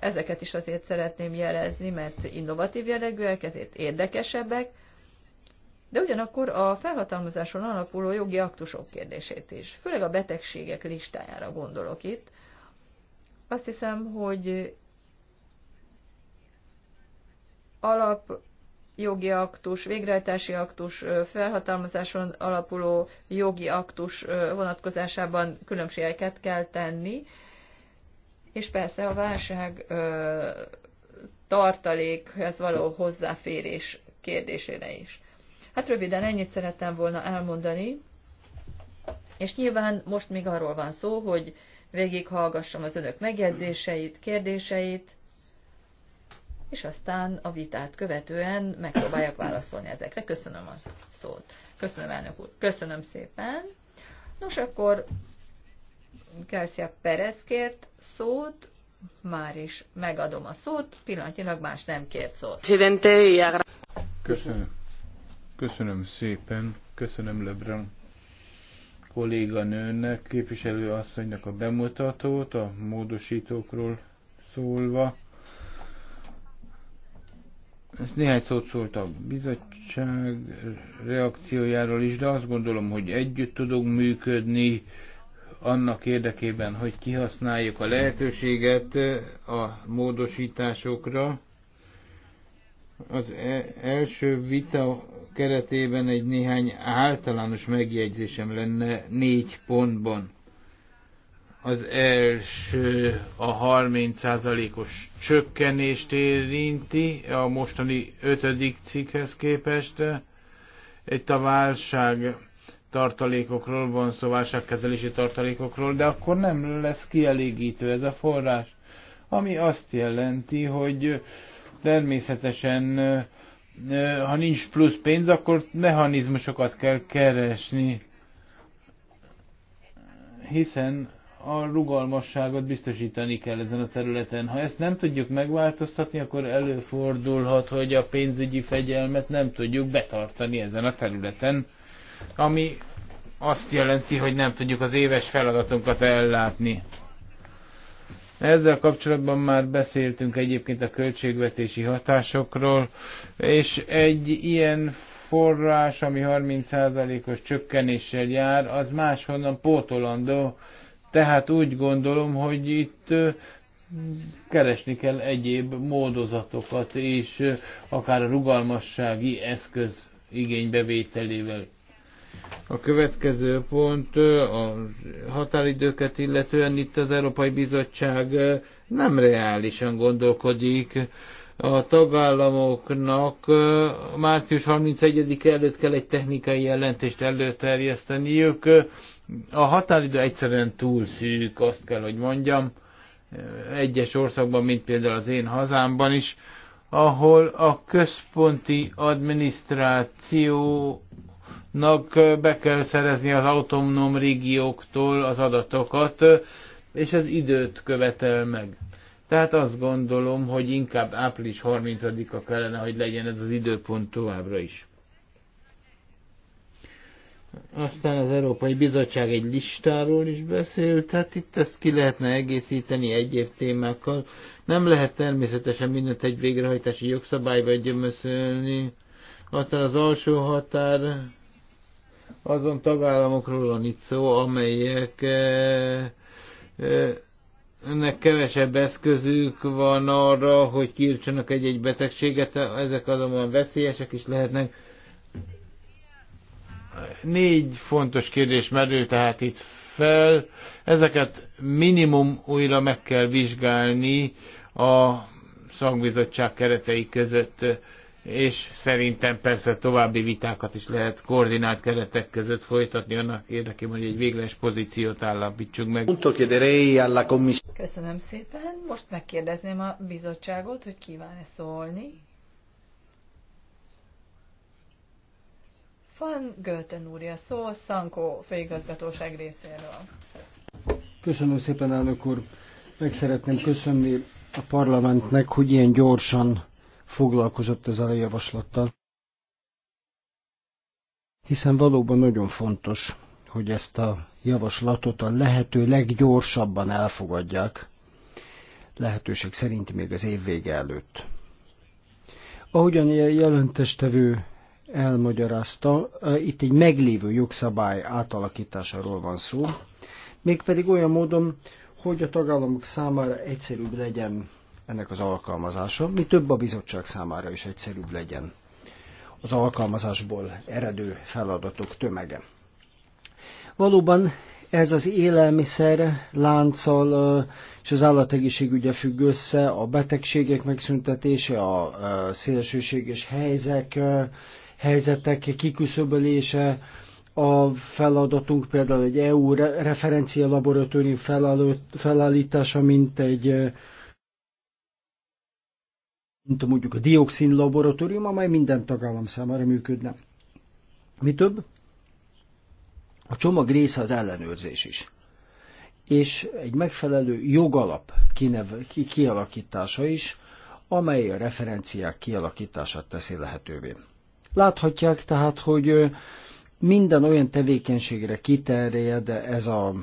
Ezeket is azért szeretném jelezni, mert innovatív jellegűek, ezért érdekesebbek, de ugyanakkor a felhatalmazáson alapuló jogi aktusok kérdését is, főleg a betegségek listájára gondolok itt. Azt hiszem, hogy alap jogi aktus, végrehajtási aktus, felhatalmazáson alapuló jogi aktus vonatkozásában különbségeket kell tenni, és persze a válság tartalékhez való hozzáférés kérdésére is. Hát röviden ennyit szerettem volna elmondani, és nyilván most még arról van szó, hogy végighallgassam az önök megjegyzéseit, kérdéseit, és aztán a vitát követően megpróbáljak válaszolni ezekre. Köszönöm a szót. Köszönöm, elnök úr. Köszönöm szépen. Nos, akkor Garcia Perez kért szót, már is megadom a szót, pillanatilag más nem kért szót. Köszönöm. Köszönöm szépen. Köszönöm Lebrun kolléganőnek, képviselőasszonynak a bemutatót, a módosítókról szólva. Ezt néhány szót szólt a bizottság reakciójáról is, de azt gondolom, hogy együtt tudunk működni annak érdekében, hogy kihasználjuk a lehetőséget a módosításokra. Az e- első vita keretében egy néhány általános megjegyzésem lenne négy pontban. Az első a 30%-os csökkenést érinti a mostani ötödik cikkhez képest. Itt a válság tartalékokról van szó, válságkezelési tartalékokról, de akkor nem lesz kielégítő ez a forrás. Ami azt jelenti, hogy természetesen ha nincs plusz pénz, akkor mechanizmusokat kell keresni. Hiszen a rugalmasságot biztosítani kell ezen a területen. Ha ezt nem tudjuk megváltoztatni, akkor előfordulhat, hogy a pénzügyi fegyelmet nem tudjuk betartani ezen a területen, ami azt jelenti, hogy nem tudjuk az éves feladatunkat ellátni. Ezzel kapcsolatban már beszéltünk egyébként a költségvetési hatásokról, és egy ilyen forrás, ami 30%-os csökkenéssel jár, az máshonnan pótolandó, tehát úgy gondolom, hogy itt keresni kell egyéb módozatokat, és akár a rugalmassági eszköz igénybevételével. A következő pont a határidőket illetően itt az Európai Bizottság nem reálisan gondolkodik a tagállamoknak március 31 -e előtt kell egy technikai jelentést előterjeszteniük. A határidő egyszerűen túl szűk, azt kell, hogy mondjam. Egyes országban, mint például az én hazámban is, ahol a központi adminisztrációnak be kell szerezni az autonóm régióktól az adatokat, és ez időt követel meg tehát azt gondolom, hogy inkább április 30-a kellene, hogy legyen ez az időpont továbbra is. Aztán az Európai Bizottság egy listáról is beszélt, tehát itt ezt ki lehetne egészíteni egyéb témákkal. Nem lehet természetesen mindent egy végrehajtási jogszabályba gyömöszölni. Aztán az alsó határ azon tagállamokról van itt szó, amelyek e, e, ennek kevesebb eszközük van arra, hogy kiírtsanak egy-egy betegséget, ezek azonban veszélyesek is lehetnek. Négy fontos kérdés merül tehát itt fel. Ezeket minimum újra meg kell vizsgálni a szakbizottság keretei között és szerintem persze további vitákat is lehet koordinált keretek között folytatni annak érdekében, hogy egy végleges pozíciót állapítsunk meg. Köszönöm szépen. Most megkérdezném a bizottságot, hogy kíván-e szólni. Van Gölten úr, a szó Szankó főigazgatóság részéről. Köszönöm szépen, elnök úr. Meg szeretném köszönni a parlamentnek, hogy ilyen gyorsan foglalkozott ezzel a javaslattal, hiszen valóban nagyon fontos, hogy ezt a javaslatot a lehető leggyorsabban elfogadják, lehetőség szerint még az év vége előtt. Ahogyan a jelentestevő elmagyarázta, itt egy meglévő jogszabály átalakításáról van szó, mégpedig olyan módon, hogy a tagállamok számára egyszerűbb legyen ennek az alkalmazása, mi több a bizottság számára is egyszerűbb legyen az alkalmazásból eredő feladatok tömege. Valóban ez az élelmiszer lánccal és az állategészségügye függ össze, a betegségek megszüntetése, a szélsőséges helyzek, helyzetek kiküszöbölése, a feladatunk például egy EU referencia laboratórium felállítása, mint egy mint mondjuk a dioxin laboratórium, amely minden tagállam számára működne. Mi több, a csomag része az ellenőrzés is és egy megfelelő jogalap kinev, ki, kialakítása is, amely a referenciák kialakítását teszi lehetővé. Láthatják tehát, hogy minden olyan tevékenységre kiterjed ez a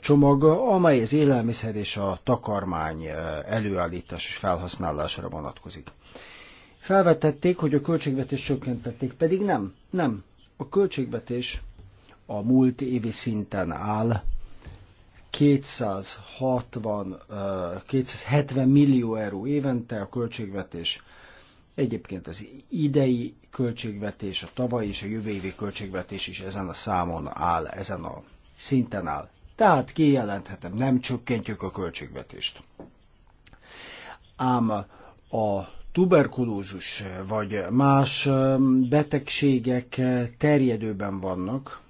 csomag, amely az élelmiszer és a takarmány előállítás és felhasználásra vonatkozik. Felvetették, hogy a költségvetés csökkentették, pedig nem, nem. A költségvetés a múlt évi szinten áll, 260, 270 millió euró évente a költségvetés Egyébként az idei költségvetés, a tavalyi és a jövő évi költségvetés is ezen a számon áll, ezen a szinten áll. Tehát kijelenthetem, nem csökkentjük a költségvetést. Ám a tuberkulózus vagy más um, betegségek uh, terjedőben vannak,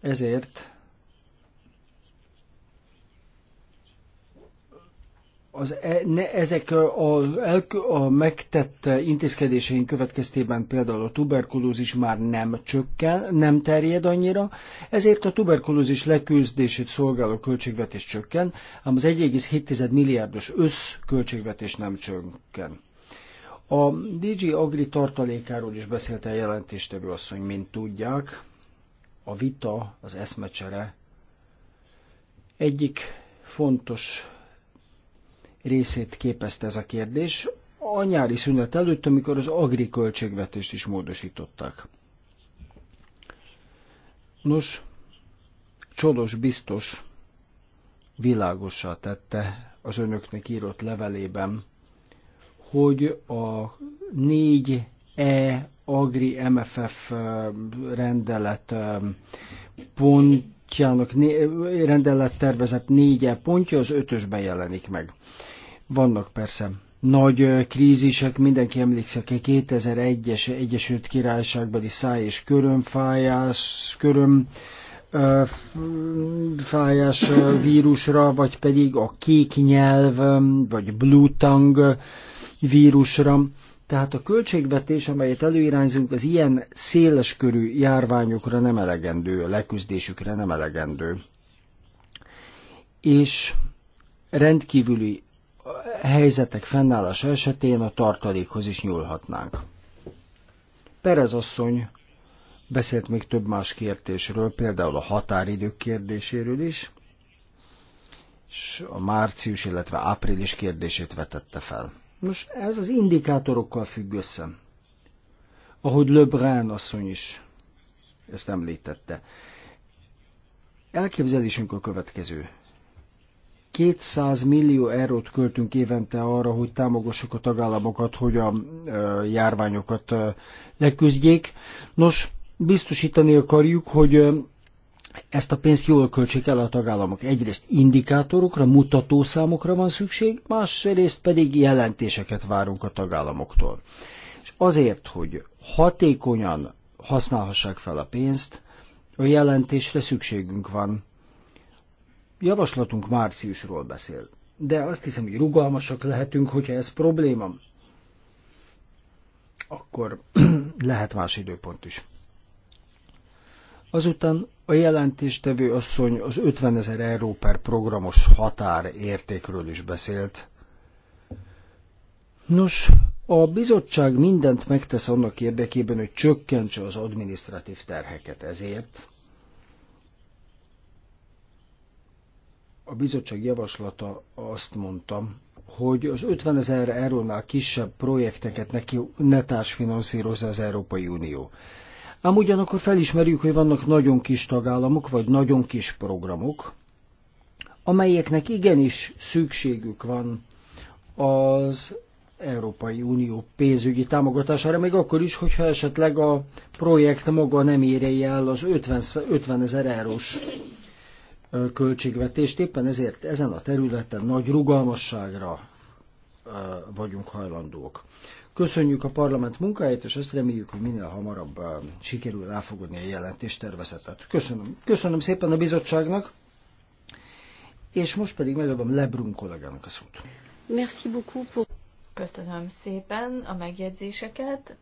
ezért az, e, ne, ezek a, a megtett intézkedéseink következtében például a tuberkulózis már nem csökken, nem terjed annyira, ezért a tuberkulózis leküzdését szolgáló költségvetés csökken, ám az 1,7 milliárdos összköltségvetés nem csökken. A DG Agri tartalékáról is beszélt el jelentéstevő asszony, mint tudják, a vita, az eszmecsere egyik fontos részét képezte ez a kérdés a nyári szünet előtt, amikor az agri költségvetést is módosították. Nos, csodos biztos világossá tette az önöknek írott levelében, hogy a 4E Agri MFF rendelet pontjának, rendelet tervezett 4E pontja az ötösben jelenik meg. Vannak persze nagy krízisek, mindenki emlékszik a 2001-es Egyesült Királyságbeli száj és körömfájás, köröm fájás vírusra, vagy pedig a kék nyelv, vagy blue tongue vírusra. Tehát a költségvetés, amelyet előirányzunk, az ilyen széleskörű járványokra nem elegendő, a leküzdésükre nem elegendő. És rendkívüli helyzetek fennállása esetén a tartalékhoz is nyúlhatnánk. Perez asszony beszélt még több más kérdésről, például a határidők kérdéséről is, és a március, illetve április kérdését vetette fel. Nos, ez az indikátorokkal függ össze. Ahogy Le Brun asszony is ezt említette. Elképzelésünk a következő. 200 millió eurót költünk évente arra, hogy támogassuk a tagállamokat, hogy a járványokat leküzdjék. Nos, biztosítani akarjuk, hogy ezt a pénzt jól költsék el a tagállamok. Egyrészt indikátorokra, mutatószámokra van szükség, másrészt pedig jelentéseket várunk a tagállamoktól. És azért, hogy hatékonyan használhassák fel a pénzt, a jelentésre szükségünk van javaslatunk márciusról beszél, de azt hiszem, hogy rugalmasak lehetünk, hogyha ez probléma, akkor [CLEARS THROAT] lehet más időpont is. Azután a jelentéstevő asszony az 50 ezer euró per programos határ értékről is beszélt. Nos, a bizottság mindent megtesz annak érdekében, hogy csökkentse az adminisztratív terheket ezért. a bizottság javaslata azt mondta, hogy az 50 ezer eurónál kisebb projekteket neki ne társfinanszírozza az Európai Unió. Ám ugyanakkor felismerjük, hogy vannak nagyon kis tagállamok, vagy nagyon kis programok, amelyeknek igenis szükségük van az Európai Unió pénzügyi támogatására, még akkor is, hogyha esetleg a projekt maga nem éri el az 50, 50 ezer eurós költségvetést, éppen ezért ezen a területen nagy rugalmasságra vagyunk hajlandók. Köszönjük a parlament munkáját, és azt reméljük, hogy minél hamarabb sikerül elfogadni a jelentéstervezetet. Köszönöm. Köszönöm szépen a bizottságnak, és most pedig megadom Lebrun kollégának a szót. Merci beaucoup pour... Köszönöm szépen a megjegyzéseket.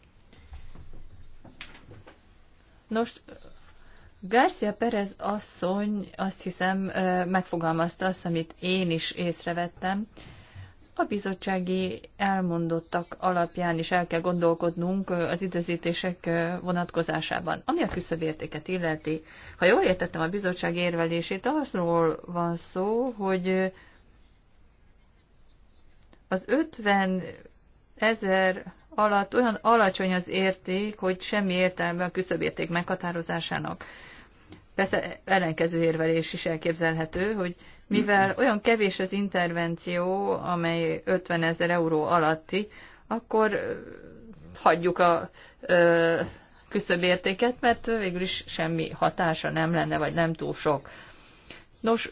Nos, Garcia Perez asszony azt hiszem megfogalmazta azt, amit én is észrevettem. A bizottsági elmondottak alapján is el kell gondolkodnunk az időzítések vonatkozásában. Ami a küszöbértéket illeti, ha jól értettem a bizottság érvelését, arról van szó, hogy az 50 ezer alatt olyan alacsony az érték, hogy semmi értelme a küszöbérték meghatározásának. Persze ellenkező érvelés is elképzelhető, hogy mivel olyan kevés az intervenció, amely 50 ezer euró alatti, akkor hagyjuk a ö, küszöbértéket, mert végül is semmi hatása nem lenne, vagy nem túl sok. Nos,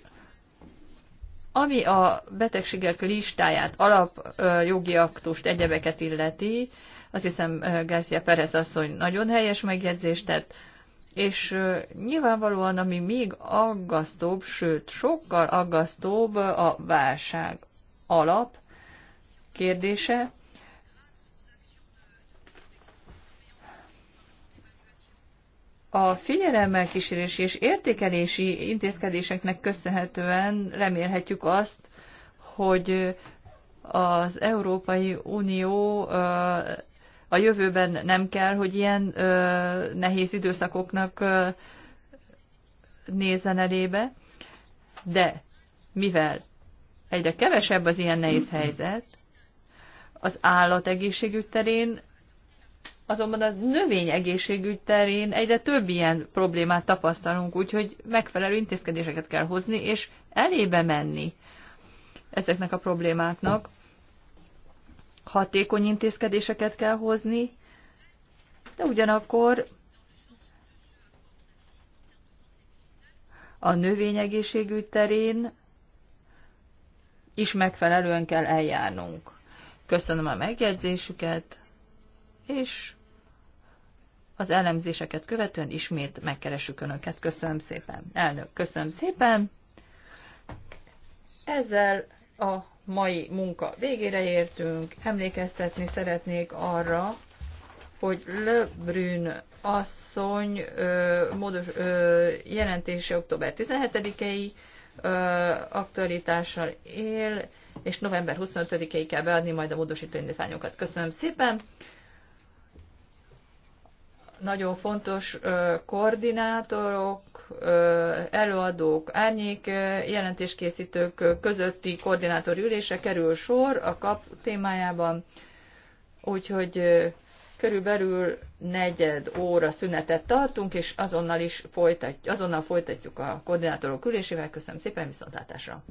ami a betegségek listáját, alapjogi aktust, egyebeket illeti, azt hiszem Garcia Perez asszony nagyon helyes megjegyzést tett, és nyilvánvalóan, ami még aggasztóbb, sőt, sokkal aggasztóbb a válság alap kérdése. A figyelemmel kísérési és értékelési intézkedéseknek köszönhetően remélhetjük azt, hogy az Európai Unió a jövőben nem kell, hogy ilyen ö, nehéz időszakoknak ö, nézzen elébe, de mivel egyre kevesebb az ilyen nehéz helyzet, az egészségügy terén, azonban a egészségügy terén egyre több ilyen problémát tapasztalunk, úgyhogy megfelelő intézkedéseket kell hozni, és elébe menni ezeknek a problémáknak hatékony intézkedéseket kell hozni, de ugyanakkor a növényegészségügy terén is megfelelően kell eljárnunk. Köszönöm a megjegyzésüket, és az elemzéseket követően ismét megkeresük Önöket. Köszönöm szépen. Elnök, köszönöm szépen. Ezzel a mai munka végére értünk. Emlékeztetni szeretnék arra, hogy Le Brun asszony ö, módos, ö, jelentése október 17-i aktualitással él, és november 25-ig kell beadni majd a módosító indítványokat. Köszönöm szépen! nagyon fontos koordinátorok, előadók, árnyék jelentéskészítők közötti koordinátor ülése kerül sor a kap témájában, úgyhogy körülbelül negyed óra szünetet tartunk, és azonnal is folytatjuk, azonnal folytatjuk a koordinátorok ülésével. Köszönöm szépen, viszontlátásra!